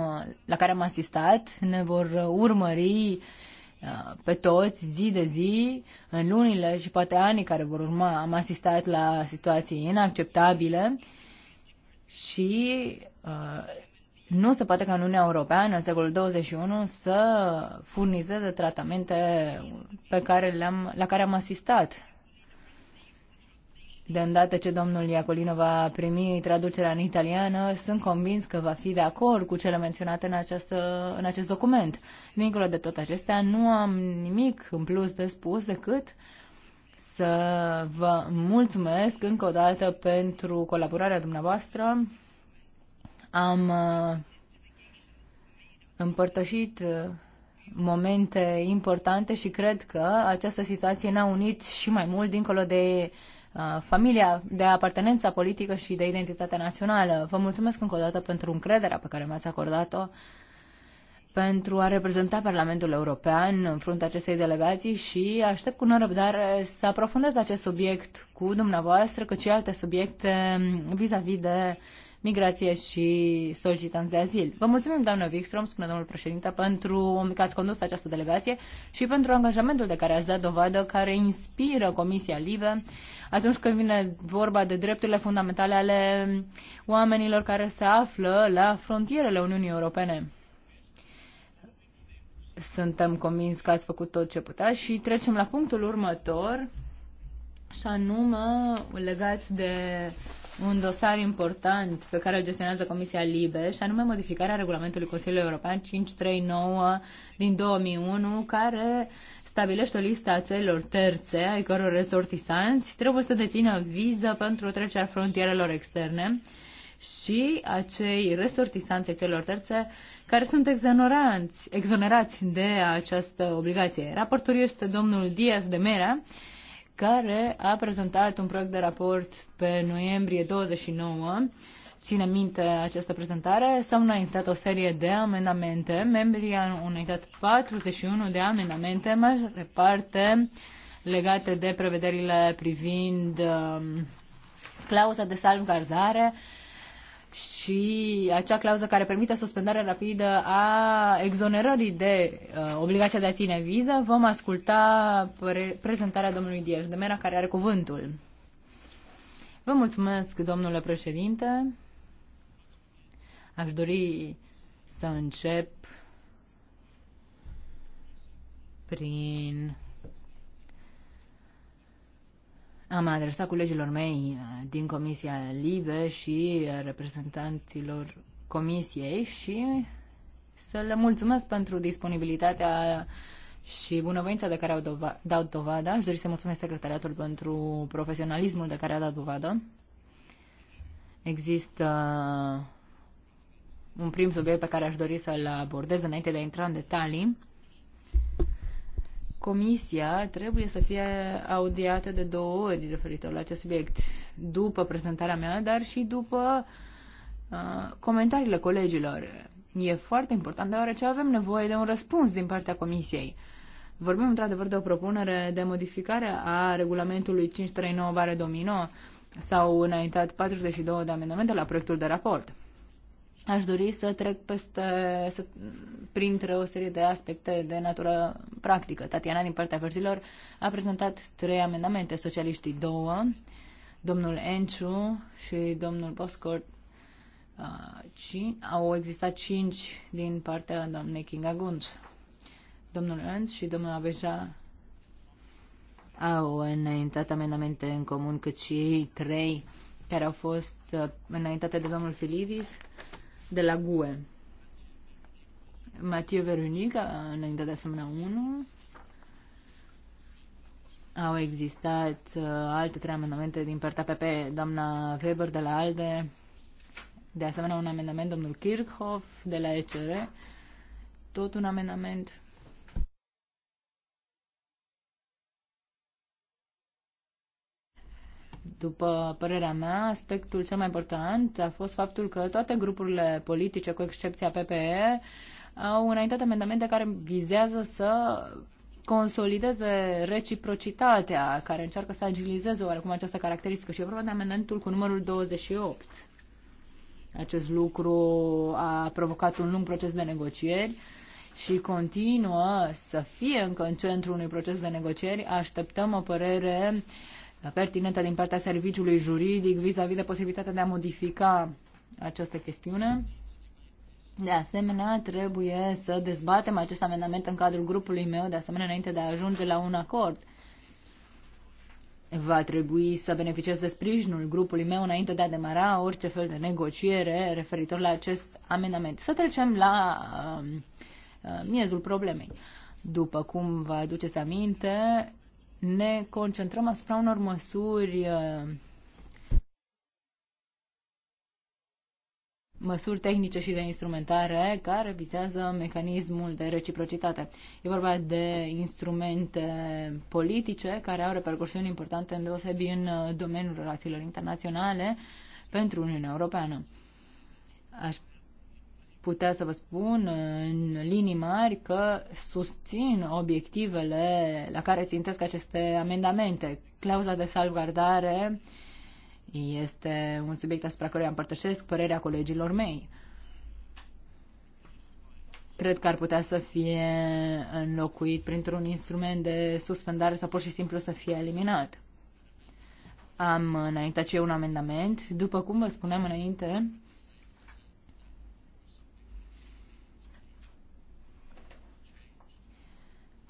la care am asistat ne vor urmări uh, pe toți, zi de zi, în lunile și poate anii care vor urma. Am asistat la situații inacceptabile și uh, nu se poate ca în Uniunea Europeană, în secolul 21, să furnizeze tratamente pe care le-am, la care am asistat. De îndată ce domnul Iacolino va primi traducerea în italiană, sunt convins că va fi de acord cu cele menționate în, această, în acest document. Dincolo de tot acestea, nu am nimic în plus de spus decât să vă mulțumesc încă o dată pentru colaborarea dumneavoastră am uh, împărtășit uh, momente importante și cred că această situație ne-a unit și mai mult dincolo de uh, familia, de apartenența politică și de identitatea națională. Vă mulțumesc încă o dată pentru încrederea pe care mi-ați acordat-o pentru a reprezenta Parlamentul European în fruntea acestei delegații și aștept cu nerăbdare să aprofundez acest subiect cu dumneavoastră, cât și alte subiecte vis-a-vis -vis de migrație și solicitanți de azil. Vă mulțumim, doamnă Wikstrom, spune domnul președinte, pentru că ați condus această delegație și pentru angajamentul de care ați dat dovadă, care inspiră Comisia Libe atunci când vine vorba de drepturile fundamentale ale oamenilor care se află la frontierele Uniunii Europene suntem convins că ați făcut tot ce puteați și trecem la punctul următor și anume legat de un dosar important pe care îl gestionează Comisia Libe, și anume modificarea regulamentului Consiliului European 539 din 2001, care stabilește o listă a țărilor terțe ai căror resortisanți trebuie să dețină viză pentru trecerea frontierelor externe și acei resortisanți ai țărilor terțe care sunt exonerați, exonerați de această obligație. Raportul este domnul Diaz de Mera, care a prezentat un proiect de raport pe noiembrie 29. Ține minte această prezentare. S-au înaintat o serie de amendamente. Membrii au înaintat 41 de amendamente mai departe legate de prevederile privind um, clauza de salvgardare, și acea clauză care permite suspendarea rapidă a exonerării de uh, obligația de a ține viză, vom asculta pre- prezentarea domnului Diaz de Mera, care are cuvântul. Vă mulțumesc, domnule președinte. Aș dori să încep prin am adresat colegilor mei uh, din Comisia Libe și uh, reprezentanților Comisiei și să le mulțumesc pentru disponibilitatea și bunăvoința de care au dova- dat dovadă. Aș dori să mulțumesc secretariatul pentru profesionalismul de care a dat dovadă. Există un prim subiect pe care aș dori să-l abordez înainte de a intra în detalii Comisia trebuie să fie audiată de două ori referitor la acest subiect, după prezentarea mea, dar și după uh, comentariile colegilor. E foarte important, deoarece avem nevoie de un răspuns din partea Comisiei. Vorbim într-adevăr de o propunere de modificare a regulamentului 539-2009. S-au înaintat 42 de amendamente la proiectul de raport. Aș dori să trec peste, să, printre o serie de aspecte de natură practică. Tatiana, din partea verzilor, a prezentat trei amendamente, socialiștii două, domnul Enciu și domnul Boscort ci, au existat cinci din partea doamnei Kinga Gunz. Domnul Enț și domnul Aveja au înaintat amendamente în comun, cât și ei trei care au fost uh, înaintate de domnul Filidis de la GUE. Matiu Verunic înainte de asemenea 1. Au existat uh, alte trei amendamente din partea PP, doamna Weber de la ALDE, de asemenea un amendament domnul Kirchhoff de la ECR, tot un amendament După părerea mea, aspectul cel mai important a fost faptul că toate grupurile politice, cu excepția PPE, au înaintat amendamente care vizează să consolideze reciprocitatea, care încearcă să agilizeze oarecum această caracteristică. Și e vorba de amendamentul cu numărul 28. Acest lucru a provocat un lung proces de negocieri și continuă să fie încă în centrul unui proces de negocieri. Așteptăm o părere pertinentă din partea serviciului juridic vis-a-vis -vis de posibilitatea de a modifica această chestiune. De asemenea, trebuie să dezbatem acest amendament în cadrul grupului meu, de asemenea, înainte de a ajunge la un acord. Va trebui să beneficiez de sprijinul grupului meu înainte de a demara orice fel de negociere referitor la acest amendament. Să trecem la um, uh, miezul problemei. După cum vă aduceți aminte, ne concentrăm asupra unor măsuri uh, măsuri tehnice și de instrumentare care vizează mecanismul de reciprocitate. E vorba de instrumente politice care au repercursiuni importante în deosebi uh, în domeniul relațiilor internaționale pentru Uniunea Europeană. Aș putea să vă spun în linii mari că susțin obiectivele la care țintesc aceste amendamente. Clauza de salvgardare este un subiect asupra căruia împărtășesc părerea colegilor mei. Cred că ar putea să fie înlocuit printr-un instrument de suspendare sau pur și simplu să fie eliminat. Am înaintat și eu un amendament. După cum vă spuneam înainte,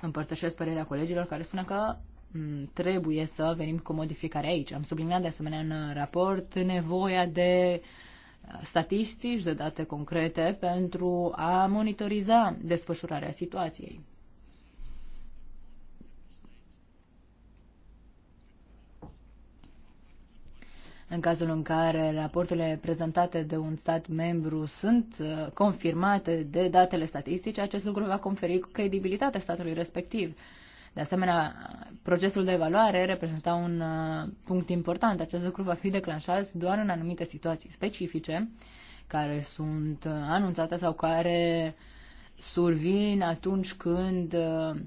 Împărtășesc părerea colegilor care spune că mm, trebuie să venim cu modificare aici. Am subliniat de asemenea în raport nevoia de uh, statistici, de date concrete pentru a monitoriza desfășurarea situației. În cazul în care raporturile prezentate de un stat membru sunt uh, confirmate de datele statistice, acest lucru va conferi credibilitate statului respectiv. De asemenea, procesul de evaluare reprezenta un uh, punct important. Acest lucru va fi declanșat doar în anumite situații specifice care sunt uh, anunțate sau care survin atunci când uh,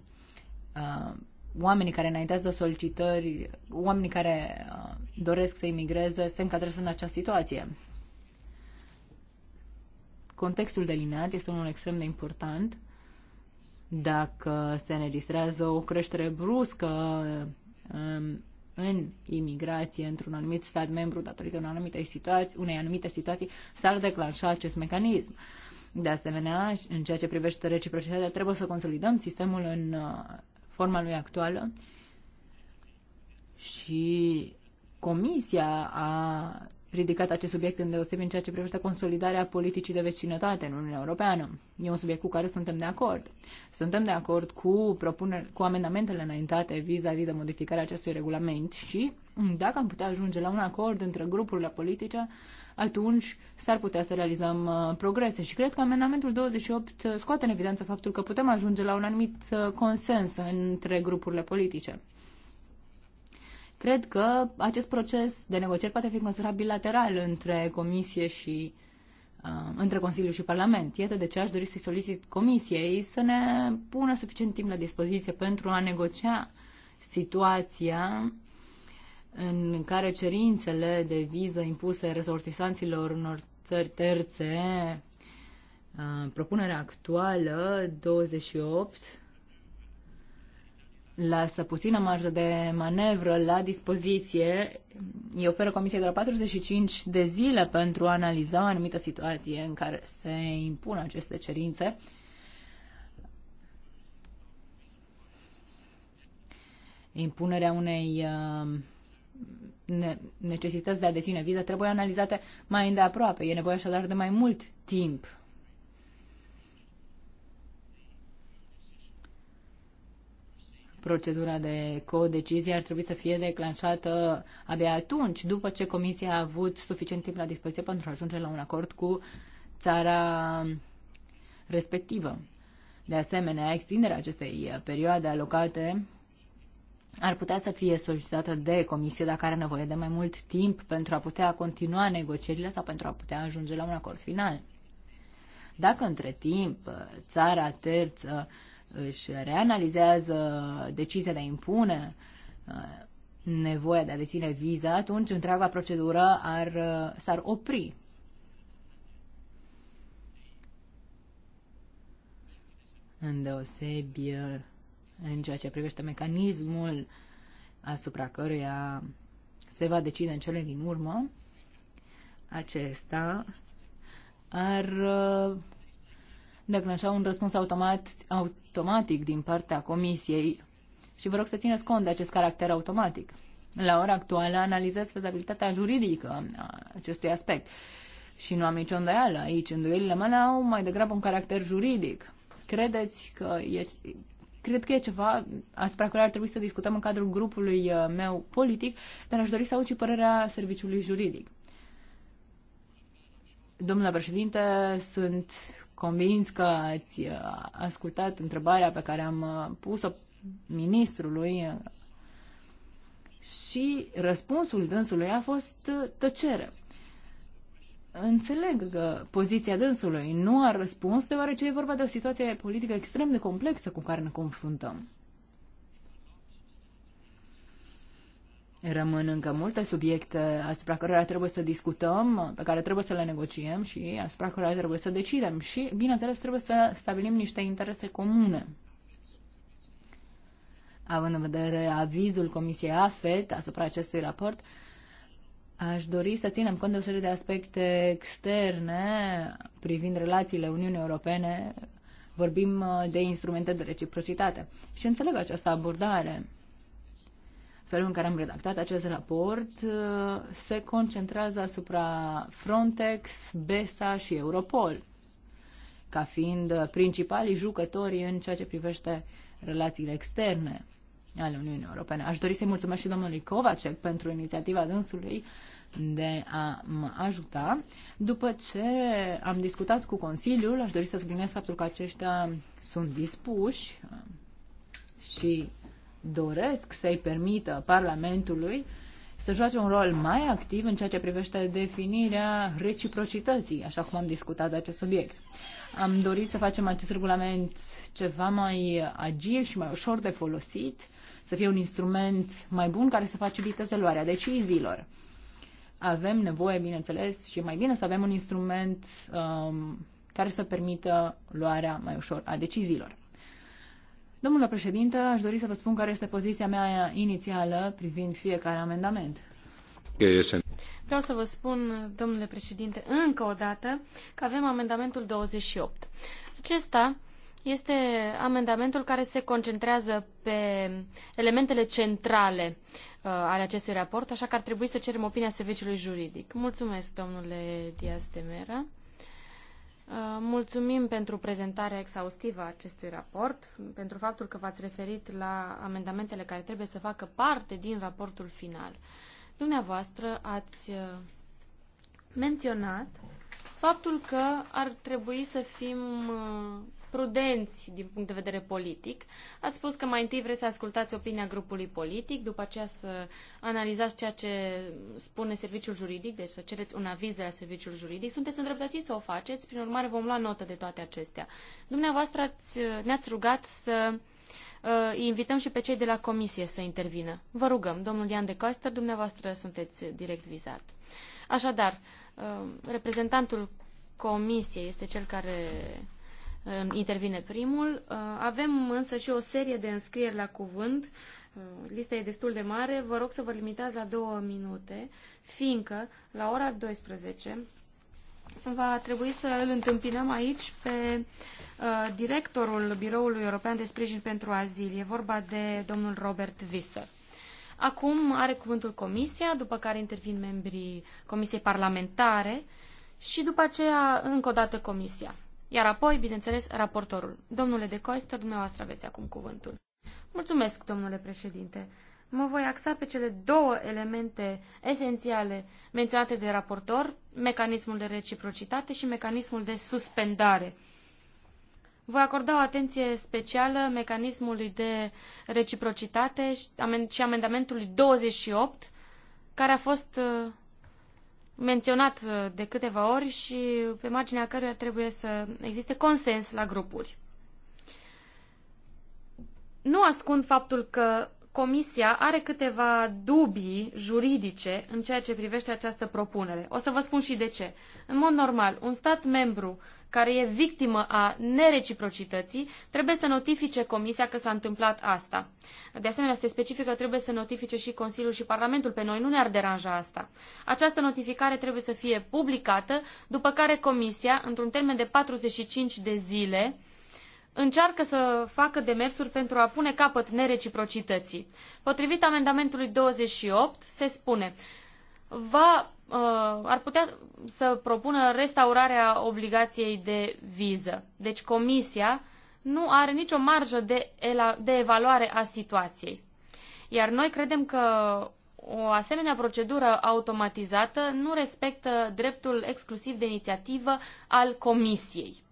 oamenii care înaintează solicitări, oamenii care uh, doresc să imigreze, se încadrează în această situație. Contextul delineat este unul extrem de important. Dacă se înregistrează o creștere bruscă um, în imigrație într-un anumit stat membru datorită unei anumite situații, unei anumite situații, s-ar declanșa acest mecanism. De asemenea, în ceea ce privește reciprocitatea, trebuie să consolidăm sistemul în uh, forma lui actuală și Comisia a ridicat acest subiect în deosebire în ceea ce privește consolidarea politicii de vecinătate în Uniunea Europeană. E un subiect cu care suntem de acord. Suntem de acord cu, propuneri, cu amendamentele înaintate vis-a-vis -vis de modificarea acestui regulament și dacă am putea ajunge la un acord între grupurile politice, atunci s-ar putea să realizăm uh, progrese. Și cred că amendamentul 28 uh, scoate în evidență faptul că putem ajunge la un anumit uh, consens între grupurile politice. Cred că acest proces de negocieri poate fi considerat bilateral între Comisie și între Consiliu și Parlament. Iată de ce aș dori să-i solicit Comisiei să ne pună suficient timp la dispoziție pentru a negocia situația în care cerințele de viză impuse resortisanților unor țări terțe, propunerea actuală 28 lasă puțină marjă de manevră la dispoziție. Îi oferă Comisiei doar 45 de zile pentru a analiza o anumită situație în care se impun aceste cerințe. Impunerea unei uh, necesități de a deține viză trebuie analizate mai îndeaproape. E nevoie așadar de mai mult timp. Procedura de codecizie ar trebui să fie declanșată abia atunci, după ce Comisia a avut suficient timp la dispoziție pentru a ajunge la un acord cu țara respectivă. De asemenea, extinderea acestei perioade alocate ar putea să fie solicitată de comisie dacă are nevoie de mai mult timp pentru a putea continua negocierile sau pentru a putea ajunge la un acord final. Dacă între timp țara terță își reanalizează decizia de a impune uh, nevoia de a deține viză, atunci întreaga procedură ar, uh, s-ar opri. Îndeosebi uh, în ceea ce privește mecanismul asupra căruia se va decide în cele din urmă, acesta ar uh, declanșa un răspuns automat, automatic din partea Comisiei și vă rog să țineți cont de acest caracter automatic. La ora actuală analizez fezabilitatea juridică a acestui aspect și nu am nicio îndoială aici. Îndoielile mele au mai degrabă un caracter juridic. Credeți că e cred că e ceva asupra care ar trebui să discutăm în cadrul grupului uh, meu politic, dar aș dori să aud și părerea serviciului juridic. Domnule președinte, sunt convins că ați uh, ascultat întrebarea pe care am uh, pus-o ministrului și răspunsul dânsului a fost tăcere. Înțeleg că poziția dânsului nu a răspuns, deoarece e vorba de o situație politică extrem de complexă cu care ne confruntăm. Rămân încă multe subiecte asupra cărora trebuie să discutăm, pe care trebuie să le negociem și asupra cărora trebuie să decidem. Și, bineînțeles, trebuie să stabilim niște interese comune. Având în vedere avizul Comisiei AFET asupra acestui raport, uh, Aș dori să ținem cont de o serie de aspecte externe privind relațiile Uniunii Europene. Vorbim uh, de instrumente de reciprocitate. Și înțeleg această abordare. Felul în care am redactat acest raport uh, se concentrează asupra Frontex, BESA și Europol, ca fiind uh, principalii jucători în ceea ce privește relațiile externe ale Uniunii Europene. Aș dori să-i mulțumesc și domnului Kovacek pentru inițiativa dânsului de a mă ajuta. După ce am discutat cu Consiliul, aș dori să subliniez faptul că aceștia sunt dispuși și doresc să-i permită Parlamentului să joace un rol mai activ în ceea ce privește definirea reciprocității, așa cum am discutat de acest subiect. Am dorit să facem acest regulament ceva mai agil și mai ușor de folosit să fie un instrument mai bun care să faciliteze luarea deciziilor. Avem nevoie, bineînțeles, și mai bine să avem un instrument um, care să permită luarea mai ușor a deciziilor. Domnule președinte, aș dori să vă spun care este poziția mea inițială privind fiecare amendament. Vreau să vă spun, domnule președinte, încă o dată că avem amendamentul 28. Acesta este amendamentul care se concentrează pe elementele centrale uh, ale acestui raport, așa că ar trebui să cerem opinia serviciului juridic. Mulțumesc, domnule Diaz de Mera. Uh, mulțumim pentru prezentarea exhaustivă a acestui raport, pentru faptul că v-ați referit la amendamentele care trebuie să facă parte din raportul final. Dumneavoastră ați uh, menționat faptul că ar trebui să fim uh, prudenți din punct de vedere politic. Ați spus că mai întâi vreți să ascultați opinia grupului politic, după aceea să analizați ceea ce spune serviciul juridic, deci să cereți un aviz de la serviciul juridic. Sunteți îndreptățiți să o faceți, prin urmare vom lua notă de toate acestea. Dumneavoastră ați, ne-ați rugat să uh, invităm și pe cei de la comisie să intervină. Vă rugăm, domnul Ian de Coster, dumneavoastră sunteți direct vizat. Așadar, uh, reprezentantul comisiei este cel care intervine primul. Uh, avem însă și o serie de înscrieri la cuvânt. Uh, lista e destul de mare. Vă rog să vă limitați la două minute, fiindcă la ora 12 va trebui să îl întâmpinăm aici pe uh, directorul Biroului European de Sprijin pentru Azil. E vorba de domnul Robert Visser. Acum are cuvântul Comisia, după care intervin membrii Comisiei Parlamentare și după aceea încă o dată Comisia. Iar apoi, bineînțeles, raportorul. Domnule de Coister, dumneavoastră aveți acum cuvântul. Mulțumesc, domnule președinte. Mă voi axa pe cele două elemente esențiale menționate de raportor, mecanismul de reciprocitate și mecanismul de suspendare. Voi acorda o atenție specială mecanismului de reciprocitate și amendamentului 28, care a fost uh, menționat uh, de câteva ori și pe marginea căruia trebuie să existe consens la grupuri. Nu ascund faptul că Comisia are câteva dubii juridice în ceea ce privește această propunere. O să vă spun și de ce. În mod normal, un stat membru care e victimă a nereciprocității trebuie să notifice Comisia că s-a întâmplat asta. De asemenea, se specifică că trebuie să notifice și Consiliul și Parlamentul. Pe noi nu ne-ar deranja asta. Această notificare trebuie să fie publicată, după care Comisia, într-un termen de 45 de zile, încearcă să facă demersuri pentru a pune capăt nereciprocității. Potrivit amendamentului 28 se spune va, uh, ar putea să propună restaurarea obligației de viză. Deci comisia nu are nicio marjă de, de evaluare a situației. Iar noi credem că o asemenea procedură automatizată nu respectă dreptul exclusiv de inițiativă al comisiei.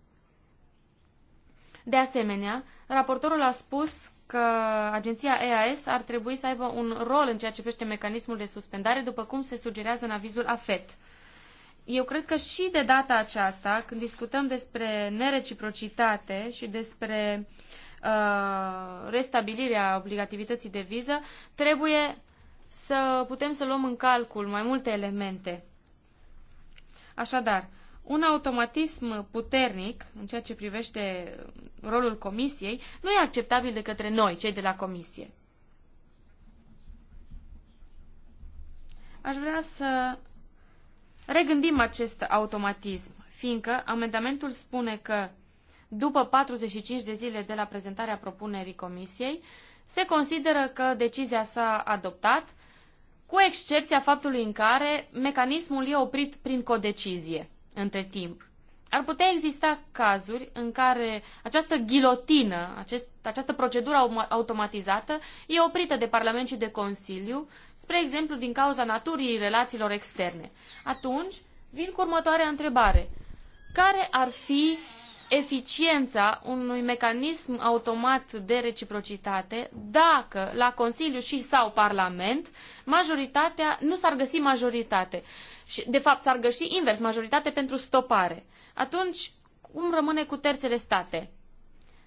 De asemenea, raportorul a spus că agenția EAS ar trebui să aibă un rol în ceea ce privește mecanismul de suspendare, după cum se sugerează în avizul AFET. Eu cred că și de data aceasta, când discutăm despre nereciprocitate și despre uh, restabilirea obligativității de viză, trebuie să putem să luăm în calcul mai multe elemente. Așadar, uh, un automatism puternic în ceea ce privește rolul comisiei nu e acceptabil de către noi, cei de la comisie. Aș vrea să regândim acest automatism, fiindcă amendamentul spune că după 45 de zile de la prezentarea propunerii comisiei, se consideră că decizia s-a adoptat, cu excepția faptului în care mecanismul e oprit prin codecizie între timp. Ar putea exista cazuri în care această ghilotină, acest, această procedură automatizată, e oprită de Parlament și de Consiliu, spre exemplu din cauza naturii relațiilor externe. Atunci, vin cu următoarea întrebare. Care ar fi eficiența unui mecanism automat de reciprocitate dacă la Consiliu și sau Parlament majoritatea nu s-ar găsi majoritate și de fapt s-ar găsi invers, majoritate pentru stopare. Atunci, cum rămâne cu terțele state?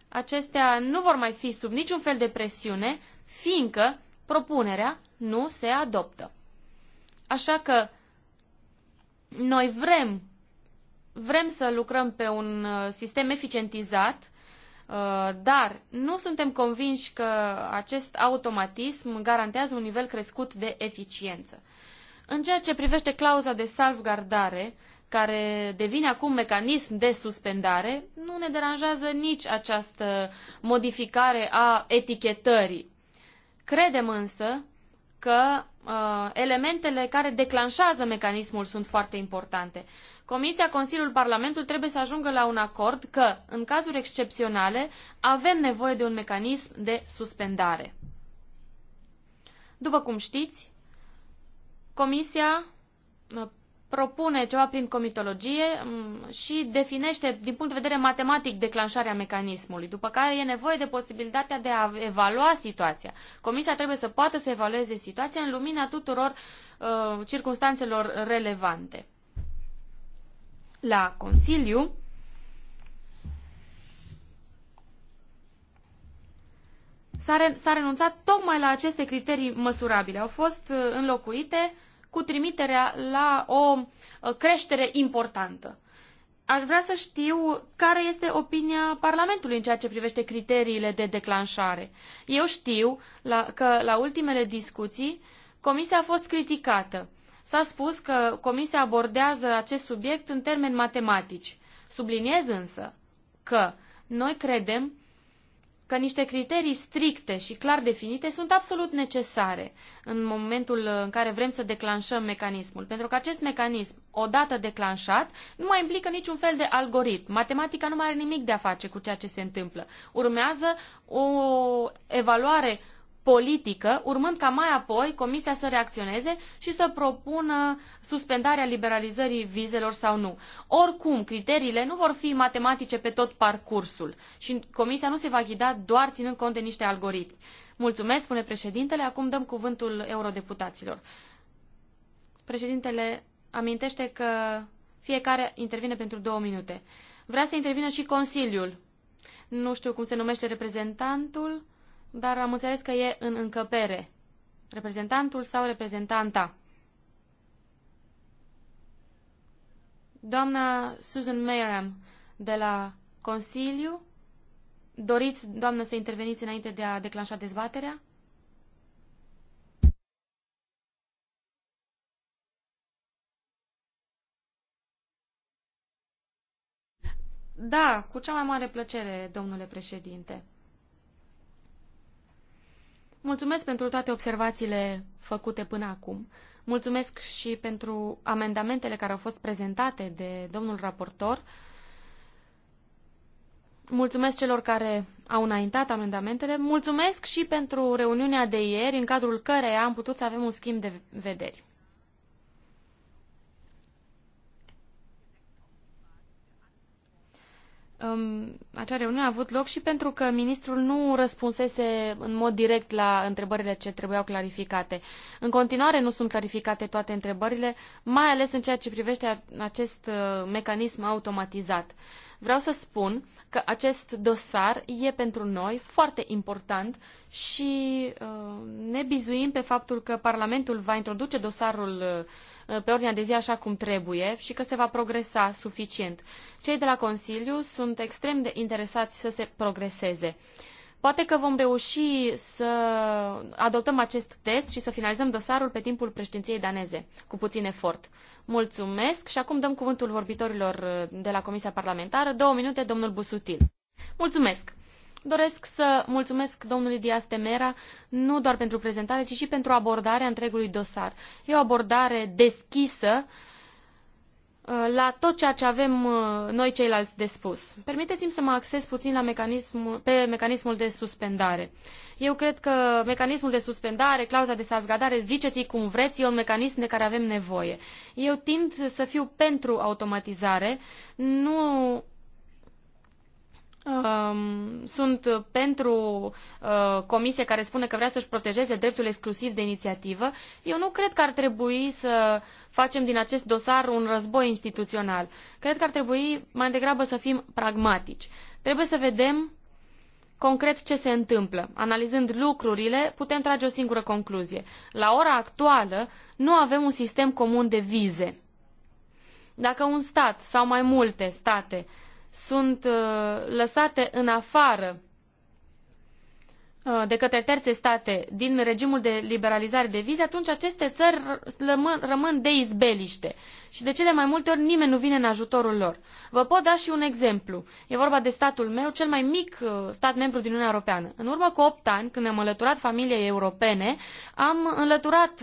Acestea nu vor mai fi sub niciun fel de presiune, fiindcă propunerea nu se adoptă. Așa că noi vrem, vrem să lucrăm pe un uh, sistem eficientizat, uh, dar nu suntem convinși că acest automatism garantează un nivel crescut de eficiență. În ceea ce privește clauza de salvgardare, care devine acum mecanism de suspendare, nu ne deranjează nici această modificare a etichetării. Credem însă că uh, elementele care declanșează mecanismul sunt foarte importante. Comisia, Consiliul, Parlamentul trebuie să ajungă la un acord că, în cazuri excepționale, avem nevoie de un mecanism de suspendare. După cum știți, Comisia propune ceva prin comitologie mm, și definește din punct de vedere matematic declanșarea mecanismului, după care e nevoie de posibilitatea de a evalua situația. Comisia trebuie să poată să evalueze situația în lumina tuturor uh, circunstanțelor relevante. La Consiliu, s-a renunțat tocmai la aceste criterii măsurabile. Au fost uh, înlocuite cu trimiterea la o uh, creștere importantă. Aș vrea să știu care este opinia Parlamentului în ceea ce privește criteriile de declanșare. Eu știu la, că la ultimele discuții Comisia a fost criticată. S-a spus că Comisia abordează acest subiect în termeni matematici. Subliniez însă că noi credem că niște criterii stricte și clar definite sunt absolut necesare în momentul în care vrem să declanșăm mecanismul. Pentru că acest mecanism, odată declanșat, nu mai implică niciun fel de algoritm. Matematica nu mai are nimic de a face cu ceea ce se întâmplă. Urmează o evaluare politică, urmând ca mai apoi Comisia să reacționeze și să propună suspendarea liberalizării vizelor sau nu. Oricum, criteriile nu vor fi matematice pe tot parcursul și Comisia nu se va ghida doar ținând cont de niște algoritmi. Mulțumesc, spune președintele. Acum dăm cuvântul eurodeputaților. Președintele amintește că fiecare intervine pentru două minute. Vrea să intervină și Consiliul. Nu știu cum se numește reprezentantul dar am înțeles că e în încăpere. Reprezentantul sau reprezentanta. Doamna Susan Mayram de la Consiliu, doriți, doamnă, să interveniți înainte de a declanșa dezbaterea? Da, cu cea mai mare plăcere, domnule președinte. Mulțumesc pentru toate observațiile făcute până acum. Mulțumesc și pentru amendamentele care au fost prezentate de domnul raportor. Mulțumesc celor care au înaintat amendamentele. Mulțumesc și pentru reuniunea de ieri, în cadrul căreia am putut să avem un schimb de vederi. um, acea reuniune a avut loc și pentru că ministrul nu răspunsese în mod direct la întrebările ce trebuiau clarificate. În continuare nu sunt clarificate toate întrebările, mai ales în ceea ce privește acest uh, mecanism automatizat. Uh, Vreau să spun că acest dosar e pentru noi foarte important și uh, ne bizuim pe faptul că Parlamentul va introduce dosarul uh, pe ordinea de zi așa cum trebuie și că se va progresa suficient. Cei de la Consiliu sunt extrem de interesați să se progreseze. Poate că vom reuși să adoptăm acest test și să finalizăm dosarul pe timpul președinției daneze, cu puțin efort. Mulțumesc și acum dăm cuvântul vorbitorilor uh, de la Comisia Parlamentară. Două minute, domnul Busutil. Mulțumesc! Doresc să mulțumesc domnului Dias Temera nu doar pentru prezentare, ci și pentru abordarea întregului dosar. E o abordare deschisă uh, Uh, la tot ceea ce avem uh, noi ceilalți de spus. Permiteți-mi să mă axez puțin la mecanismul, pe mecanismul de suspendare. Eu cred că mecanismul de suspendare, clauza de salvgardare, ziceți cum vreți, e un mecanism de care avem nevoie. Eu tind să fiu pentru automatizare, nu Um, sunt pentru uh, comisie care spune că vrea să-și protejeze dreptul exclusiv de inițiativă. Eu nu cred că ar trebui să facem din acest dosar un război instituțional. Cred că ar trebui mai degrabă să fim pragmatici. Trebuie să vedem concret ce se întâmplă. Analizând lucrurile, putem trage o singură concluzie. La ora actuală, nu avem un sistem comun de vize. Dacă un stat sau mai multe state sunt uh, lăsate în afară uh, de către terțe state din regimul de liberalizare de vize, atunci aceste țări rămân de izbeliște și de cele mai multe ori nimeni nu vine în ajutorul lor. Vă pot da și un exemplu. E vorba de statul meu, cel mai mic uh, stat membru din Uniunea Europeană. În urmă cu 8 ani, când am alăturat familiei europene, am înlăturat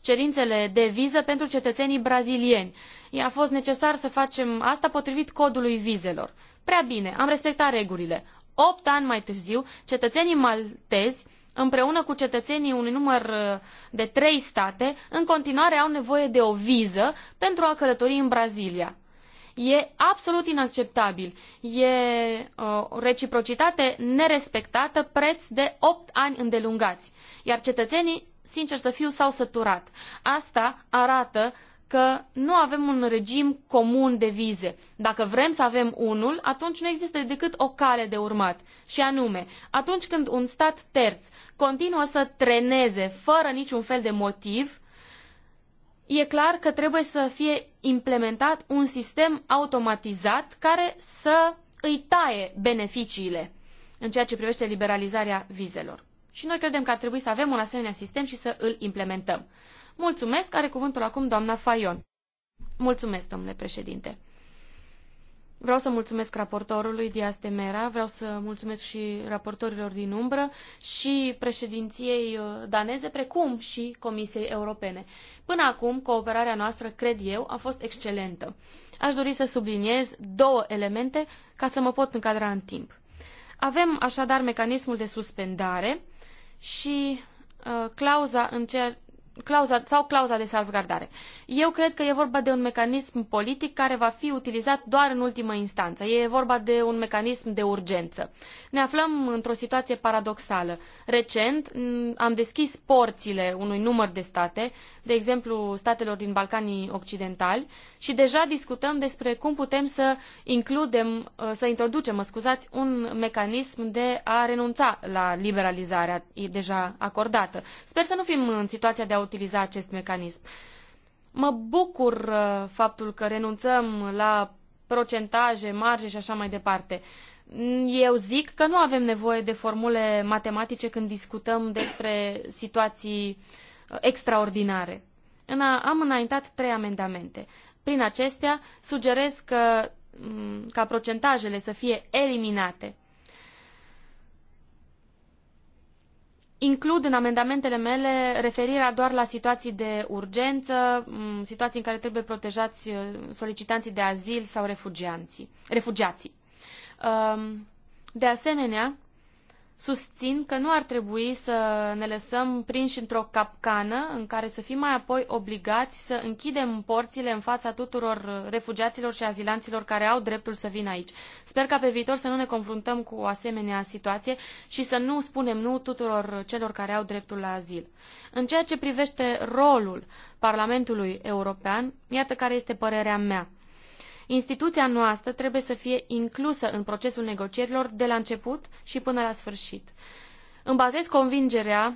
cerințele de viză pentru cetățenii brazilieni a fost necesar să facem asta potrivit codului vizelor. Prea bine, am respectat regulile. Opt ani mai târziu, cetățenii maltezi împreună cu cetățenii unui număr uh, de trei state, în continuare au nevoie de o viză pentru a călători în Brazilia. E absolut inacceptabil. E uh, o reciprocitate nerespectată, preț de opt ani îndelungați. Iar cetățenii, sincer să fiu, s-au săturat. Asta arată că nu avem un regim comun de vize. Dacă vrem să avem unul, atunci nu există decât o cale de urmat. Și anume, atunci când un stat terț continuă să treneze fără niciun fel de motiv, e clar că trebuie să fie implementat un sistem automatizat care să îi taie beneficiile în ceea ce privește liberalizarea vizelor. Și noi credem că ar trebui să avem un asemenea sistem și să îl implementăm. Mulțumesc, are cuvântul acum doamna Fayon. Mulțumesc, domnule președinte. Vreau să mulțumesc raportorului Dias de Mera, vreau să mulțumesc și raportorilor din umbră și președinției uh, daneze, precum și Comisiei Europene. Până acum, cooperarea noastră, cred eu, a fost excelentă. Aș dori să subliniez două elemente ca să mă pot încadra în timp. Avem așadar mecanismul de suspendare și uh, clauza în ceea clauza, sau clauza de salvgardare. Eu cred că e vorba de un mecanism politic care va fi utilizat doar în ultimă instanță. E vorba de un mecanism de urgență. Ne aflăm într-o situație paradoxală. Recent mm, am deschis porțile unui număr de state de exemplu, statelor din Balcanii Occidentali și deja discutăm despre cum putem să includem, uh, să introducem, mă scuzați, un mecanism de a renunța la liberalizarea deja acordată. Sper să nu fim în situația de a utiliza acest mecanism. Mă bucur uh, faptul că renunțăm la procentaje, marje și așa mai departe. Eu zic că nu avem nevoie de formule matematice când discutăm despre situații uh, extraordinare. Am înaintat trei amendamente. Prin acestea, sugerez că, ca procentajele să fie eliminate. Includ în amendamentele mele referirea doar la situații de urgență, situații în care trebuie protejați uh, solicitanții de azil sau refugiații. Um, de asemenea, susțin că nu ar trebui să ne lăsăm prinși într-o capcană în care să fim mai apoi obligați să închidem porțile în fața tuturor refugiaților și azilanților care au dreptul să vină aici. Sper ca pe viitor să nu ne confruntăm cu o asemenea situație și să nu spunem nu tuturor celor care au dreptul la azil. În ceea ce privește rolul Parlamentului European, iată care este părerea mea. Instituția noastră trebuie să fie inclusă în procesul negocierilor de la început și până la sfârșit. Îmi bazez convingerea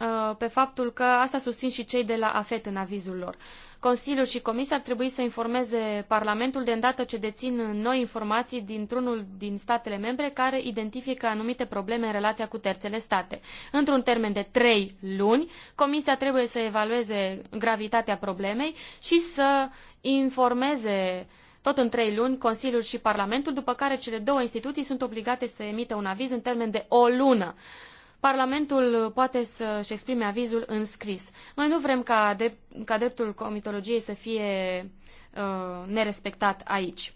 uh, pe faptul că asta susțin și cei de la AFET în avizul lor. Consiliul și Comisia ar trebui să informeze Parlamentul de îndată ce dețin noi informații dintr-unul din statele membre care identifică anumite probleme în relația cu terțele state. Într-un termen de trei luni, Comisia trebuie să evalueze gravitatea problemei și să informeze uh, tot în trei luni, Consiliul și Parlamentul, după care cele două instituții sunt obligate să emită un aviz în termen de o lună. Parlamentul poate să-și exprime avizul în scris. Noi nu vrem ca, ca dreptul comitologiei să fie uh, nerespectat aici.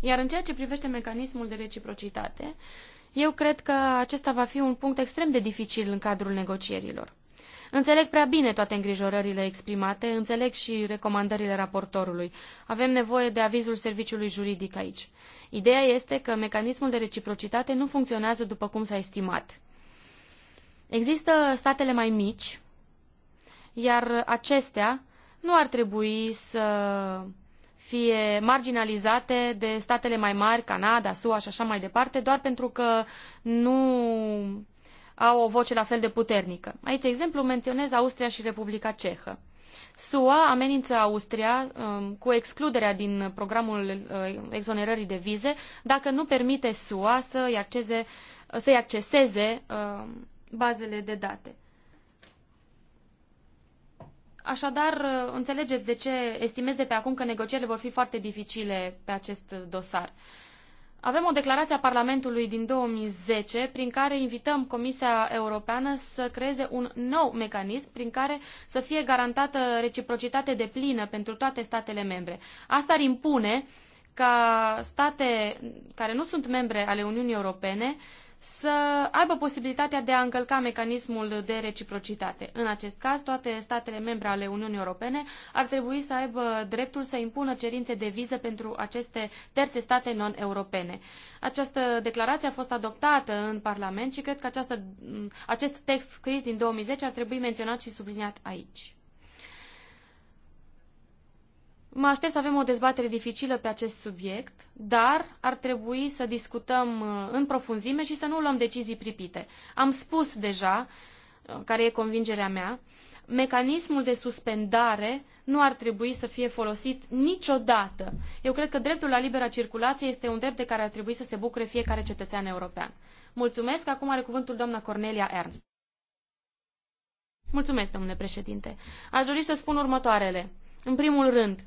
Iar în ceea ce privește mecanismul de reciprocitate, eu cred că acesta va fi un punct extrem de dificil în cadrul negocierilor. Înțeleg prea bine toate îngrijorările exprimate, înțeleg și recomandările raportorului. Avem nevoie de avizul serviciului juridic aici. Ideea este că mecanismul de reciprocitate nu funcționează după cum s-a estimat. Există statele mai mici, iar acestea nu ar trebui să fie marginalizate de statele mai mari, Canada, SUA și așa mai departe, doar pentru că nu au o voce la fel de puternică. Aici, de exemplu, menționez Austria și Republica Cehă. SUA amenință Austria um, cu excluderea din programul uh, exonerării de vize dacă nu permite SUA să-i, acceze, să acceseze um, bazele de date. Așadar, uh, înțelegeți de ce estimez de pe acum că negocierile vor fi foarte dificile pe acest dosar. Avem o declarație a Parlamentului din 2010 prin care invităm Comisia Europeană să creeze un nou mecanism prin care să fie garantată reciprocitate de plină pentru toate statele membre. Asta ar impune ca state care nu sunt membre ale Uniunii Europene să aibă posibilitatea de a încălca mecanismul de reciprocitate. În acest caz, toate statele membre ale Uniunii Europene ar trebui să aibă dreptul să impună cerințe de viză pentru aceste terțe state non-europene. Această declarație a fost adoptată în Parlament și cred că această, acest text scris din 2010 ar trebui menționat și subliniat aici. Mă aștept să avem o dezbatere dificilă pe acest subiect, dar ar trebui să discutăm uh, în profunzime și să nu luăm decizii pripite. Am spus deja, uh, care e convingerea mea, mecanismul de suspendare nu ar trebui să fie folosit niciodată. Eu cred că dreptul la libera circulație este un drept de care ar trebui să se bucure fiecare cetățean european. Mulțumesc. Acum are cuvântul doamna Cornelia Ernst. Mulțumesc, domnule președinte. Aș dori să spun următoarele. În primul rând,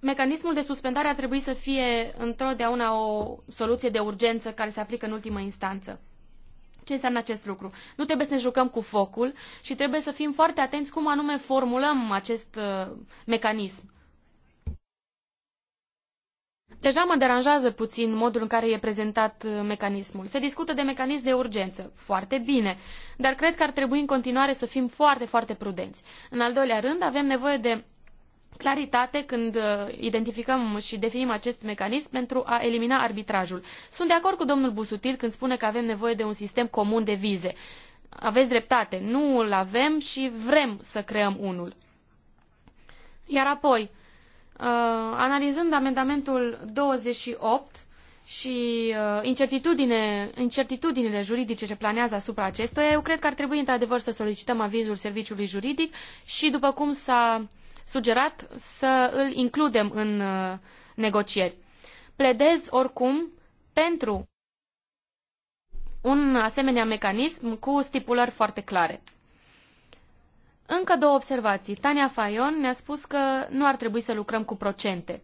mecanismul de suspendare ar trebui să fie întotdeauna o soluție de urgență care se aplică în ultimă instanță. Ce înseamnă acest lucru? Nu trebuie să ne jucăm cu focul și trebuie să fim foarte atenți cum anume formulăm acest uh, mecanism. Deja mă deranjează puțin modul în care e prezentat uh, mecanismul. Se discută de mecanism de urgență. Foarte bine. Dar cred că ar trebui în continuare să fim foarte, foarte prudenți. În al doilea rând, avem nevoie de claritate când uh, identificăm și definim acest mecanism pentru a elimina arbitrajul. Sunt de acord cu domnul Busutil când spune că avem nevoie de un sistem comun de vize. Aveți dreptate, nu îl avem și vrem să creăm unul. Iar apoi, uh, analizând amendamentul 28 și uh, incertitudine, incertitudinile juridice ce planează asupra acestuia, eu cred că ar trebui într-adevăr să solicităm avizul serviciului juridic și, după cum s-a sugerat să îl includem în uh, negocieri. Pledez oricum pentru un asemenea mecanism cu stipulări foarte clare. Încă două observații. Tania Fayon ne-a spus că nu ar trebui să lucrăm cu procente.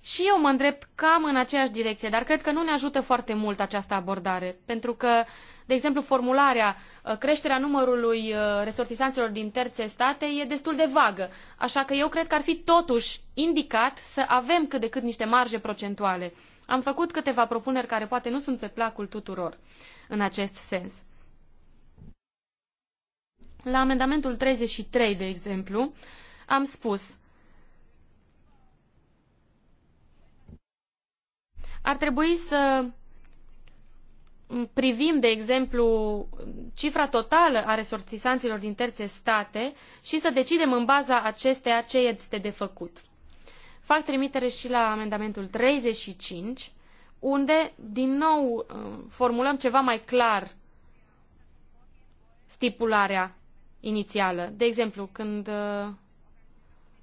Și eu mă îndrept cam în aceeași direcție, dar cred că nu ne ajută foarte mult această abordare, pentru că, de exemplu, formularea uh, creșterea numărului uh, resortisanților din terțe state e destul de vagă, așa că eu cred că ar fi totuși indicat să avem cât de cât niște marje procentuale. Am făcut câteva propuneri care poate nu sunt pe placul tuturor în acest sens. La amendamentul 33, de exemplu, am spus Ar trebui să privim, de exemplu, cifra totală a resortisanților din terțe state și să decidem în baza acesteia ce este de făcut. Fac trimitere și la amendamentul 35, unde, din nou, formulăm ceva mai clar stipularea inițială. De exemplu, când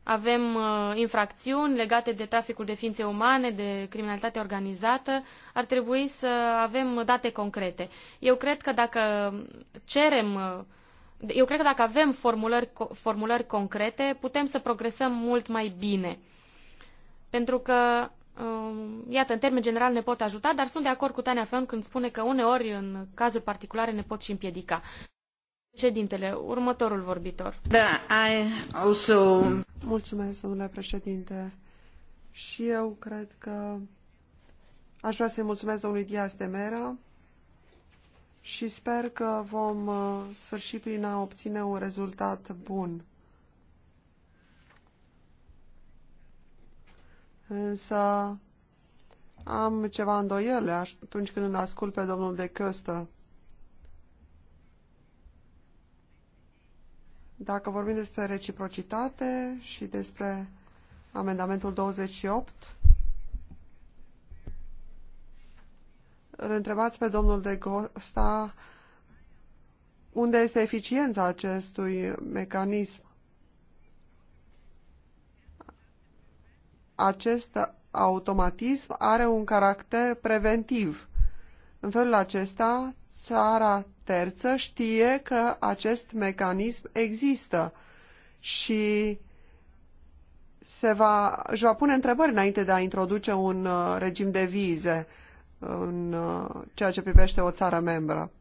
avem uh, infracțiuni legate de traficul de ființe umane, de criminalitate organizată. Ar trebui să avem date concrete. Eu cred că dacă cerem. Uh, eu cred că dacă avem formulări, formulări concrete, putem să progresăm mult mai bine. Pentru că uh, iată, în termen general ne pot ajuta, dar sunt de acord cu Tania Feon când spune că uneori, în cazuri particulare, ne pot și împiedica. Președintele, următorul vorbitor. Da, I also... Mulțumesc, domnule președinte. Și eu cred că aș vrea să-i mulțumesc domnului Diaz de Mera și sper că vom uh, sfârși prin a obține un rezultat bun. Însă am ceva îndoiele atunci când îl ascult pe domnul de Căstă. Dacă vorbim despre reciprocitate și despre amendamentul 28, îl întrebați pe domnul de Gosta unde este eficiența acestui mecanism. Acest automatism are un caracter preventiv. În felul acesta țara terță știe că acest mecanism există și se va, își va pune întrebări înainte de a introduce un uh, regim de vize în uh, ceea ce privește o țară membră.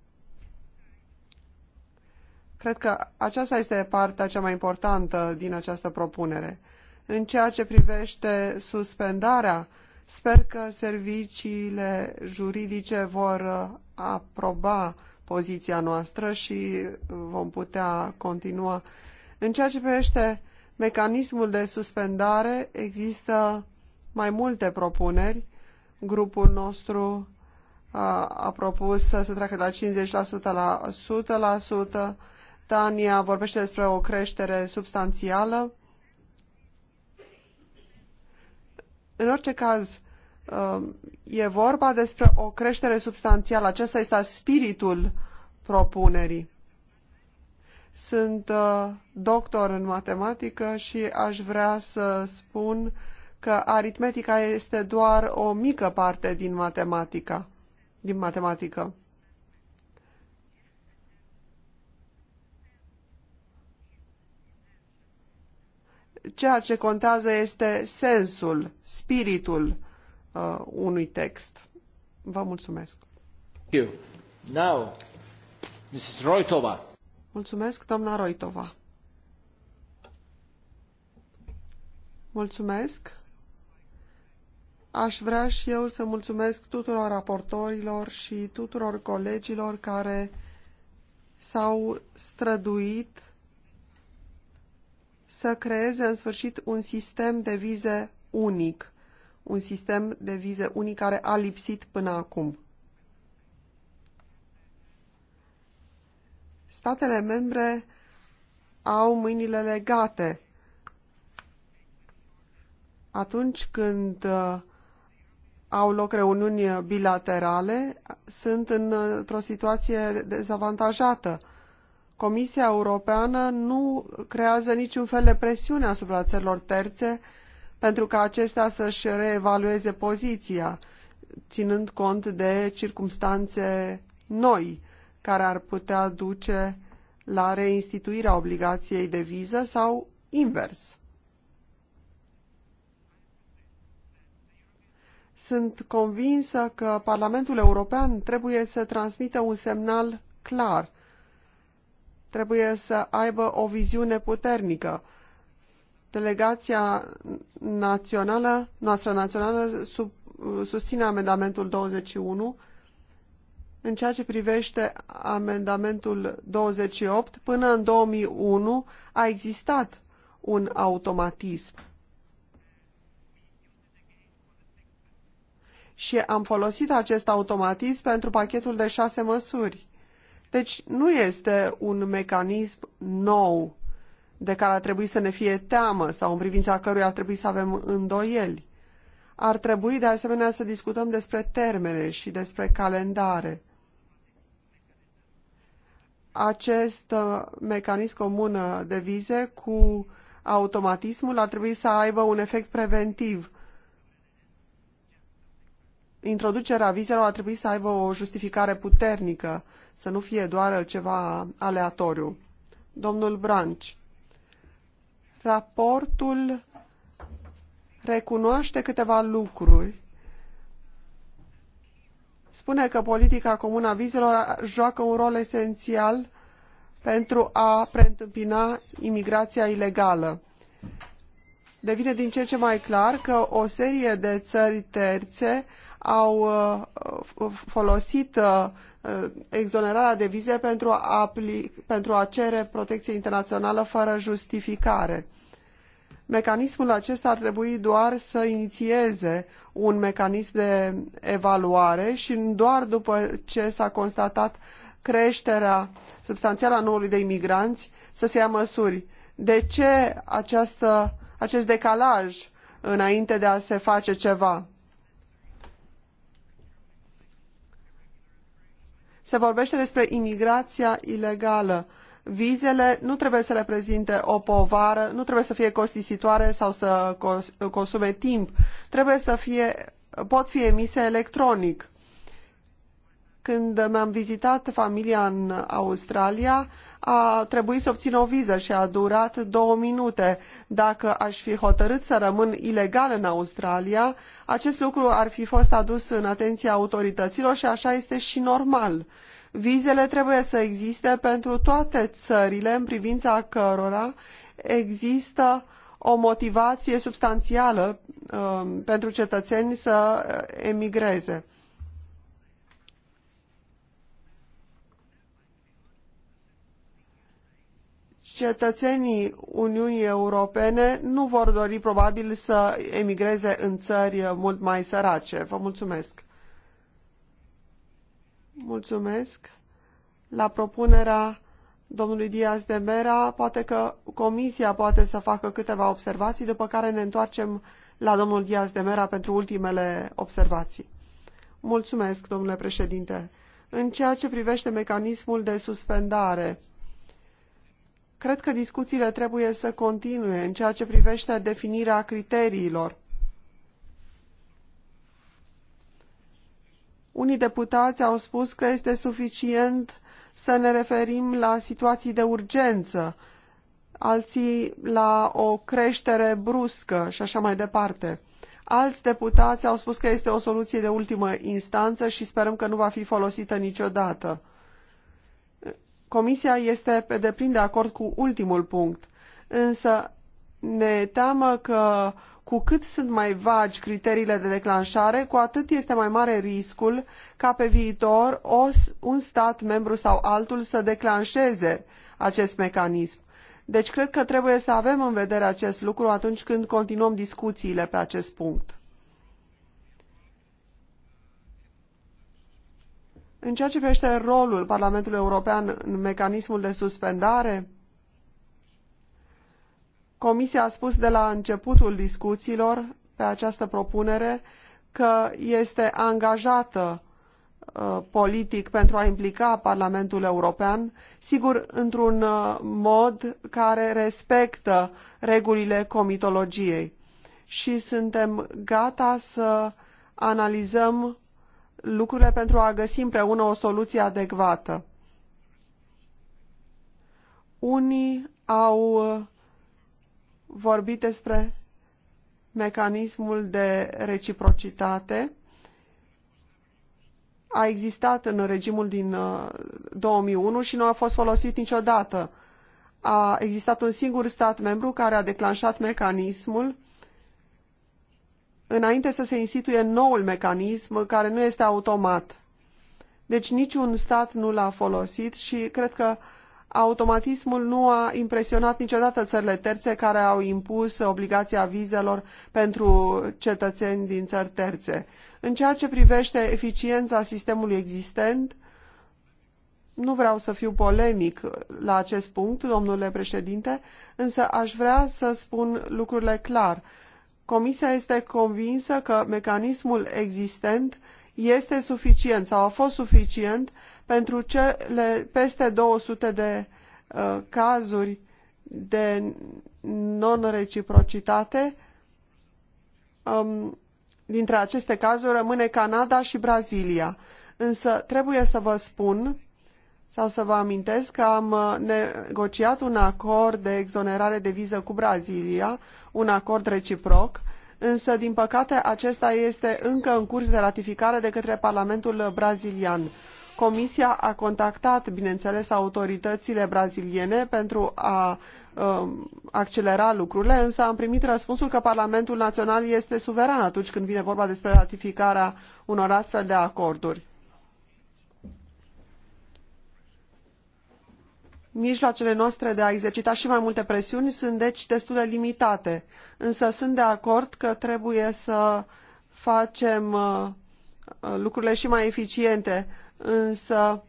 Cred că aceasta este partea cea mai importantă din această propunere. În ceea ce privește suspendarea uh, Sper că serviciile juridice vor uh, aproba poziția noastră și uh, vom putea continua. În ceea ce privește mecanismul de suspendare, există mai multe propuneri. Grupul nostru a, uh, a propus să se treacă de la 50% la 100%. Tania vorbește despre o creștere substanțială. În orice caz, um, e vorba despre o creștere substanțială. Acesta este spiritul propunerii. Sunt uh, doctor în matematică și aș vrea să spun că aritmetica este doar o mică parte din matematica. Din matematică. ceea ce contează este sensul, spiritul uh, unui text. Vă mulțumesc. Thank you. Now, Mrs. Roitova. Mulțumesc, doamna Roitova. Mulțumesc. Aș vrea și eu să mulțumesc tuturor raportorilor și tuturor colegilor care s-au străduit să creeze în sfârșit un sistem de vize unic, un sistem de vize unic care a lipsit până acum. Statele membre au mâinile legate atunci când uh, au loc reuniuni bilaterale, sunt într-o situație dezavantajată Comisia Europeană nu creează niciun fel de presiune asupra țărilor terțe pentru ca acestea să-și reevalueze poziția, ținând cont de circumstanțe noi care ar putea duce la reinstituirea obligației de viză sau invers. Sunt convinsă că Parlamentul European trebuie să transmită un semnal clar – trebuie să aibă o viziune puternică. Delegația națională, noastră națională sub, susține amendamentul 21 în ceea ce privește amendamentul 28, până în 2001 a existat un automatism. Și am folosit acest automatism pentru pachetul de șase măsuri. Deci nu este un mecanism nou de care ar trebui să ne fie teamă sau în privința căruia ar trebui să avem îndoieli. Ar trebui de asemenea să discutăm despre termene și despre calendare. Acest uh, mecanism comun uh, de vize cu automatismul ar trebui să aibă un efect preventiv introducerea vizelor a trebui să aibă o justificare puternică, să nu fie doar ceva aleatoriu. Domnul Branci, raportul recunoaște câteva lucruri. Spune că politica comună a vizelor joacă un rol esențial pentru a preîntâmpina imigrația ilegală. Devine din ce ce mai clar că o serie de țări terțe au uh, folosit uh, uh, exonerarea de vize pentru a, pentru a cere protecție internațională fără justificare. Mecanismul acesta ar trebui doar să inițieze un mecanism de evaluare și doar după ce s-a constatat creșterea substanțială a numărului de imigranți să se ia măsuri. De ce această, acest decalaj înainte de a se face ceva? Se vorbește despre imigrația ilegală. Vizele nu trebuie să reprezinte o povară, nu trebuie să fie costisitoare sau să consume timp. Trebuie să fie, pot fi emise electronic. Când mi-am vizitat familia în Australia, a trebuit să obțin o viză și a durat două minute. Dacă aș fi hotărât să rămân ilegal în Australia, acest lucru ar fi fost adus în atenția autorităților și așa este și normal. Vizele trebuie să existe pentru toate țările în privința cărora există o motivație substanțială uh, pentru cetățeni să emigreze. cetățenii Uniunii Europene nu vor dori probabil să emigreze în țări mult mai sărace. Vă mulțumesc! Mulțumesc! La propunerea domnului Diaz de Mera, poate că Comisia poate să facă câteva observații, după care ne întoarcem la domnul Diaz de Mera pentru ultimele observații. Mulțumesc, domnule președinte! În ceea ce privește mecanismul de suspendare, Cred că discuțiile trebuie să continue în ceea ce privește definirea criteriilor. Unii deputați au spus că este suficient să ne referim la situații de urgență, alții la o creștere bruscă și așa mai departe. Alți deputați au spus că este o soluție de ultimă instanță și sperăm că nu va fi folosită niciodată. Comisia este pe deplin de acord cu ultimul punct, însă ne teamă că cu cât sunt mai vagi criteriile de declanșare, cu atât este mai mare riscul ca pe viitor o, un stat membru sau altul să declanșeze acest mecanism. Deci cred că trebuie să avem în vedere acest lucru atunci când continuăm discuțiile pe acest punct. În ceea ce privește rolul Parlamentului European în mecanismul de suspendare, Comisia a spus de la începutul discuțiilor pe această propunere că este angajată uh, politic pentru a implica Parlamentul European, sigur, într-un uh, mod care respectă regulile comitologiei. Și suntem gata să analizăm lucrurile pentru a găsi împreună o soluție adecvată. Unii au uh, vorbit despre mecanismul de reciprocitate. A existat în regimul din 2001 uh, și nu a fost folosit niciodată. A existat un singur stat membru care a declanșat mecanismul înainte să se instituie noul mecanism care nu este automat. Deci niciun stat nu l-a folosit și cred că automatismul nu a impresionat niciodată țările terțe care au impus obligația vizelor pentru cetățeni din țări terțe. În ceea ce privește eficiența sistemului existent, nu vreau să fiu polemic la acest punct, domnule președinte, însă aș vrea să spun lucrurile clar. Comisia este convinsă că mecanismul existent este suficient sau a fost suficient pentru cele peste 200 de uh, cazuri de non-reciprocitate. Um, dintre aceste cazuri rămâne Canada și Brazilia. Însă trebuie să vă spun sau să vă amintesc că am uh, negociat un acord de exonerare de viză cu Brazilia, un acord reciproc, însă, din păcate, acesta este încă în curs de ratificare de către Parlamentul brazilian. Comisia a contactat, bineînțeles, autoritățile braziliene pentru a uh, accelera lucrurile, însă am primit răspunsul că Parlamentul Național este suveran atunci când vine vorba despre ratificarea unor astfel de acorduri. Mijloacele noastre de a exercita și mai multe presiuni sunt deci destul de limitate, însă sunt de acord că trebuie să facem uh, uh, lucrurile și mai eficiente, însă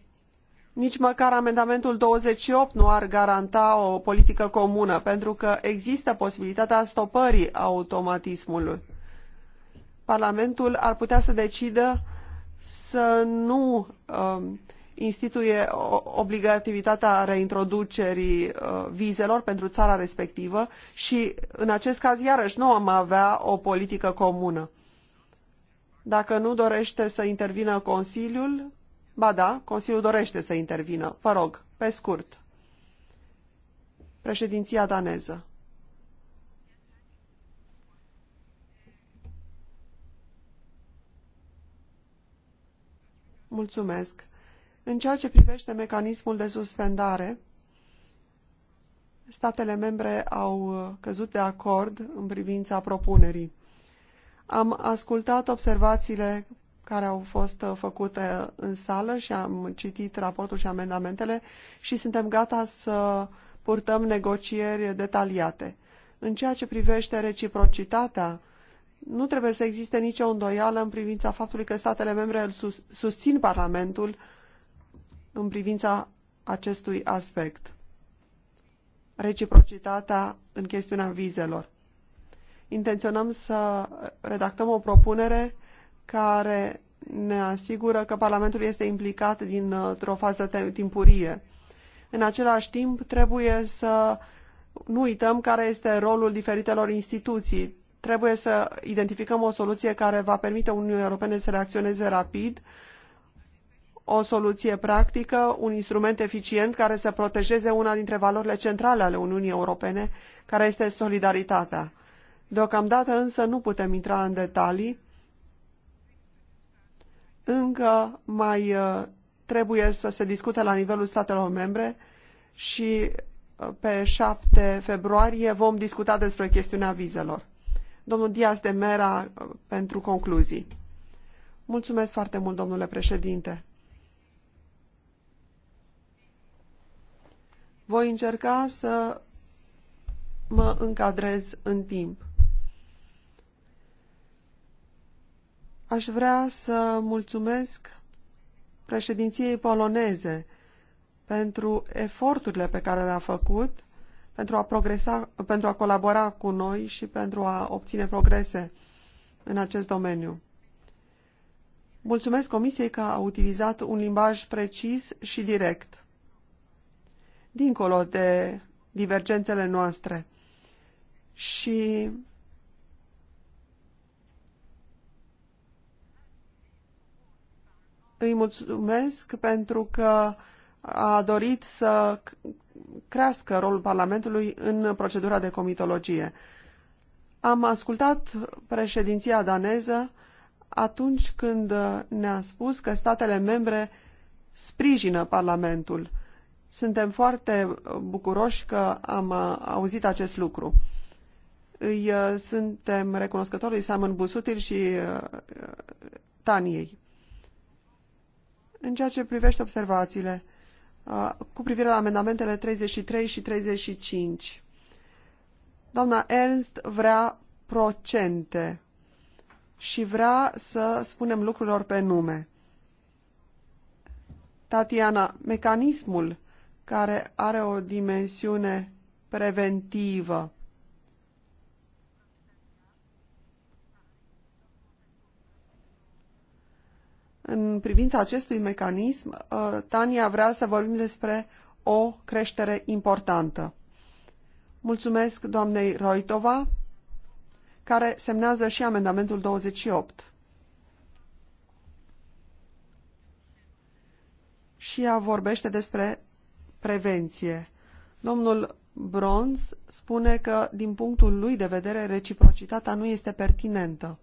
nici măcar amendamentul 28 nu ar garanta o politică comună, pentru că există posibilitatea stopării automatismului. Parlamentul ar putea să decidă să nu um, instituie obligativitatea reintroducerii uh, vizelor pentru țara respectivă și în acest caz iarăși nu am avea o politică comună. Dacă nu dorește să intervină Consiliul, ba da, Consiliul dorește să intervină. Vă rog, pe scurt. Președinția daneză. Mulțumesc. În ceea ce privește mecanismul de suspendare, statele membre au uh, căzut de acord în privința propunerii. Am ascultat observațiile care au fost uh, făcute uh, în sală și am citit raportul și amendamentele și suntem gata să purtăm negocieri detaliate. În ceea ce privește reciprocitatea, nu trebuie să existe nicio îndoială în privința faptului că statele membre îl susțin Parlamentul în privința acestui aspect. Reciprocitatea în chestiunea vizelor. Intenționăm să redactăm o propunere care ne asigură că Parlamentul este implicat dintr-o fază timpurie. În același timp, trebuie să nu uităm care este rolul diferitelor instituții. Trebuie să identificăm o soluție care va permite Uniunii Europene să reacționeze rapid, uh, o soluție practică, un instrument eficient care să protejeze una dintre valorile centrale ale Uniunii Europene, care este solidaritatea. Deocamdată însă nu putem intra în detalii. Încă mai uh, trebuie să se discute la nivelul statelor membre și uh, pe 7 februarie vom discuta despre chestiunea vizelor. Domnul Diaz de Mera uh, pentru concluzii. Mulțumesc foarte mult, domnule președinte. Voi încerca să mă încadrez în timp. Aș vrea să mulțumesc președinției poloneze pentru eforturile pe care le-a făcut pentru a, progresa, pentru a colabora cu noi și pentru a obține progrese în acest domeniu. Mulțumesc Comisiei că a utilizat un limbaj precis și direct dincolo de divergențele noastre. Și îi mulțumesc pentru că a dorit să crească rolul Parlamentului în procedura de comitologie. Am ascultat președinția daneză atunci când ne-a spus că statele membre sprijină Parlamentul. Suntem foarte bucuroși că am uh, auzit acest lucru. Îi uh, suntem recunoscători lui Simon Busutil și uh, Taniei. În ceea ce privește observațiile, cu privire la amendamentele 33 și 35, doamna Ernst vrea procente și vrea să spunem lucrurilor pe nume. Tatiana, mecanismul care are o dimensiune preventivă. În privința acestui mecanism, uh, Tania vrea să vorbim despre o creștere importantă. Mulțumesc doamnei Roitova, care semnează și amendamentul 28. Și ea vorbește despre prevenție. Domnul Bronz spune că, din punctul lui de vedere, reciprocitatea nu este pertinentă.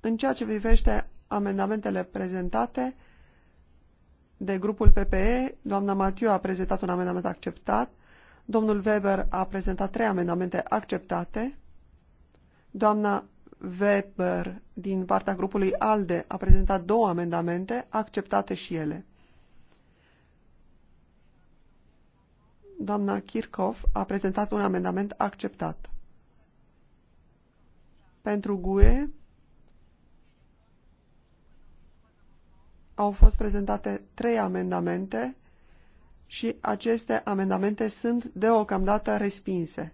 În ceea ce privește amendamentele prezentate de grupul PPE, doamna Matiu a prezentat un amendament acceptat, domnul Weber a prezentat trei amendamente acceptate, doamna Weber din partea grupului ALDE a prezentat două amendamente, acceptate și ele. Doamna Kirchhoff a prezentat un amendament acceptat. Pentru GUE au fost prezentate trei amendamente și aceste amendamente sunt deocamdată respinse.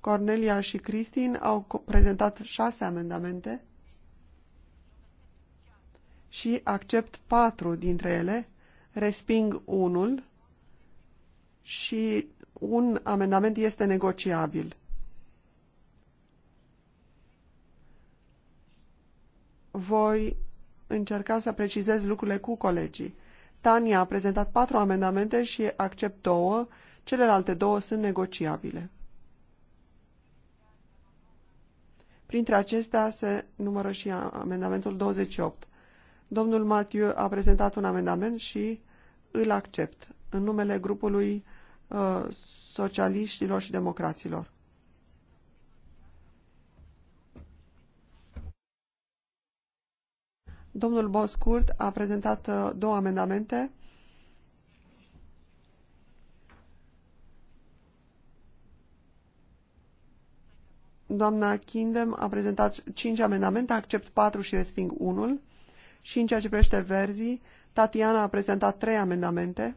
Cornelia și Cristin au prezentat șase amendamente și accept patru dintre ele, resping unul și un amendament este negociabil. Voi încerca să precizez lucrurile cu colegii. Tania a prezentat patru amendamente și accept două, celelalte două sunt negociabile. Printre acestea se numără și amendamentul 28. Domnul Matiu a prezentat un amendament și îl accept în numele grupului uh, socialiștilor și democraților. Domnul Boscurt a prezentat uh, două amendamente Doamna Kindem a prezentat cinci amendamente, accept patru și resping unul. Și în ceea ce privește verzii, Tatiana a prezentat trei amendamente,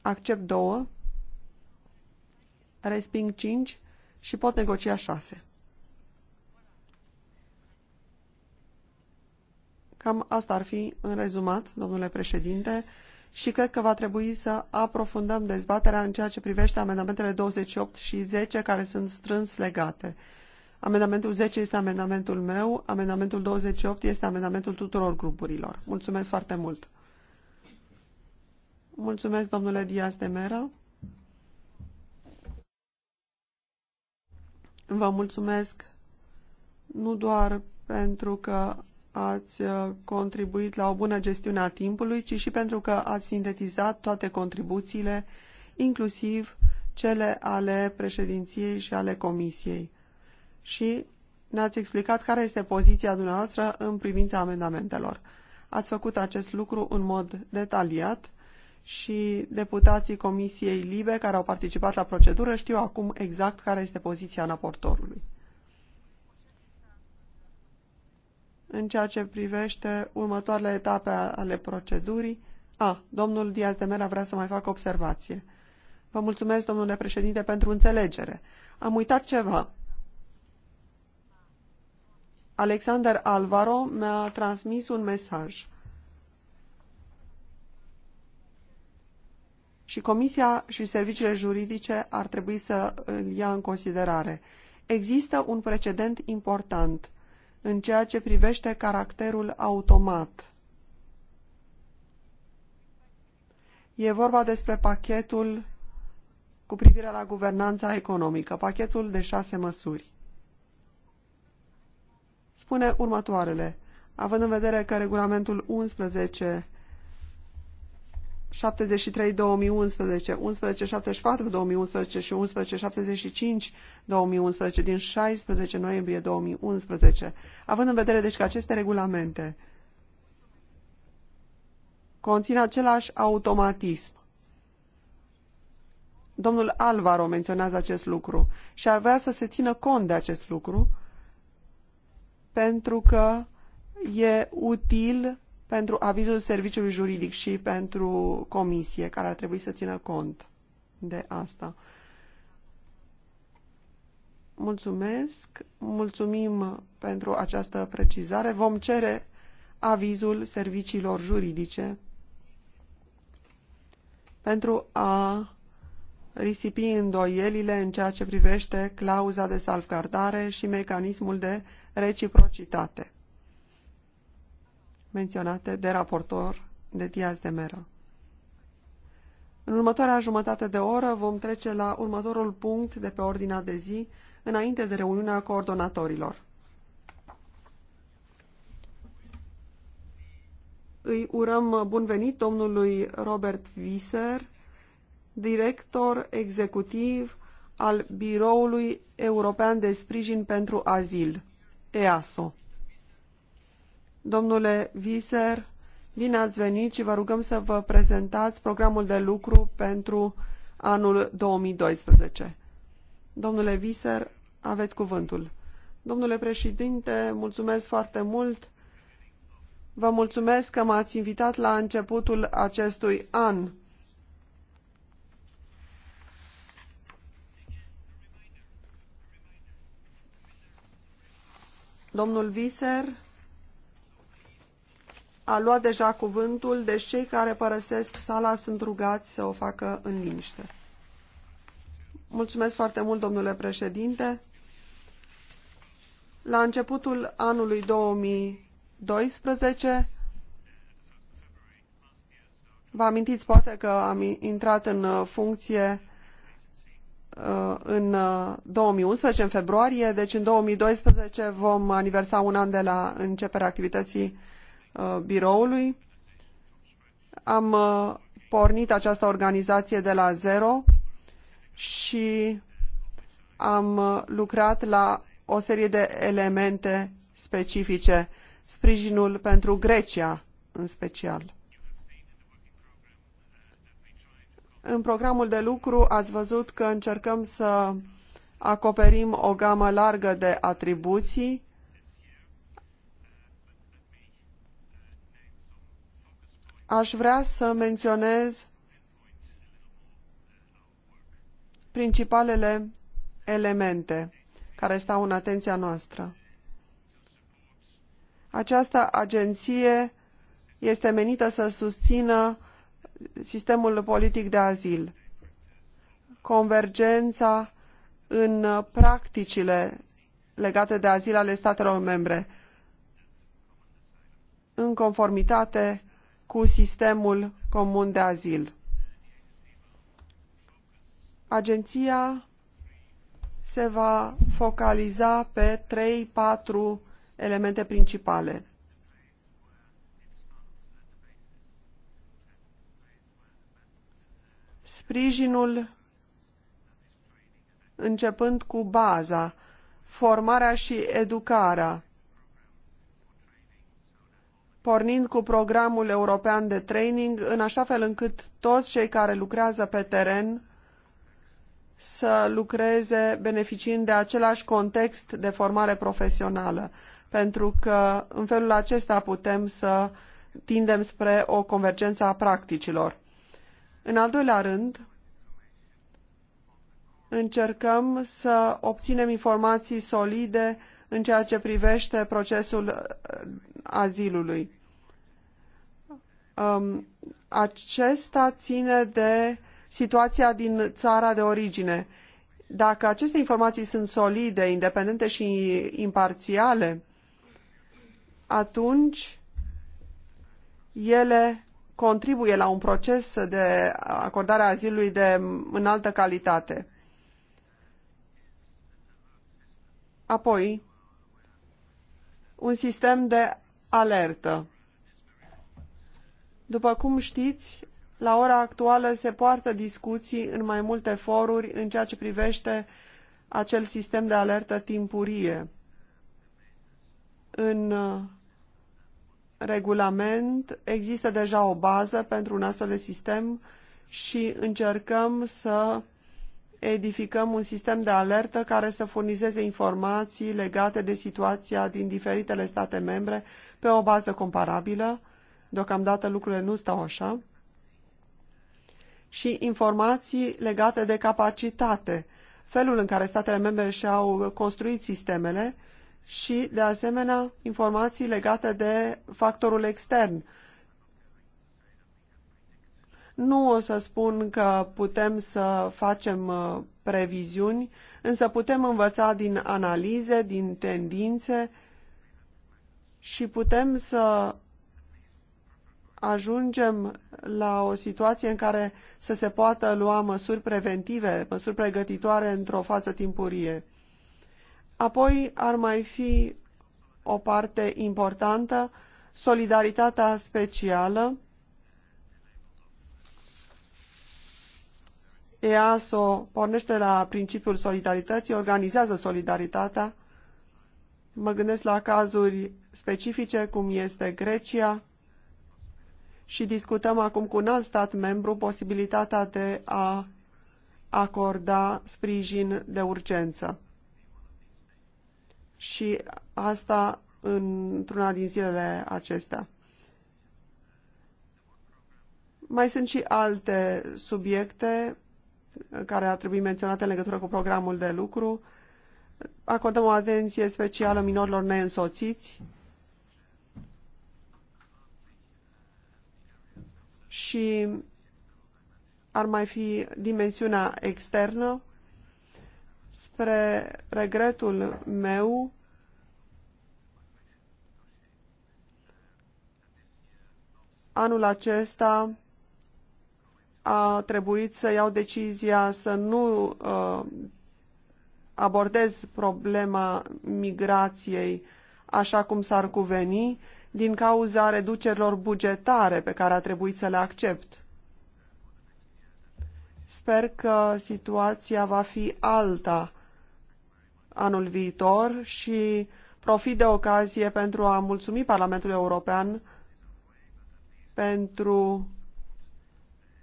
accept două, resping cinci și pot negocia șase. Cam asta ar fi, în rezumat, domnule președinte, și cred că va trebui să aprofundăm dezbaterea în ceea ce privește amendamentele 28 și 10, care sunt strâns legate. Amendamentul 10 este amendamentul meu, amendamentul 28 este amendamentul tuturor grupurilor. Mulțumesc foarte mult! Mulțumesc, domnule Diaz de Mera. Vă mulțumesc nu doar pentru că ați uh, contribuit la o bună gestiune a timpului, ci și pentru că ați sintetizat toate contribuțiile, inclusiv cele ale președinției și ale comisiei. Și ne-ați explicat care este poziția dumneavoastră în privința amendamentelor. Ați făcut acest lucru în mod detaliat și deputații Comisiei Libe care au participat la procedură știu acum exact care este poziția raportorului. în ceea ce privește următoarele etape ale procedurii. A, domnul Diaz de Mera vrea să mai facă observație. Vă mulțumesc, domnule președinte, pentru înțelegere. Am uitat ceva. Alexander Alvaro mi-a transmis un mesaj. Și Comisia și serviciile juridice ar trebui să îl ia în considerare. Există un precedent important în ceea ce privește caracterul automat. E vorba despre pachetul cu privire la guvernanța economică, pachetul de șase măsuri. Spune următoarele. Având în vedere că regulamentul 11 73 2011, 1174 2011 și 1175 2011 din 16 noiembrie 2011, având în vedere deci că aceste regulamente conțin același automatism. Domnul Alvaro menționează acest lucru și ar vrea să se țină cont de acest lucru pentru că e util pentru avizul serviciului juridic și pentru comisie, care ar trebui să țină cont de asta. Mulțumesc, mulțumim pentru această precizare. Vom cere avizul serviciilor juridice pentru a risipi îndoielile în ceea ce privește clauza de salvgardare și mecanismul de reciprocitate menționate de raportor de Diaz de Mera. În următoarea jumătate de oră vom trece la următorul punct de pe ordinea de zi, înainte de reuniunea coordonatorilor. Îi urăm bun venit domnului Robert Viser, director executiv al Biroului European de Sprijin pentru Azil, EASO. Domnule Viser, bine ați venit și vă rugăm să vă prezentați programul de lucru pentru anul 2012. Domnule Viser, aveți cuvântul. Domnule președinte, mulțumesc foarte mult. Vă mulțumesc că m-ați invitat la începutul acestui an. Domnul Viser, a luat deja cuvântul, deci cei care părăsesc sala sunt rugați să o facă în liniște. Mulțumesc foarte mult, domnule președinte. La începutul anului 2012, vă amintiți poate că am intrat în uh, funcție uh, în 2011, uh, în februarie, deci în 2012 vom aniversa un an de la începerea activității Uh, biroului. Am uh, pornit această organizație de la zero și am uh, lucrat la o serie de elemente specifice, sprijinul pentru Grecia în special. În programul de lucru ați văzut că încercăm să acoperim o gamă largă de atribuții aș vrea să menționez principalele elemente care stau în atenția noastră. Această agenție este menită să susțină sistemul politic de azil, convergența în practicile legate de azil ale statelor membre, în conformitate cu sistemul comun de azil. Agenția se va focaliza pe 3-4 elemente principale. Sprijinul începând cu baza, formarea și educarea, pornind cu programul european de training, în așa fel încât toți cei care lucrează pe teren să lucreze beneficiind de același context de formare profesională, pentru că în felul acesta putem să tindem spre o convergență a practicilor. În al doilea rând, încercăm să obținem informații solide în ceea ce privește procesul uh, azilului. Um, acesta ține de situația din țara de origine. Dacă aceste informații sunt solide, independente și imparțiale, atunci ele contribuie la un proces de acordare a azilului de înaltă calitate. Apoi, un sistem de alertă. După cum știți, la ora actuală se poartă discuții în mai multe foruri în ceea ce privește acel sistem de alertă timpurie. În uh, regulament există deja o bază pentru un astfel de sistem și încercăm să edificăm un sistem de alertă care să furnizeze informații legate de situația din diferitele state membre pe o bază comparabilă. Deocamdată lucrurile nu stau așa. Și informații legate de capacitate, felul în care statele membre și-au construit sistemele și, de asemenea, informații legate de factorul extern, nu o să spun că putem să facem uh, previziuni, însă putem învăța din analize, din tendințe și putem să ajungem la o situație în care să se poată lua măsuri preventive, măsuri pregătitoare într-o fază timpurie. Apoi ar mai fi o parte importantă, solidaritatea specială, EASO pornește la principiul solidarității, organizează solidaritatea. Mă gândesc la cazuri specifice, cum este Grecia, și discutăm acum cu un alt stat membru posibilitatea de a acorda sprijin de urgență. Și asta într-una din zilele acestea. Mai sunt și alte subiecte care ar trebui menționate în legătură cu programul de lucru. Acordăm o atenție specială minorilor neînsoțiți și ar mai fi dimensiunea externă. Spre regretul meu, anul acesta a trebuit să iau decizia să nu uh, abordez problema migrației așa cum s-ar cuveni din cauza reducerilor bugetare pe care a trebuit să le accept. Sper că situația va fi alta anul viitor și profit de ocazie pentru a mulțumi Parlamentului European pentru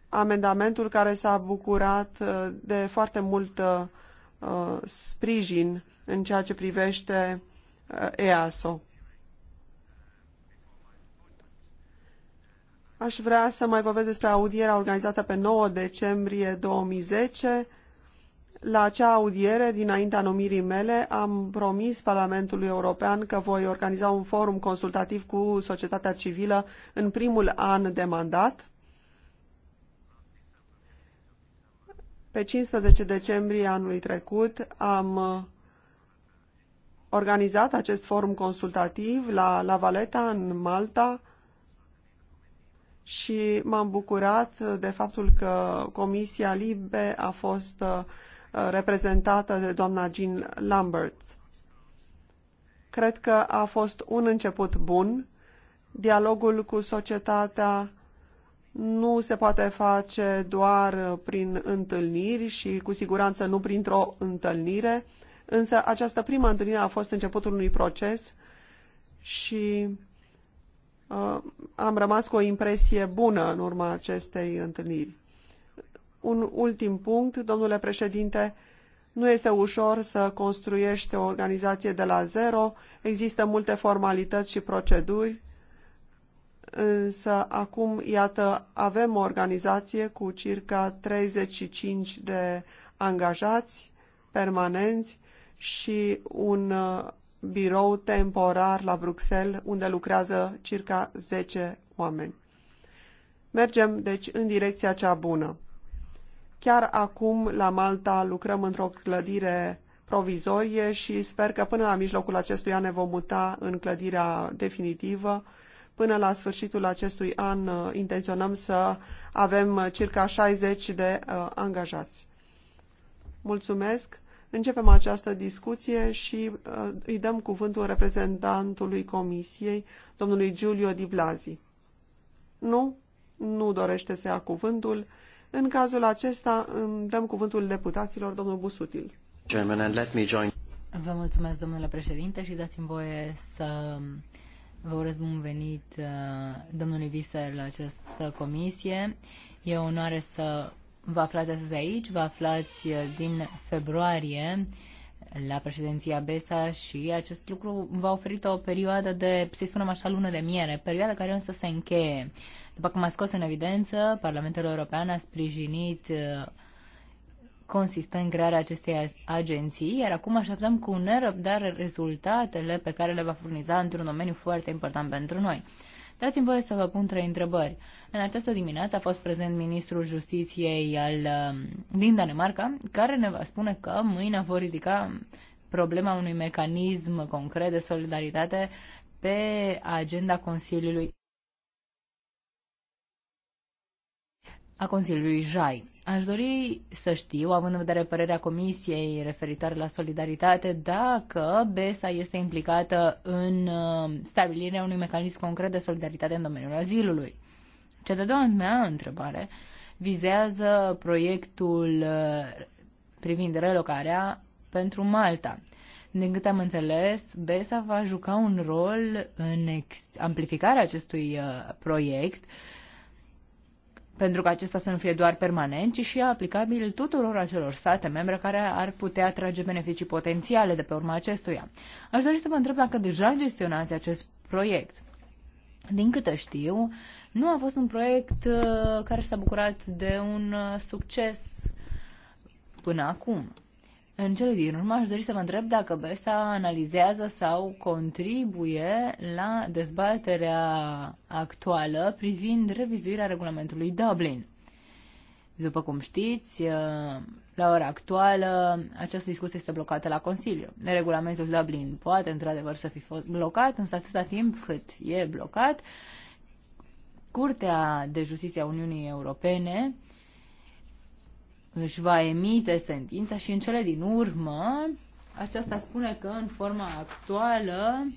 amendamentul care s-a bucurat uh, de foarte mult uh, uh, sprijin în ceea ce privește EASO. Aș vrea să mai vorbesc despre audierea organizată pe 9 decembrie 2010. La acea audiere, dinaintea numirii mele, am promis Parlamentului European că voi organiza un forum consultativ cu societatea civilă în primul an de mandat. Pe 15 decembrie anului trecut am uh, organizat acest forum consultativ la La Valeta, în Malta, și m-am bucurat de faptul că Comisia Libe a fost uh, reprezentată de doamna Jean Lambert. Cred că a fost un început bun. Dialogul cu societatea nu se poate face doar prin întâlniri și cu siguranță nu printr-o întâlnire, însă această primă întâlnire a fost începutul unui proces și uh, am rămas cu o impresie bună în urma acestei întâlniri. Un ultim punct, domnule președinte, nu este ușor să construiești o organizație de la zero, există multe formalități și proceduri, Însă acum, iată, avem o organizație cu circa 35 de angajați permanenți și un uh, birou temporar la Bruxelles, unde lucrează circa 10 oameni. Mergem, deci, în direcția cea bună. Chiar acum, la Malta, lucrăm într-o clădire provizorie și sper că până la mijlocul acestui an ne vom muta în clădirea definitivă, Până la sfârșitul acestui an uh, intenționăm să avem uh, circa 60 de uh, angajați. Mulțumesc! Începem această discuție și îi dăm cuvântul reprezentantului Comisiei, domnului Giulio Di Blasi. Nu? Nu dorește să ia cuvântul. În cazul acesta îmi dăm cuvântul deputaților, domnul Busutil. Vă mulțumesc, domnule președinte, și dați-mi voie să Vă urez bun venit uh, domnului Viser la această comisie. E o onoare să vă aflați astăzi aici. Vă aflați uh, din februarie la președinția BESA și acest lucru v-a oferit o perioadă de, să spunem așa, lună de miere, perioada care însă se încheie. După cum a scos în evidență, Parlamentul European a sprijinit uh, consistă în crearea acestei agenții, iar acum așteptăm cu nerăbdare rezultatele pe care le va furniza într-un domeniu foarte important pentru noi. Dați-mi voie să vă pun trei întrebări. În această dimineață a fost prezent ministrul justiției al, um, din Danemarca, care ne va spune că mâine vor ridica problema unui mecanism concret de solidaritate pe agenda Consiliului a Consiliului Jai. Aș dori să știu, având în vedere părerea Comisiei referitoare la solidaritate, dacă BESA este implicată în uh, stabilirea unui mecanism concret de solidaritate în domeniul azilului. Cea de doua mea întrebare vizează proiectul uh, privind relocarea pentru Malta. Din câte am înțeles, BESA va juca un rol în amplificarea acestui uh, proiect pentru că acesta să nu fie doar permanent, ci și aplicabil tuturor acelor state membre care ar putea trage beneficii potențiale de pe urma acestuia. Aș dori să vă întreb dacă deja gestionați acest proiect. Din câte știu, nu a fost un proiect uh, care s-a bucurat de un uh, succes până acum. În cele din urmă aș dori să vă întreb dacă BESA analizează sau contribuie la dezbaterea actuală privind revizuirea regulamentului Dublin. După cum știți, la ora actuală această discuție este blocată la Consiliu. Regulamentul Dublin poate într-adevăr să fi fost blocat, însă atâta timp cât e blocat, Curtea de Justiție a Uniunii Europene își va emite sentința și în cele din urmă aceasta spune că în forma actuală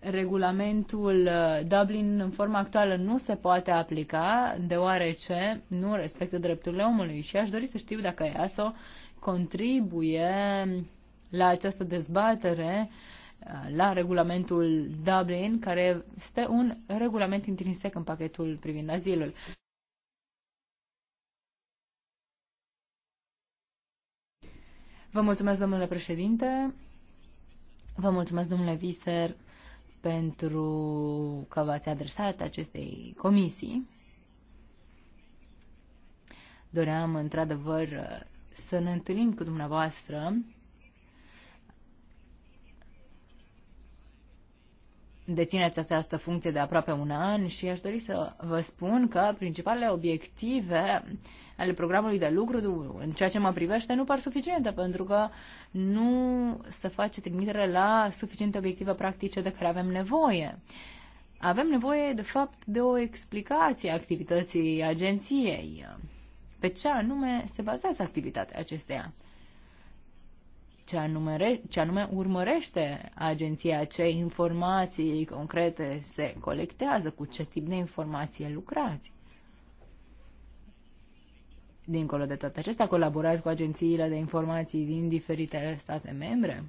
regulamentul uh, Dublin în forma actuală nu se poate aplica deoarece nu respectă drepturile omului și aș dori să știu dacă EASO contribuie la această dezbatere uh, la regulamentul Dublin, care este un regulament intrinsec în pachetul privind azilul. Vă mulțumesc, domnule președinte. Vă mulțumesc, domnule Viser, pentru că v-ați adresat acestei comisii. Doream, într-adevăr, să ne întâlnim cu dumneavoastră dețineți această funcție de aproape un an și aș dori să vă spun că principalele obiective ale programului de lucru, în ceea ce mă privește, nu par suficiente, pentru că nu se face trimitere la suficiente obiective practice de care avem nevoie. Avem nevoie, de fapt, de o explicație a activității agenției. Pe ce anume se bazează activitatea acesteia? ce anume, ce anume urmărește agenția, ce informații concrete se colectează, cu ce tip de informație lucrați. Dincolo de toate acestea, colaborați cu agențiile de informații din diferitele state membre?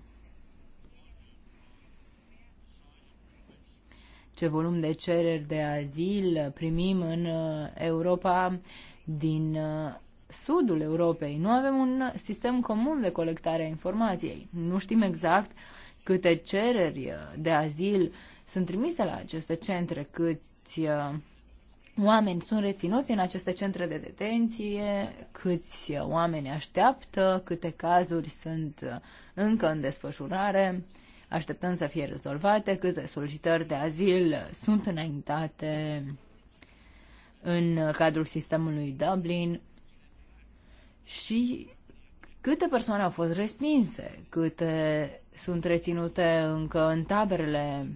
Ce volum de cereri de azil primim în uh, Europa din uh, sudul Europei. Nu avem un sistem comun de colectare a informației. Nu știm exact câte cereri de azil sunt trimise la aceste centre, câți uh, oameni sunt reținuți în aceste centre de detenție, câți oameni așteaptă, câte cazuri sunt uh, încă în desfășurare, așteptând să fie rezolvate, câte solicitări de azil sunt înaintate în cadrul sistemului Dublin și câte persoane au fost respinse, câte sunt reținute încă în taberele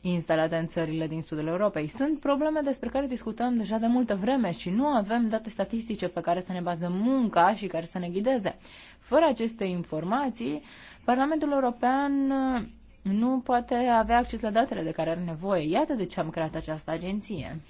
instalate în țările din sudul Europei. Sunt probleme despre care discutăm deja de multă vreme și nu avem date statistice pe care să ne bazăm munca și care să ne ghideze. Fără aceste informații, Parlamentul European uh, nu poate avea acces la datele de care are nevoie. Iată de ce am creat această agenție.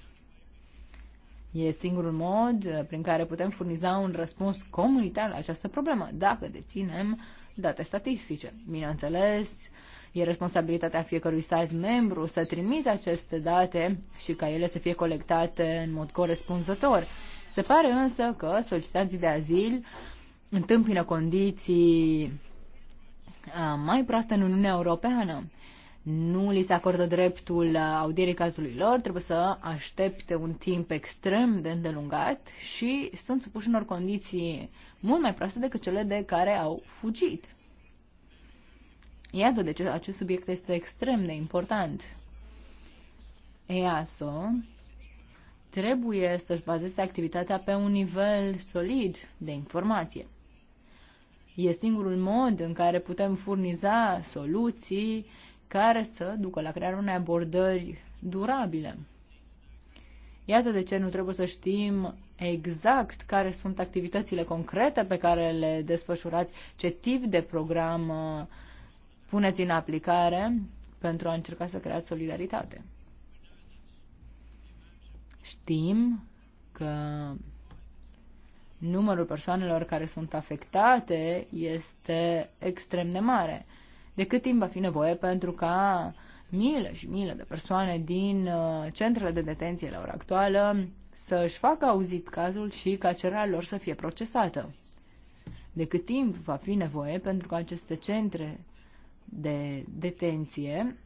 E singurul mod uh, prin care putem furniza un răspuns comunitar la această problemă, dacă deținem date statistice. Bineînțeles, e responsabilitatea fiecărui stat membru să trimite aceste date și ca ele să fie colectate în mod corespunzător. Se pare însă că solicitanții de azil întâmpină condiții uh, mai proaste în Uniunea Europeană nu li se acordă dreptul uh, audierii cazului lor, trebuie să aștepte un timp extrem de îndelungat și sunt supuși unor condiții mult mai proaste decât cele de care au fugit. Iată de ce acest subiect este extrem de important. EASO trebuie să-și bazeze activitatea pe un nivel solid de informație. E singurul mod în care putem furniza soluții care să ducă la crearea unei abordări durabile. Iată de ce nu trebuie să știm exact care sunt activitățile concrete pe care le desfășurați, ce tip de program uh, puneți în aplicare pentru a încerca să creați solidaritate. Știm că numărul persoanelor care sunt afectate este extrem de mare de cât timp va fi nevoie pentru ca mile și mile de persoane din uh, centrele de detenție la ora actuală să își facă auzit cazul și ca cererea lor să fie procesată. De cât timp va fi nevoie pentru ca aceste centre de detenție,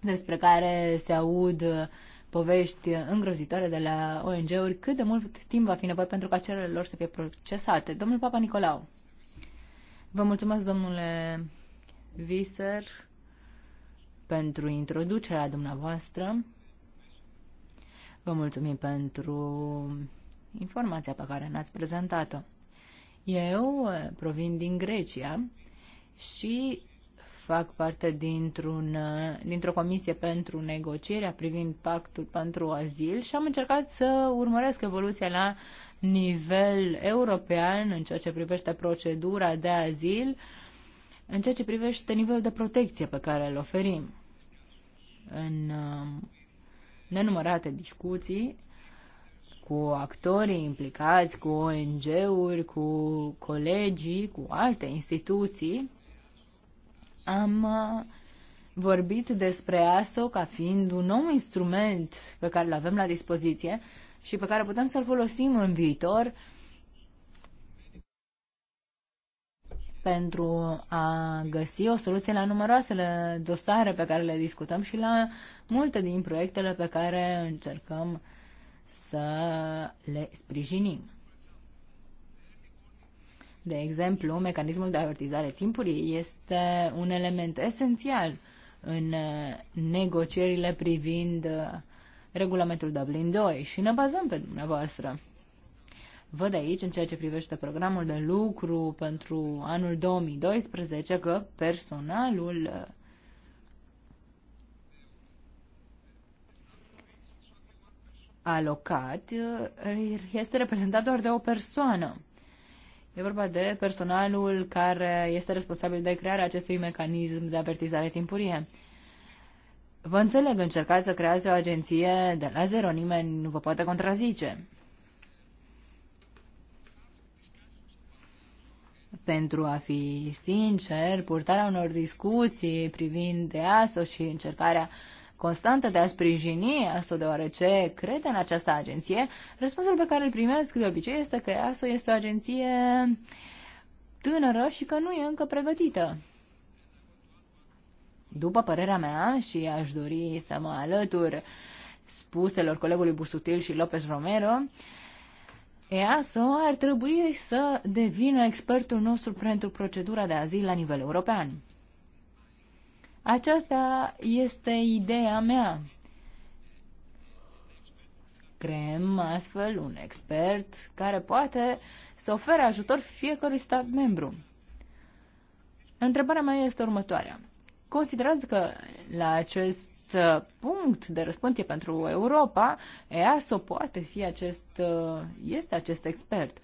despre care se aud uh, povești îngrozitoare de la ONG-uri, cât de mult timp va fi nevoie pentru ca cererile lor să fie procesate. Domnul Papa Nicolau, vă mulțumesc, domnule Viser, pentru introducerea dumneavoastră. Vă mulțumim pentru informația pe care ne-ați prezentat-o. Eu eh, provin din Grecia și fac parte dintr-un, eh, dintr-o comisie pentru negocierea privind pactul pentru azil și am încercat să urmăresc evoluția la nivel european în ceea ce privește procedura de azil uh, în ceea ce privește nivelul de protecție pe care îl oferim, în um, nenumărate discuții cu actorii implicați, cu ONG-uri, cu colegii, cu alte instituții, am uh, vorbit despre ASO ca fiind un nou instrument pe care îl avem la dispoziție și pe care putem să-l folosim în viitor uh, pentru a găsi o soluție la numeroasele dosare pe care le discutăm și la multe din proiectele pe care încercăm să le sprijinim. De exemplu, mecanismul de avertizare timpului este un element esențial în negocierile privind regulamentul Dublin 2 și ne bazăm pe dumneavoastră. Văd aici, în ceea ce privește programul de lucru pentru anul 2012, că personalul uh, alocat uh, este reprezentat doar de o persoană. E vorba de personalul care este responsabil de crearea acestui mecanism de avertizare timpurie. Vă înțeleg, încercați să creați o agenție de la zero, nimeni nu vă poate contrazice. pentru a fi sincer, purtarea unor discuții privind EASO și încercarea constantă de a sprijini EASO, deoarece crede în această agenție, răspunsul pe care îl primesc de obicei este că EASO este o agenție tânără și că nu e încă pregătită. După părerea mea, și aș dori să mă alătur spuselor colegului Busutil și Lopez Romero, EASO ar trebui să devină expertul nostru pentru procedura de azil la nivel european. Aceasta este ideea mea. Creăm astfel un expert care poate să ofere ajutor fiecărui stat membru. Întrebarea mea este următoarea. Considerați că la acest Uh, punct de răspântie pentru Europa, EASO poate fi acest, uh, este acest expert.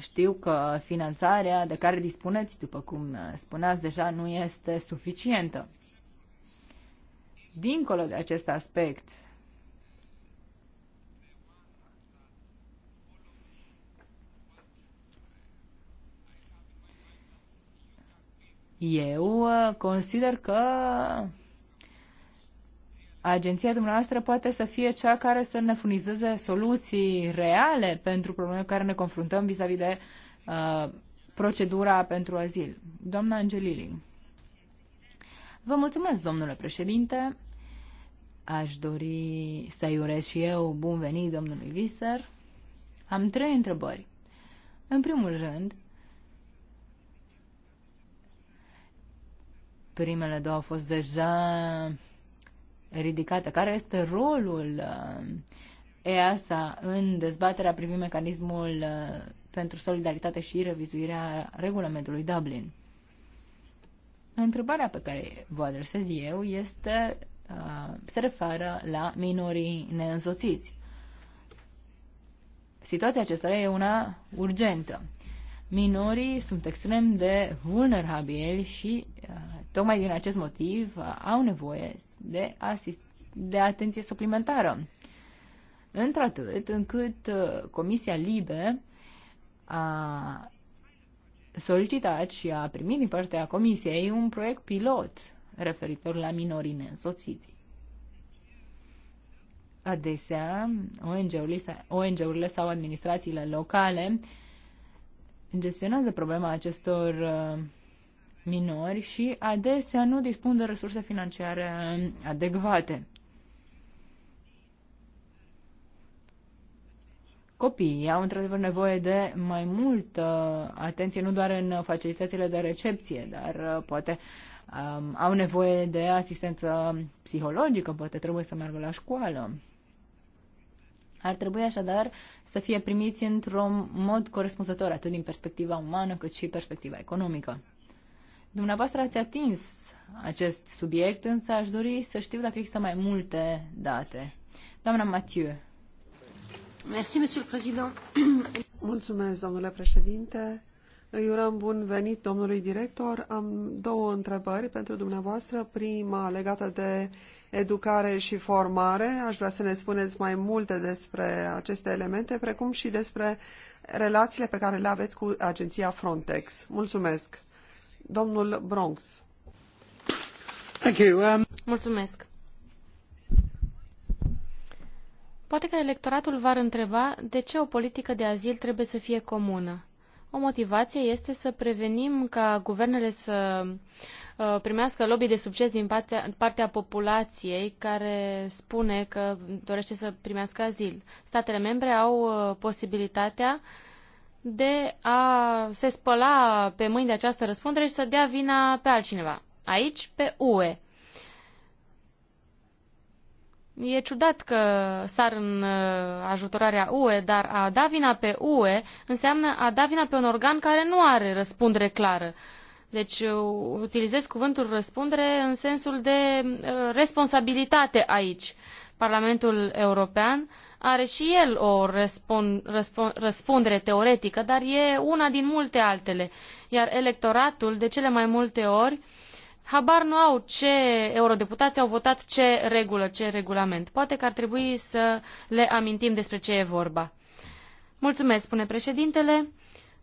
Știu că finanțarea de care dispuneți, după cum uh, spuneați deja, nu este suficientă. Dincolo de acest aspect, Eu consider că agenția dumneavoastră poate să fie cea care să ne furnizeze soluții reale pentru probleme care ne confruntăm vis-a-vis -vis de uh, procedura pentru azil. Doamna Angelili. Vă mulțumesc, domnule președinte. Aș dori să-i urez și eu bun venit domnului Viser. Am trei întrebări. În primul rând, primele două au fost deja ridicată. Care este rolul uh, EASA în dezbaterea privind mecanismul uh, pentru solidaritate și revizuirea regulamentului Dublin? Întrebarea pe care vă adresez eu este, uh, se referă la minorii neînsoțiți. Situația acestora e una urgentă minorii sunt extrem de vulnerabili și tocmai din acest motiv au nevoie de, asist, de atenție suplimentară. Într-atât încât uh, Comisia Libe a solicitat și a primit din partea Comisiei un proiect pilot referitor la minorii neînsoțiți. Adesea, ONG-urile sau administrațiile locale gestionează problema acestor uh, minori și adesea nu dispun de resurse financiare adecvate. Copiii au într-adevăr nevoie de mai multă atenție, nu doar în facilitățile de recepție, dar uh, poate um, au nevoie de asistență psihologică, poate trebuie să meargă la școală. Ar trebui așadar să fie primiți într-un mod corespunzător, atât din perspectiva umană cât și perspectiva economică. Dumneavoastră ați atins acest subiect, însă aș dori să știu dacă există mai multe date. Doamna Mathieu. Merci, monsieur le président. Mulțumesc, domnule președinte. Îi urăm bun venit domnului director. Am două întrebări pentru dumneavoastră. Prima legată de educare și formare. Aș vrea să ne spuneți mai multe despre aceste elemente, precum și despre relațiile pe care le aveți cu agenția Frontex. Mulțumesc! Domnul um, Mulțumesc. Poate că electoratul v-ar întreba de ce o politică de azil trebuie să fie comună. O motivație este să prevenim ca guvernele să uh, primească lobby de succes din partea, populației care spune că dorește să primească azil. Statele membre au uh, posibilitatea uh, de a se spăla pe mâini de această răspundere și să dea vina pe altcineva. Aici, pe UE. E ciudat că sar în uh, ajutorarea UE, dar a da vina pe UE înseamnă a da vina pe un organ care nu are răspundere clară. Deci uh, utilizez cuvântul răspundere în sensul de uh, responsabilitate aici. Parlamentul European are și el o răspund, răspund, răspundere teoretică, dar e una din multe altele. Iar electoratul, de cele mai multe ori, habar nu au ce eurodeputați au votat, ce regulă, ce regulament. Poate că ar trebui să le amintim despre ce e vorba. Mulțumesc, spune președintele.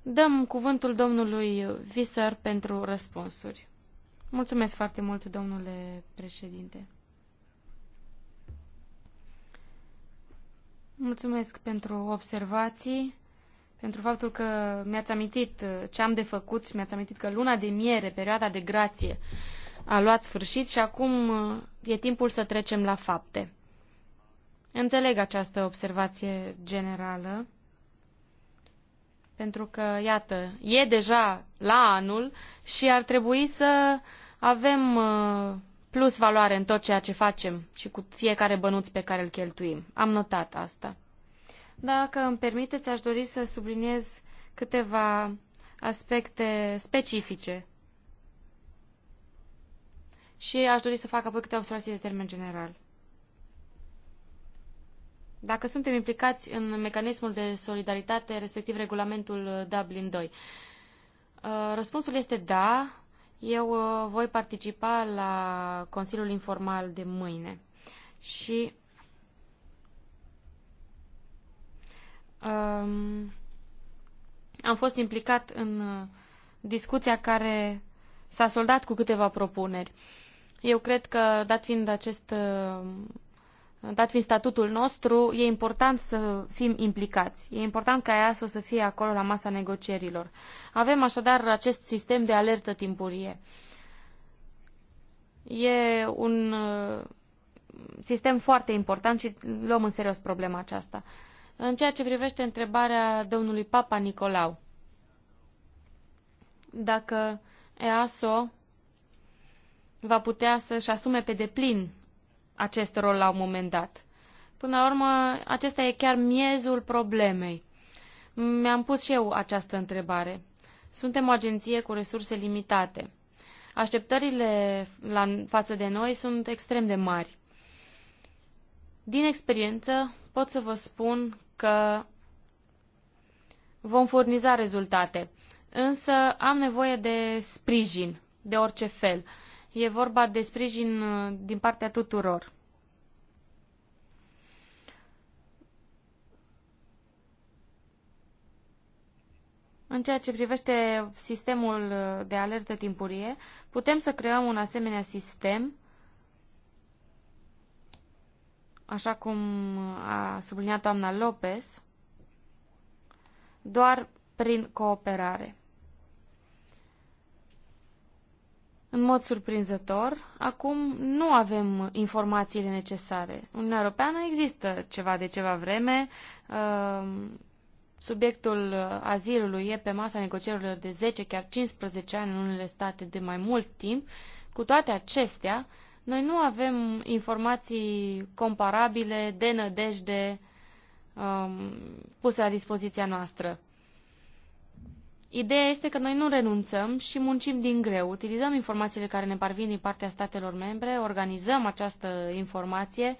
Dăm cuvântul domnului Visăr pentru răspunsuri. Mulțumesc foarte mult, domnule președinte. Mulțumesc pentru observații, pentru faptul că mi-ați amintit uh, ce am de făcut și mi-ați amintit că luna de miere, perioada de grație, a luat sfârșit și acum uh, e timpul să trecem la fapte. Înțeleg această observație generală, pentru că, iată, e deja la anul și ar trebui să avem uh, plus valoare în tot ceea ce facem și cu fiecare bănuț pe care îl cheltuim. Am notat asta. Dacă îmi permiteți, aș dori să subliniez câteva aspecte specifice și aș dori să fac apoi câte observații de termen general. Dacă suntem implicați în mecanismul de solidaritate, respectiv regulamentul Dublin 2, uh, răspunsul este da, eu uh, voi participa la Consiliul Informal de mâine și um, am fost implicat în uh, discuția care s-a soldat cu câteva propuneri. Eu cred că, dat fiind acest uh, dat fiind statutul nostru, e important să fim implicați. E important ca EASO să fie acolo la masa negocierilor. Avem așadar acest sistem de alertă timpurie. E un uh, sistem foarte important și luăm în serios problema aceasta. În ceea ce privește întrebarea domnului Papa Nicolau, dacă EASO va putea să-și asume pe deplin acest rol la un moment dat. Până la urmă, acesta e chiar miezul problemei. Mi-am pus și eu această întrebare. Suntem o agenție cu resurse limitate. Așteptările la, față de noi sunt extrem de mari. Din experiență pot să vă spun că vom furniza rezultate, însă am nevoie de sprijin de orice fel. E vorba de sprijin uh, din partea tuturor. În ceea ce privește sistemul uh, de alertă timpurie, putem să creăm un asemenea sistem, așa cum uh, a subliniat doamna Lopez, doar prin cooperare. În mod surprinzător, acum nu avem informațiile necesare. În Uniunea Europeană există ceva de ceva vreme. Ehm, subiectul azilului e pe masa negocierilor de 10, chiar 15 ani în unele state de mai mult timp. Cu toate acestea, noi nu avem informații comparabile de nădejde ehm, puse la dispoziția noastră. Ideea este că noi nu renunțăm și muncim din greu. Utilizăm informațiile care ne parvin din partea statelor membre, organizăm această informație,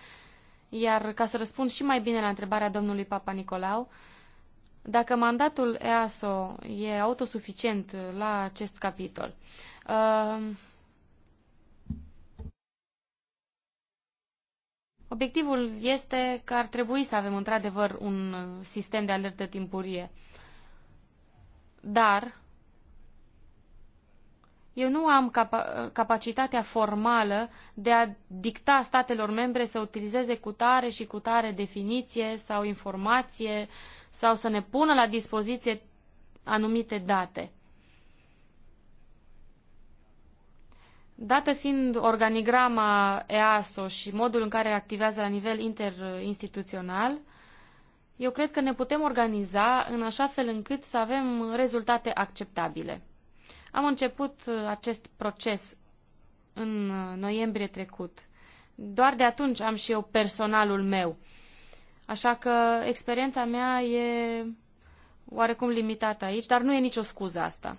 iar ca să răspund și mai bine la întrebarea domnului Papa Nicolau, dacă mandatul EASO e autosuficient la acest capitol. Uh, obiectivul este că ar trebui să avem într-adevăr un sistem de alertă timpurie. Uh, dar eu nu am capacitatea formală de a dicta statelor membre să utilizeze cu tare și cu tare definiție sau informație sau să ne pună la dispoziție anumite date. Dată fiind organigrama EASO și modul în care activează la nivel interinstituțional, eu cred că ne putem organiza în așa fel încât să avem rezultate acceptabile. Am început uh, acest proces în uh, noiembrie trecut. Doar de atunci am și eu personalul meu. Așa că experiența mea e oarecum limitată aici, dar nu e nicio scuză asta.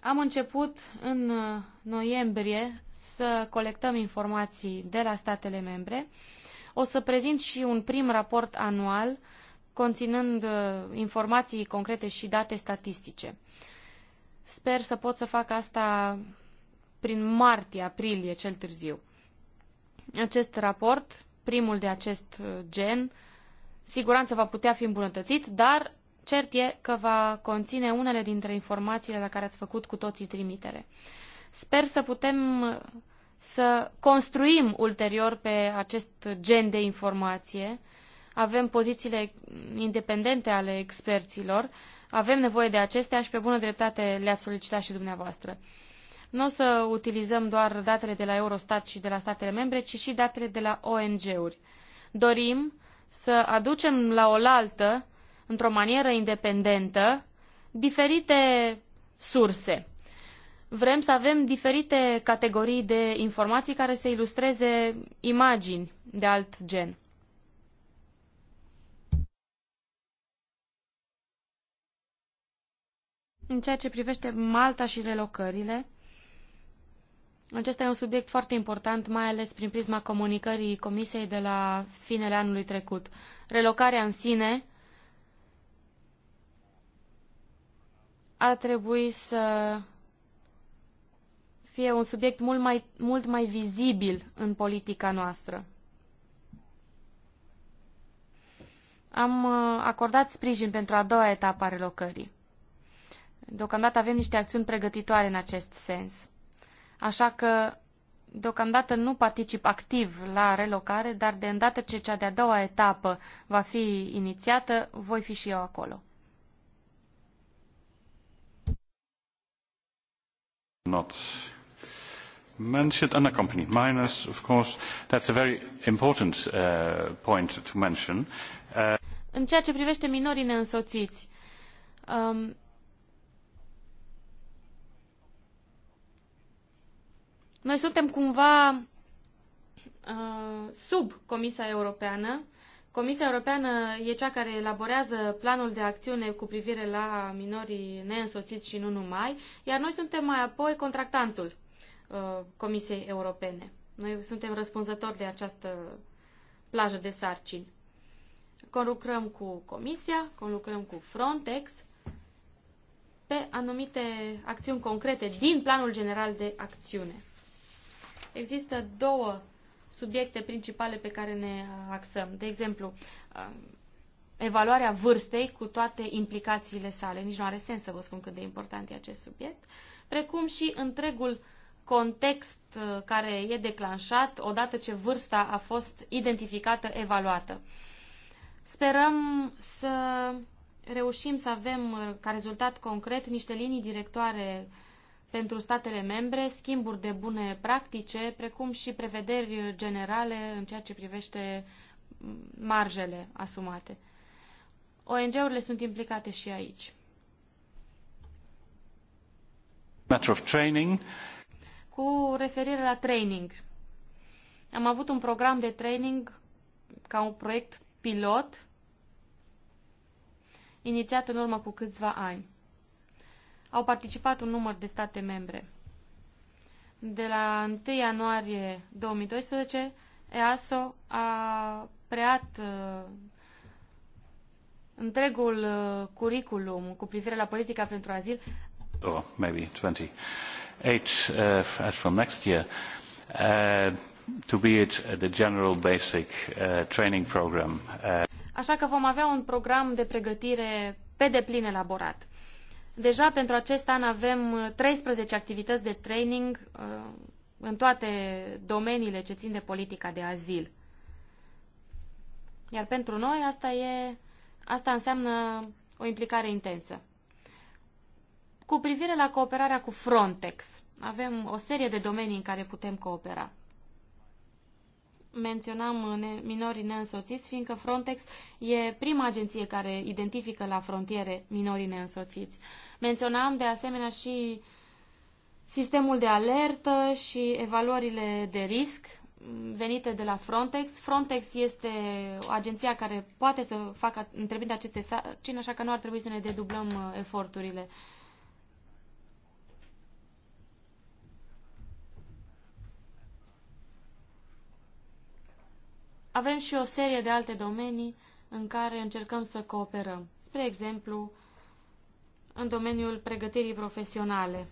Am început în uh, noiembrie să colectăm informații de la statele membre o să prezint și un prim raport anual conținând uh, informații concrete și date statistice. Sper să pot să fac asta prin martie-aprilie cel târziu. Acest raport, primul de acest uh, gen, siguranță va putea fi îmbunătățit, dar cert e că va conține unele dintre informațiile la care ați făcut cu toții trimitere. Sper să putem uh, să construim ulterior pe acest gen de informație. Avem pozițiile independente ale experților, avem nevoie de acestea și pe bună dreptate le-ați solicitat și dumneavoastră. Nu o să utilizăm doar datele de la Eurostat și de la statele membre, ci și datele de la ONG-uri. Dorim să aducem la oaltă, într-o manieră independentă, diferite surse Vrem să avem diferite categorii de informații care să ilustreze imagini de alt gen. În ceea ce privește Malta și relocările, acesta e un subiect foarte important, mai ales prin prisma comunicării Comisiei de la finele anului trecut. Relocarea în sine a trebuit să fie un subiect mult mai, mult mai vizibil în politica noastră. Am uh, acordat sprijin pentru a doua etapă a relocării. Deocamdată avem niște acțiuni pregătitoare în acest sens. Așa că, deocamdată nu particip activ la relocare, dar de îndată ce cea de-a doua etapă va fi inițiată, voi fi și eu acolo. Not mentioned unaccompanied minors, of course, that's a very important uh, point to mention. Uh... În ceea ce privește minorii neînsoțiți, um, noi suntem cumva uh, sub Comisia Europeană. Comisia Europeană e cea care elaborează planul de acțiune cu privire la minorii neînsoțiți și nu numai, iar noi suntem mai apoi contractantul Uh, Comisiei Europene. Noi suntem răspunzători de această plajă de sarcini. Conlucrăm cu Comisia, conlucrăm cu Frontex pe anumite acțiuni concrete din Planul General de Acțiune. Există două subiecte principale pe care ne axăm. De exemplu, uh, evaluarea vârstei cu toate implicațiile sale. Nici nu are sens să vă spun cât de important e acest subiect, precum și întregul context uh, care e declanșat odată ce vârsta a fost identificată, evaluată. Sperăm să reușim să avem uh, ca rezultat concret niște linii directoare pentru statele membre, schimburi de bune practice, precum și prevederi generale în ceea ce privește mm, marjele asumate. ONG-urile sunt implicate și aici. Matter of training, cu referire la training. Am avut un program de training ca un proiect pilot inițiat în urmă cu câțiva ani. Au participat un număr de state membre. De la 1 ianuarie 2012, EASO a preat uh, întregul uh, curriculum cu privire la politica pentru azil. Oh, maybe 20 eight uh, as from next year, uh, to be it the general basic uh, training program. Uh. Așa că vom avea un program de pregătire pe deplin elaborat. Deja pentru acest an avem 13 activități de training uh, în toate domeniile ce țin de politica de azil. Iar pentru noi asta, e, asta înseamnă o implicare intensă. Cu privire la cooperarea cu Frontex, avem o serie de domenii în care putem coopera. Menționam minorii neînsoțiți, fiindcă Frontex e prima agenție care identifică la frontiere minorii neînsoțiți. Menționam de asemenea și sistemul de alertă și evaluările de risc venite de la Frontex. Frontex este agenția care poate să facă întrebind aceste sarcini, așa că nu ar trebui să ne dedublăm uh, eforturile. Uh, avem și o serie de alte domenii în care încercăm să cooperăm. Spre exemplu, în domeniul pregătirii profesionale,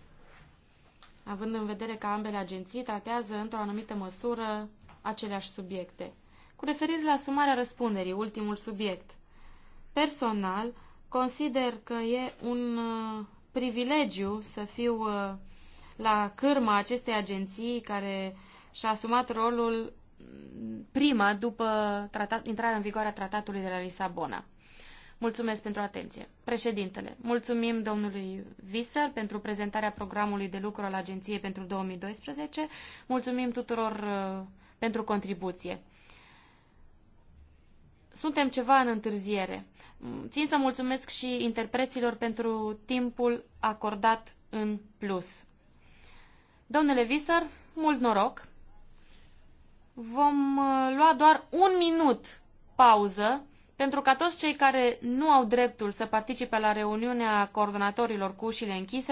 având în vedere că ambele agenții tratează într-o anumită măsură aceleași subiecte. Cu referire la sumarea răspunderii, ultimul subiect, personal, consider că e un uh, privilegiu să fiu uh, la cârma acestei agenții care și-a asumat rolul prima după tratat, intrarea în vigoare a tratatului de la Lisabona. Mulțumesc pentru atenție. Președintele, mulțumim domnului Visser pentru prezentarea programului de lucru al Agenției pentru 2012. Mulțumim tuturor uh, pentru contribuție. Suntem ceva în întârziere. Țin să mulțumesc și interpreților pentru timpul acordat în plus. Domnule Visser, mult noroc! vom uh, lua doar un minut pauză pentru ca toți cei care nu au dreptul să participe la reuniunea coordonatorilor cu ușile închise